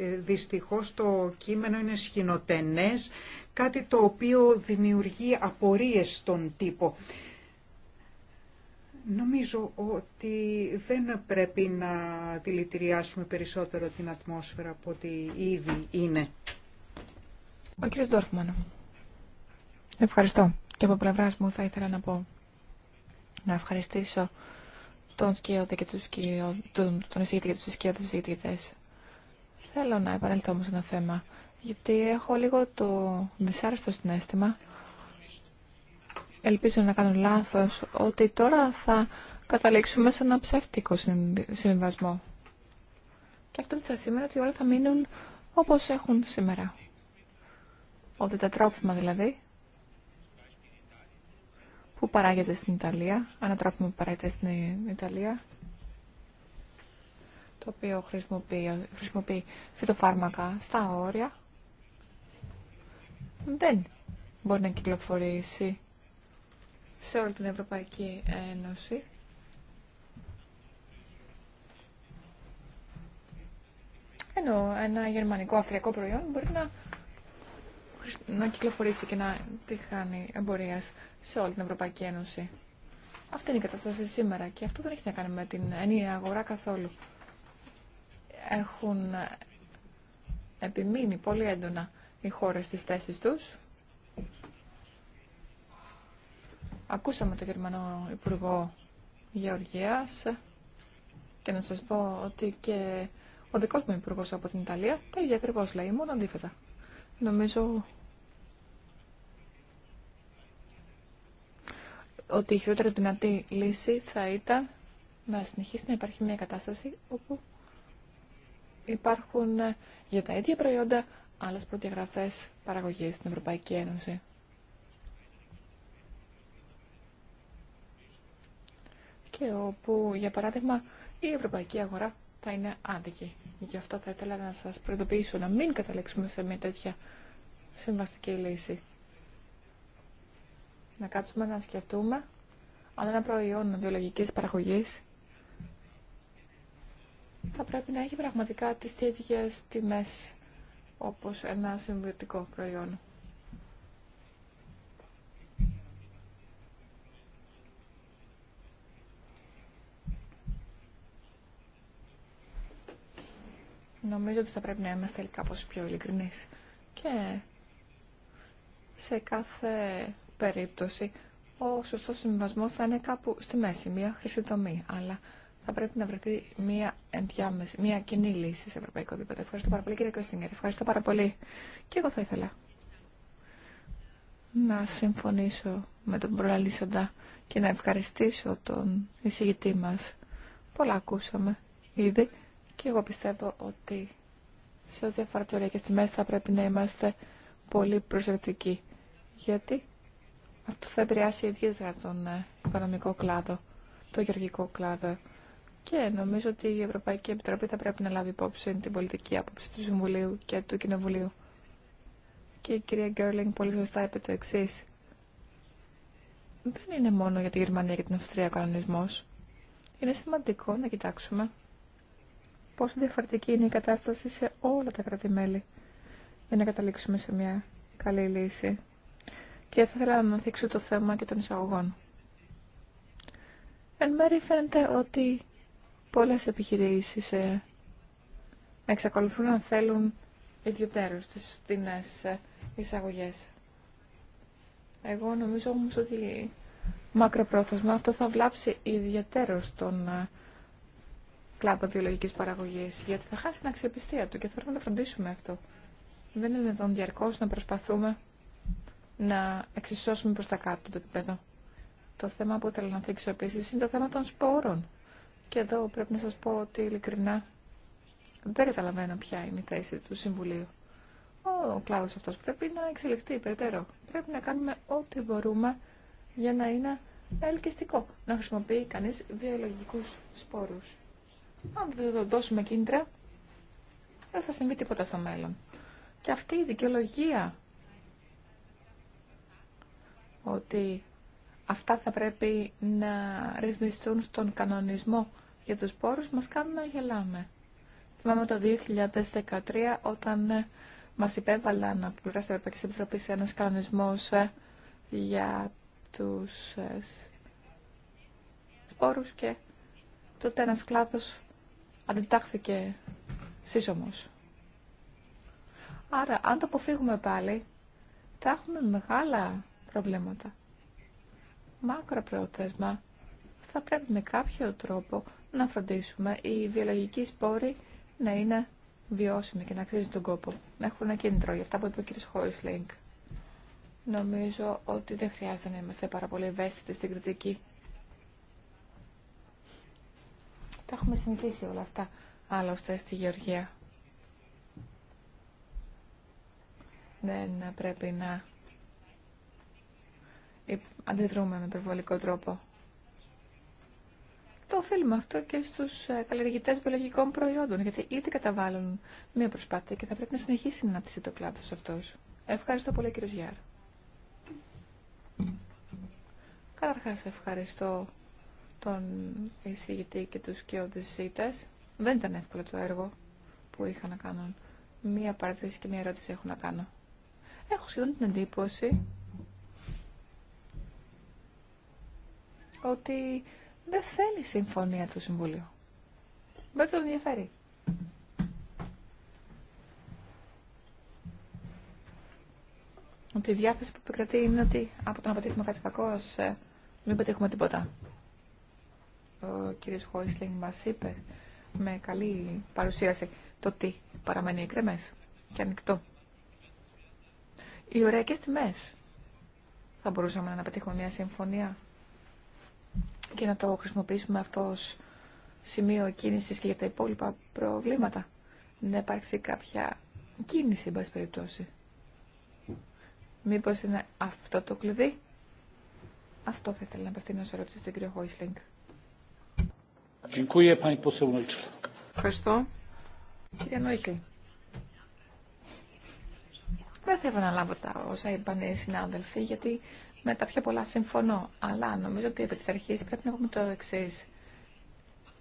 ε, δυστυχώς το κείμενο είναι σχηνοτενές, κάτι το οποίο δημιουργεί απορίες στον τύπο. Νομίζω ότι δεν πρέπει να δηλητηριάσουμε περισσότερο την ατμόσφαιρα από ό,τι ήδη είναι. Ο κ. Ντόρφμαν. Ευχαριστώ. Και από πλευρά μου θα ήθελα να πω να ευχαριστήσω τον σκιώδη και τους σκιώ, τον, τον εισηγητή και τους σκιώδες εισηγητές. Θέλω να επανέλθω όμως ένα θέμα, γιατί έχω λίγο το δυσάρεστο συνέστημα ελπίζω να κάνω λάθος, ότι τώρα θα καταλήξουμε σε ένα ψεύτικο συμβιβασμό. Και αυτό θα σήμερα ότι όλα θα μείνουν όπως έχουν σήμερα. Ότι τα τρόφιμα δηλαδή, που παράγεται στην Ιταλία, ένα τρόφιμο που παράγεται στην Ιταλία, το οποίο χρησιμοποιεί, χρησιμοποιεί φυτοφάρμακα στα όρια, δεν μπορεί να κυκλοφορήσει σε όλη την Ευρωπαϊκή Ένωση. Ενώ ένα γερμανικό αυστριακό προϊόν μπορεί να, να κυκλοφορήσει και να τη χάνει εμπορία σε όλη την Ευρωπαϊκή Ένωση. Αυτή είναι η κατάσταση σήμερα και αυτό δεν έχει να κάνει με την ενιαία αγορά καθόλου. Έχουν επιμείνει πολύ έντονα οι χώρες στις θέσεις τους Ακούσαμε τον Γερμανό Υπουργό Γεωργίας και να σας πω ότι και ο δικός μου υπουργό από την Ιταλία τα ίδια ακριβώ λέει, μόνο αντίθετα. Νομίζω ότι η χειρότερη δυνατή λύση θα ήταν να συνεχίσει να υπάρχει μια κατάσταση όπου υπάρχουν για τα ίδια προϊόντα άλλες προδιαγραφές παραγωγής στην Ευρωπαϊκή Ένωση. και όπου, για παράδειγμα, η ευρωπαϊκή αγορά θα είναι άδικη. Γι' αυτό θα ήθελα να σας προειδοποιήσω να μην καταλήξουμε σε μια τέτοια συμβαστική λύση. Να κάτσουμε να σκεφτούμε αν ένα προϊόν βιολογικής παραγωγής θα πρέπει να έχει πραγματικά τις ίδιες τιμές όπως ένα συμβιωτικό προϊόν. Νομίζω ότι θα πρέπει να είμαστε κάπως πιο ειλικρινείς. Και σε κάθε περίπτωση ο σωστός συμβασμός θα είναι κάπου στη μέση, μια χρυσή τομή. Αλλά θα πρέπει να βρεθεί μια ενδιάμεση, μια κοινή λύση σε ευρωπαϊκό επίπεδο. Ευχαριστώ πάρα πολύ κύριε Κωστίνγκερ. Ευχαριστώ πάρα πολύ. Και εγώ θα ήθελα να συμφωνήσω με τον προλαλήσοντα και να ευχαριστήσω τον εισηγητή μας. Πολλά ακούσαμε ήδη και εγώ πιστεύω ότι σε ό,τι αφορά και ωριακέ μέση θα πρέπει να είμαστε πολύ προσεκτικοί. Γιατί αυτό θα επηρεάσει ιδιαίτερα τον ε, οικονομικό κλάδο, το γεωργικό κλάδο. Και νομίζω ότι η Ευρωπαϊκή Επιτροπή θα πρέπει να λάβει υπόψη την πολιτική άποψη του Συμβουλίου και του Κοινοβουλίου. Και η κυρία Γκέρλινγκ πολύ σωστά είπε το εξή. Δεν είναι μόνο για τη Γερμανία και την Αυστρία ο κανονισμό. Είναι σημαντικό να κοιτάξουμε πόσο διαφορετική είναι η κατάσταση σε όλα τα κρατημέλη, για να καταλήξουμε σε μια καλή λύση. Και θα ήθελα να θίξω το θέμα και των εισαγωγών. Εν μέρει φαίνεται ότι πολλές επιχειρήσεις ε, εξακολουθούν να θέλουν ιδιαίτερους τις φθηνές ε, εισαγωγές. Εγώ νομίζω όμως ότι μακροπρόθεσμα αυτό θα βλάψει ιδιαίτερος τον ε, κλάδο βιολογική παραγωγή, γιατί θα χάσει την αξιοπιστία του και θα πρέπει να το φροντίσουμε αυτό. Δεν είναι δυνατόν διαρκώ να προσπαθούμε να εξισώσουμε προ τα κάτω το επίπεδο. Το θέμα που θέλω να θίξω επίση είναι το θέμα των σπόρων. Και εδώ πρέπει να σα πω ότι ειλικρινά δεν καταλαβαίνω ποια είναι η θέση του Συμβουλίου. Ο κλάδο αυτό πρέπει να εξελιχθεί περαιτέρω. Πρέπει να κάνουμε ό,τι μπορούμε για να είναι ελκυστικό να χρησιμοποιεί κανείς βιολογικούς σπόρους αν δεν δώσουμε κίνητρα, δεν θα συμβεί τίποτα στο μέλλον. Και αυτή η δικαιολογία ότι αυτά θα πρέπει να ρυθμιστούν στον κανονισμό για τους πόρους μας κάνουν να γελάμε. Θυμάμαι το 2013 όταν μας υπέβαλαν από την Ευρωπαϊκή Επιτροπή Επιτροπής ένας κανονισμός ε, για τους σπόρους ε, και τότε ένας κλάδος αντιτάχθηκε σύσσωμος. Άρα, αν το αποφύγουμε πάλι, θα έχουμε μεγάλα προβλήματα. Μάκρο πρόθεσμα. Θα πρέπει με κάποιο τρόπο να φροντίσουμε οι βιολογικοί σπόροι να είναι βιώσιμοι και να αξίζουν τον κόπο. Να έχουν ένα κίνητρο για αυτά που είπε ο κ. Χόισλινγκ. Νομίζω ότι δεν χρειάζεται να είμαστε πάρα πολύ ευαίσθητοι στην κριτική Τα έχουμε συνηθίσει όλα αυτά, άλλωστε, στη Γεωργία. Δεν πρέπει να αντιδρούμε με προβολικό τρόπο. Το οφείλουμε αυτό και στους ε, καλλιεργητές βιολογικών προϊόντων, γιατί ήδη καταβάλουν μία προσπάθεια και θα πρέπει να συνεχίσει να αναπτύσσει το κλάδος αυτός. Ευχαριστώ πολύ, κύριο Γιάρ. Καταρχάς, ευχαριστώ τον εισηγητή και τους και Δεν ήταν εύκολο το έργο που είχα να κάνω. Μία παρατήρηση και μία ερώτηση έχω να κάνω. Έχω σχεδόν την εντύπωση ότι δεν θέλει συμφωνία το Συμβούλιο. Δεν το ενδιαφέρει. Ότι η διάθεση που επικρατεί είναι ότι από το να πετύχουμε κάτι κακό, ας ε, μην πετύχουμε τίποτα ο κ. Χόισλινγκ μα είπε με καλή παρουσίαση το τι παραμένει κρεμές και ανοιχτό. Οι ωραίε τιμέ Θα μπορούσαμε να πετύχουμε μια συμφωνία και να το χρησιμοποιήσουμε αυτό ως σημείο κίνησης και για τα υπόλοιπα προβλήματα. Να υπάρξει κάποια κίνηση, εν περιπτώσει. Μήπως είναι αυτό το κλειδί. Αυτό θα ήθελα να απευθύνω σε ερώτηση στον κύριο Χόισλινγκ. Ευχαριστώ. Κύριε να Δεν να λάβω τα όσα είπαν οι συνάδελφοι, γιατί με τα πιο πολλά συμφωνώ. Αλλά νομίζω ότι επί τη αρχή πρέπει να πούμε το εξή.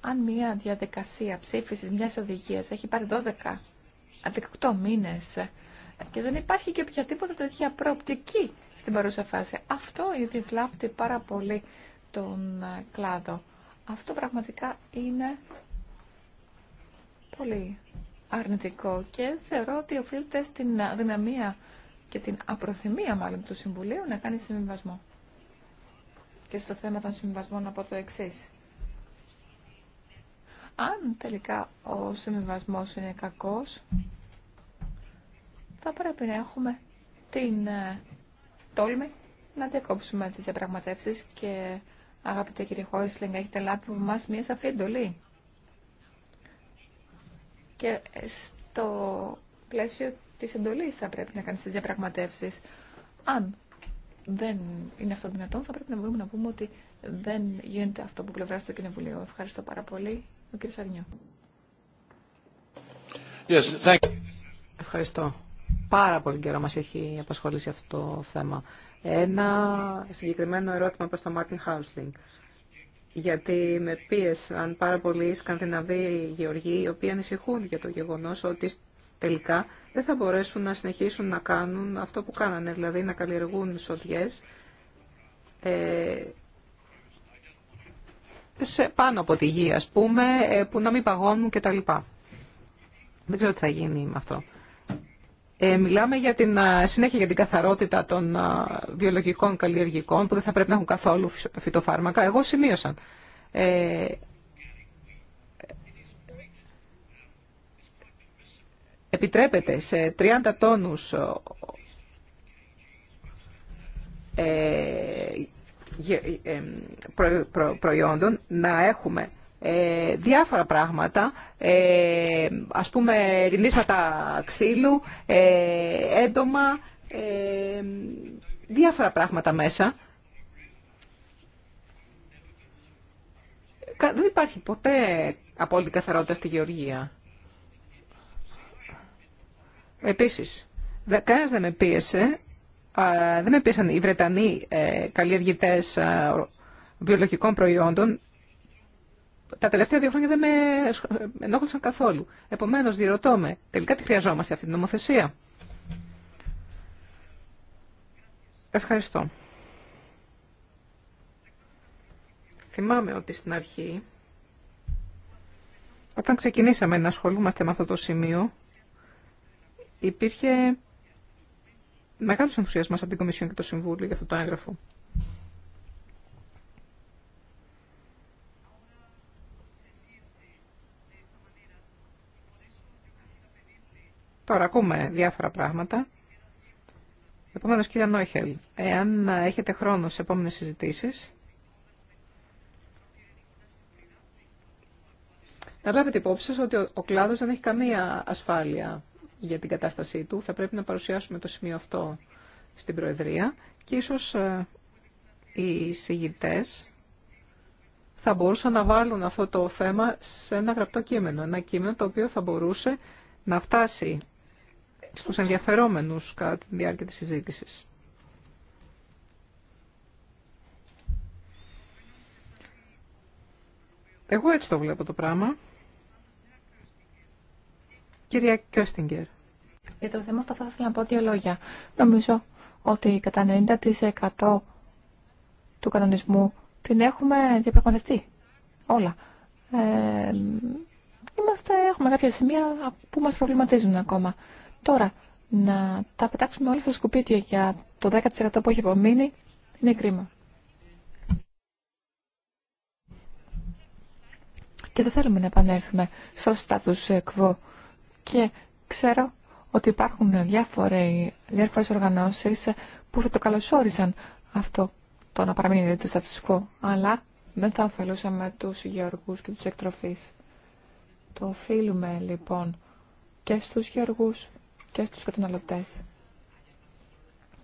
Αν μια διαδικασία ψήφιση μια οδηγία, έχει πάρει 12, 18 μήνε, και δεν υπάρχει και οποιαδήποτε τέτοια προοπτική στην παρούσα φάση, αυτό ήδη βλάπτει πάρα πολύ τον κλάδο. Αυτό πραγματικά είναι πολύ αρνητικό και θεωρώ ότι οφείλεται στην αδυναμία και την απροθυμία μάλλον του Συμβουλίου να κάνει συμβιβασμό. Και στο θέμα των συμβιβασμών από το εξή. Αν τελικά ο συμβιβασμό είναι κακός, θα πρέπει να έχουμε την ε, τόλμη να διακόψουμε τις διαπραγματεύσεις και Αγαπητέ κύριε Χόισλινγκ, έχετε λάβει από εμάς μια σαφή εντολή. Και στο πλαίσιο τη εντολής θα πρέπει να κάνεις τι διαπραγματεύσει. Αν δεν είναι αυτό δυνατόν, θα πρέπει να μπορούμε να πούμε ότι δεν γίνεται αυτό που πλευρά στο Κοινοβουλίο. Ευχαριστώ πάρα πολύ. Ο κύριος Σαγνιό. Yes, thank you. Ευχαριστώ. Πάρα πολύ καιρό μας έχει απασχολήσει αυτό το θέμα ένα συγκεκριμένο ερώτημα προς τον Μάρτιν Χάουσλινγκ. Γιατί με πίεσαν πάρα πολλοί οι Σκανδιναβοί γεωργοί, οι οποίοι ανησυχούν για το γεγονός ότι τελικά δεν θα μπορέσουν να συνεχίσουν να κάνουν αυτό που κάνανε, δηλαδή να καλλιεργούν σοδιές ε, σε πάνω από τη γη, ας πούμε, ε, που να μην παγώνουν κτλ. Δεν ξέρω τι θα γίνει με αυτό. Ε, μιλάμε για την συνέχεια για την καθαρότητα των βιολογικών καλλιεργικών που δεν θα πρέπει να έχουν καθόλου φυτοφάρμακα. Εγώ σημείωσα. Ε, επιτρέπεται σε 30 τόνους ε, ε, ε προϊόντων να έχουμε ε, διάφορα πράγματα, ε, ας πούμε ρινίσματα ξύλου, ε, έντομα, ε, διάφορα πράγματα μέσα. Δεν υπάρχει ποτέ απόλυτη καθαρότητα στη γεωργία. Επίσης, κανένας δεν με πίεσε, δεν με πίεσαν οι Βρετανοί ε, καλλιεργητές βιολογικών προϊόντων τα τελευταία δύο χρόνια δεν με ενόχλησαν καθόλου. Επομένως, διερωτώ με, τελικά τι χρειαζόμαστε αυτή την νομοθεσία. Ευχαριστώ. Θυμάμαι ότι στην αρχή, όταν ξεκινήσαμε να ασχολούμαστε με αυτό το σημείο, υπήρχε μεγάλος ενθουσιασμός από την Κομισιόν και το Συμβούλιο για αυτό το έγγραφο. Τώρα ακούμε διάφορα πράγματα. Επομένως, κύριε Νόχελ, εάν έχετε χρόνο σε επόμενες συζητήσεις, να λάβετε υπόψη σας ότι ο κλάδος δεν έχει καμία ασφάλεια για την κατάστασή του. Θα πρέπει να παρουσιάσουμε το σημείο αυτό στην Προεδρία και ίσως ε, οι συγητές θα μπορούσαν να βάλουν αυτό το θέμα σε ένα γραπτό κείμενο. Ένα κείμενο το οποίο θα μπορούσε να φτάσει στους ενδιαφερόμενους κατά τη διάρκεια της συζήτησης. Εγώ έτσι το βλέπω το πράγμα. Κυρία Κιώστιγκερ. Για το θέμα αυτό θα ήθελα να πω δύο λόγια. Νομίζω ότι κατά 90% του κανονισμού την έχουμε διαπραγματευτεί. Όλα. Ε, είμαστε, έχουμε κάποια σημεία που μας προβληματίζουν ακόμα. Τώρα, να τα πετάξουμε όλα στα σκουπίτια για το 10% που έχει απομείνει είναι κρίμα. Και δεν θέλουμε να επανέλθουμε στο status quo. Και ξέρω ότι υπάρχουν διάφορες, διάφορες οργανώσεις που θα το καλωσόρισαν αυτό το να παραμείνει το status quo. Αλλά δεν θα ωφελούσαμε τους γεωργούς και τους εκτροφείς. Το οφείλουμε λοιπόν και στους γεωργούς και στους καταναλωτές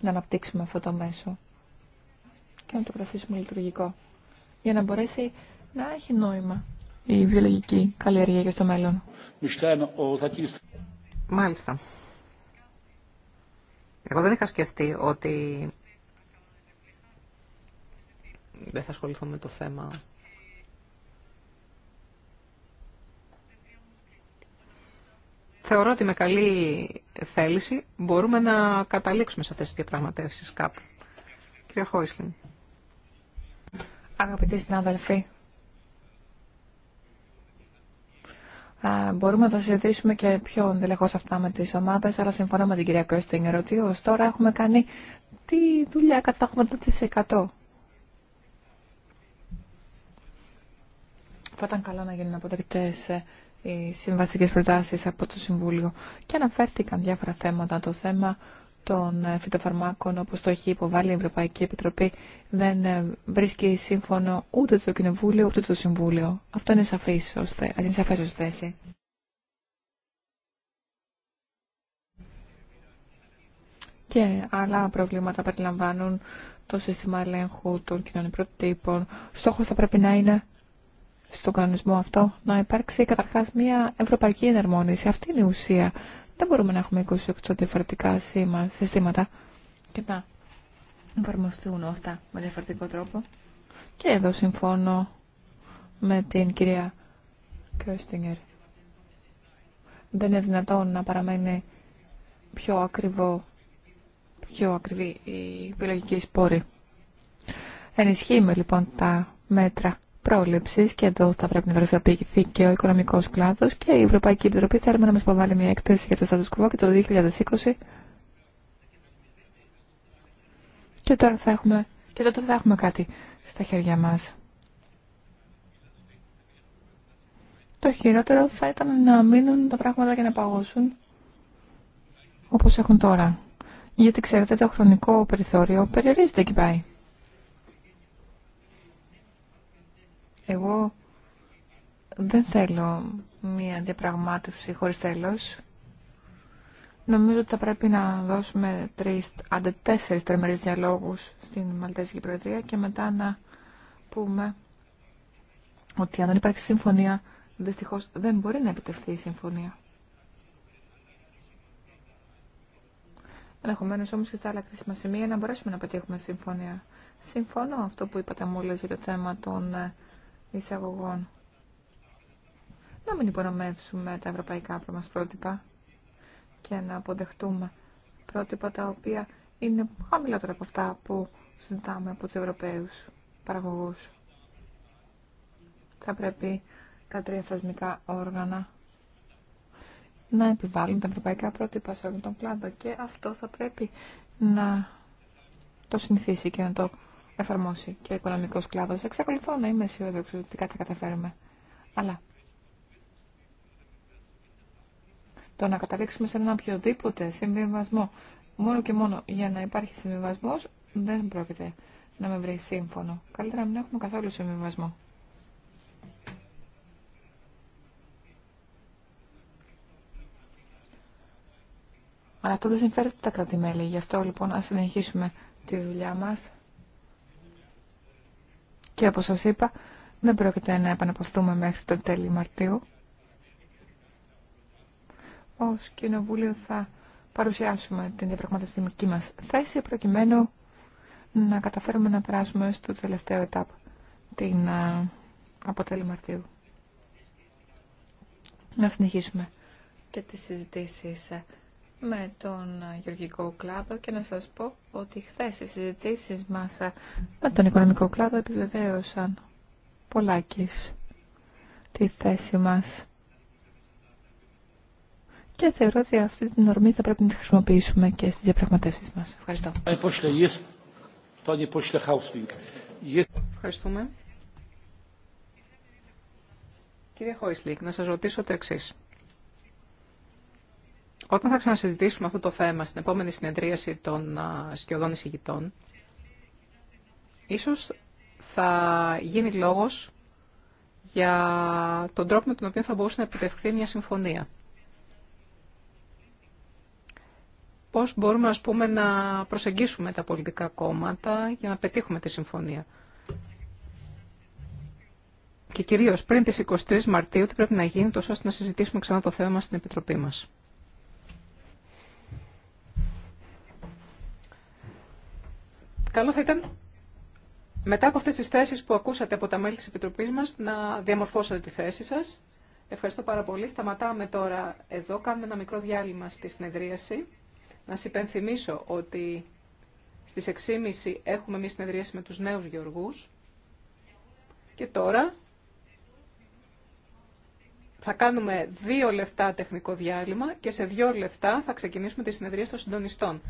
να αναπτύξουμε αυτό το μέσο και να το κρατήσουμε λειτουργικό για να μπορέσει να έχει νόημα η βιολογική καλλιεργία για στο μέλλον. Μάλιστα. Εγώ δεν είχα σκεφτεί ότι δεν θα ασχοληθώ με το θέμα Θεωρώ ότι με καλή θέληση μπορούμε να καταλήξουμε σε αυτές τις διαπραγματεύσεις κάπου. Κύριε Χόισλιν. Αγαπητοί συνάδελφοι, μπορούμε να τα συζητήσουμε και πιο ενδελεχώς αυτά με τις ομάδες, αλλά συμφωνώ με την κυρία Κώστινγκερ ότι ως τώρα έχουμε κάνει τη δουλειά κατά 80%. Θα ήταν καλό να γίνουν αποδεκτές ε, οι συμβασικές προτάσεις από το Συμβούλιο και αναφέρθηκαν διάφορα θέματα. Το θέμα των ε, φυτοφαρμάκων όπως το έχει υποβάλει η Ευρωπαϊκή Επιτροπή δεν ε, βρίσκει σύμφωνο ούτε το Κοινοβούλιο ούτε το Συμβούλιο. Αυτό είναι σαφές ως, είναι σαφές ως θέση. Και άλλα προβλήματα περιλαμβάνουν το σύστημα ελέγχου των κοινωνικών προτύπων. Στόχος θα πρέπει να είναι στον κανονισμό αυτό να υπάρξει καταρχά μια ευρωπαϊκή ενερμόνιση. Αυτή είναι η ουσία. Δεν μπορούμε να έχουμε 28 διαφορετικά συστήματα και να εφαρμοστούν αυτά με διαφορετικό τρόπο. Και εδώ συμφώνω με την κυρία Κέρστιγκερ. Δεν είναι δυνατόν να παραμένει πιο ακριβό, πιο ακριβή η βιολογική σπόρη. Ενισχύουμε λοιπόν τα μέτρα πρόληψη και εδώ θα πρέπει να δραστηριοποιηθεί και ο οικονομικό κλάδο και η Ευρωπαϊκή Επιτροπή θέλουμε να μα υποβάλει μια έκθεση για το status quo και το 2020 και τώρα θα έχουμε και τότε θα έχουμε κάτι στα χέρια μα. Το χειρότερο θα ήταν να μείνουν τα πράγματα και να παγώσουν όπως έχουν τώρα. Γιατί ξέρετε το χρονικό περιθώριο περιορίζεται και πάει. Εγώ δεν θέλω μία διαπραγμάτευση χωρίς τέλος. Νομίζω ότι θα πρέπει να δώσουμε τρεις, άντε τέσσερις τρεμερείς διαλόγους στην Μαλτέζικη Προεδρία και μετά να πούμε ότι αν δεν υπάρχει συμφωνία, δυστυχώς δεν μπορεί να επιτευχθεί η συμφωνία. Ενδεχομένω όμω και στα άλλα κρίσιμα σημεία να μπορέσουμε να πετύχουμε συμφωνία. Συμφωνώ αυτό που είπατε μόλι για το θέμα των ε, εισαγωγών. Να μην υπονομεύσουμε τα ευρωπαϊκά μας πρότυπα και να αποδεχτούμε πρότυπα τα οποία είναι χαμηλότερα από αυτά που συζητάμε από τους Ευρωπαίους παραγωγούς. Θα πρέπει τα τρία θεσμικά όργανα να επιβάλλουν τα ευρωπαϊκά πρότυπα σε όλο τον κλάδο και αυτό θα πρέπει να το συνηθίσει και να το εφαρμόσει και ο οικονομικό κλάδο. Εξακολουθώ να είμαι αισιόδοξο ότι κάτι καταφέρουμε. Αλλά το να καταλήξουμε σε έναν οποιοδήποτε συμβιβασμό, μόνο και μόνο για να υπάρχει συμβιβασμό, δεν πρόκειται να με βρει σύμφωνο. Καλύτερα να μην έχουμε καθόλου συμβιβασμό. Αλλά αυτό δεν συμφέρει τα κρατημέλη. Γι' αυτό λοιπόν ας συνεχίσουμε τη δουλειά μας και όπως σας είπα, δεν πρόκειται να επαναπαυθούμε μέχρι το τέλη Μαρτίου. Ως Κοινοβούλιο θα παρουσιάσουμε την διαπραγματευτική μας θέση προκειμένου να καταφέρουμε να περάσουμε στο τελευταίο ετάπ την από τέλη Μαρτίου. Να συνεχίσουμε και τις συζητήσεις ε, με τον γεωργικό κλάδο και να σας πω ότι χθες οι συζητήσεις μας με τον οικονομικό κλάδο επιβεβαίωσαν πολλάκις τη θέση μας. Και θεωρώ ότι αυτή την ορμή θα πρέπει να τη χρησιμοποιήσουμε και στις διαπραγματεύσεις μας. Ευχαριστώ. Ευχαριστούμε. Κύριε Χόισλικ, να σας ρωτήσω το εξής. Όταν θα ξανασυζητήσουμε αυτό το θέμα στην επόμενη συνεδρίαση των σκιωδών εισηγητών, ίσως θα γίνει λόγος για τον τρόπο με τον οποίο θα μπορούσε να επιτευχθεί μια συμφωνία. Πώς μπορούμε ας πούμε, να προσεγγίσουμε τα πολιτικά κόμματα για να πετύχουμε τη συμφωνία. Και κυρίως πριν τις 23 Μαρτίου τι πρέπει να γίνει τόσο ώστε να συζητήσουμε ξανά το θέμα στην Επιτροπή μας. καλό θα ήταν μετά από αυτές τις θέσεις που ακούσατε από τα μέλη της Επιτροπής μας να διαμορφώσετε τη θέση σας. Ευχαριστώ πάρα πολύ. Σταματάμε τώρα εδώ. Κάνουμε ένα μικρό διάλειμμα στη συνεδρίαση. Να σας υπενθυμίσω ότι στις 6.30 έχουμε μια συνεδρίαση με τους νέους γεωργούς. Και τώρα θα κάνουμε δύο λεφτά τεχνικό διάλειμμα και σε δύο λεφτά θα ξεκινήσουμε τη συνεδρία των συντονιστών.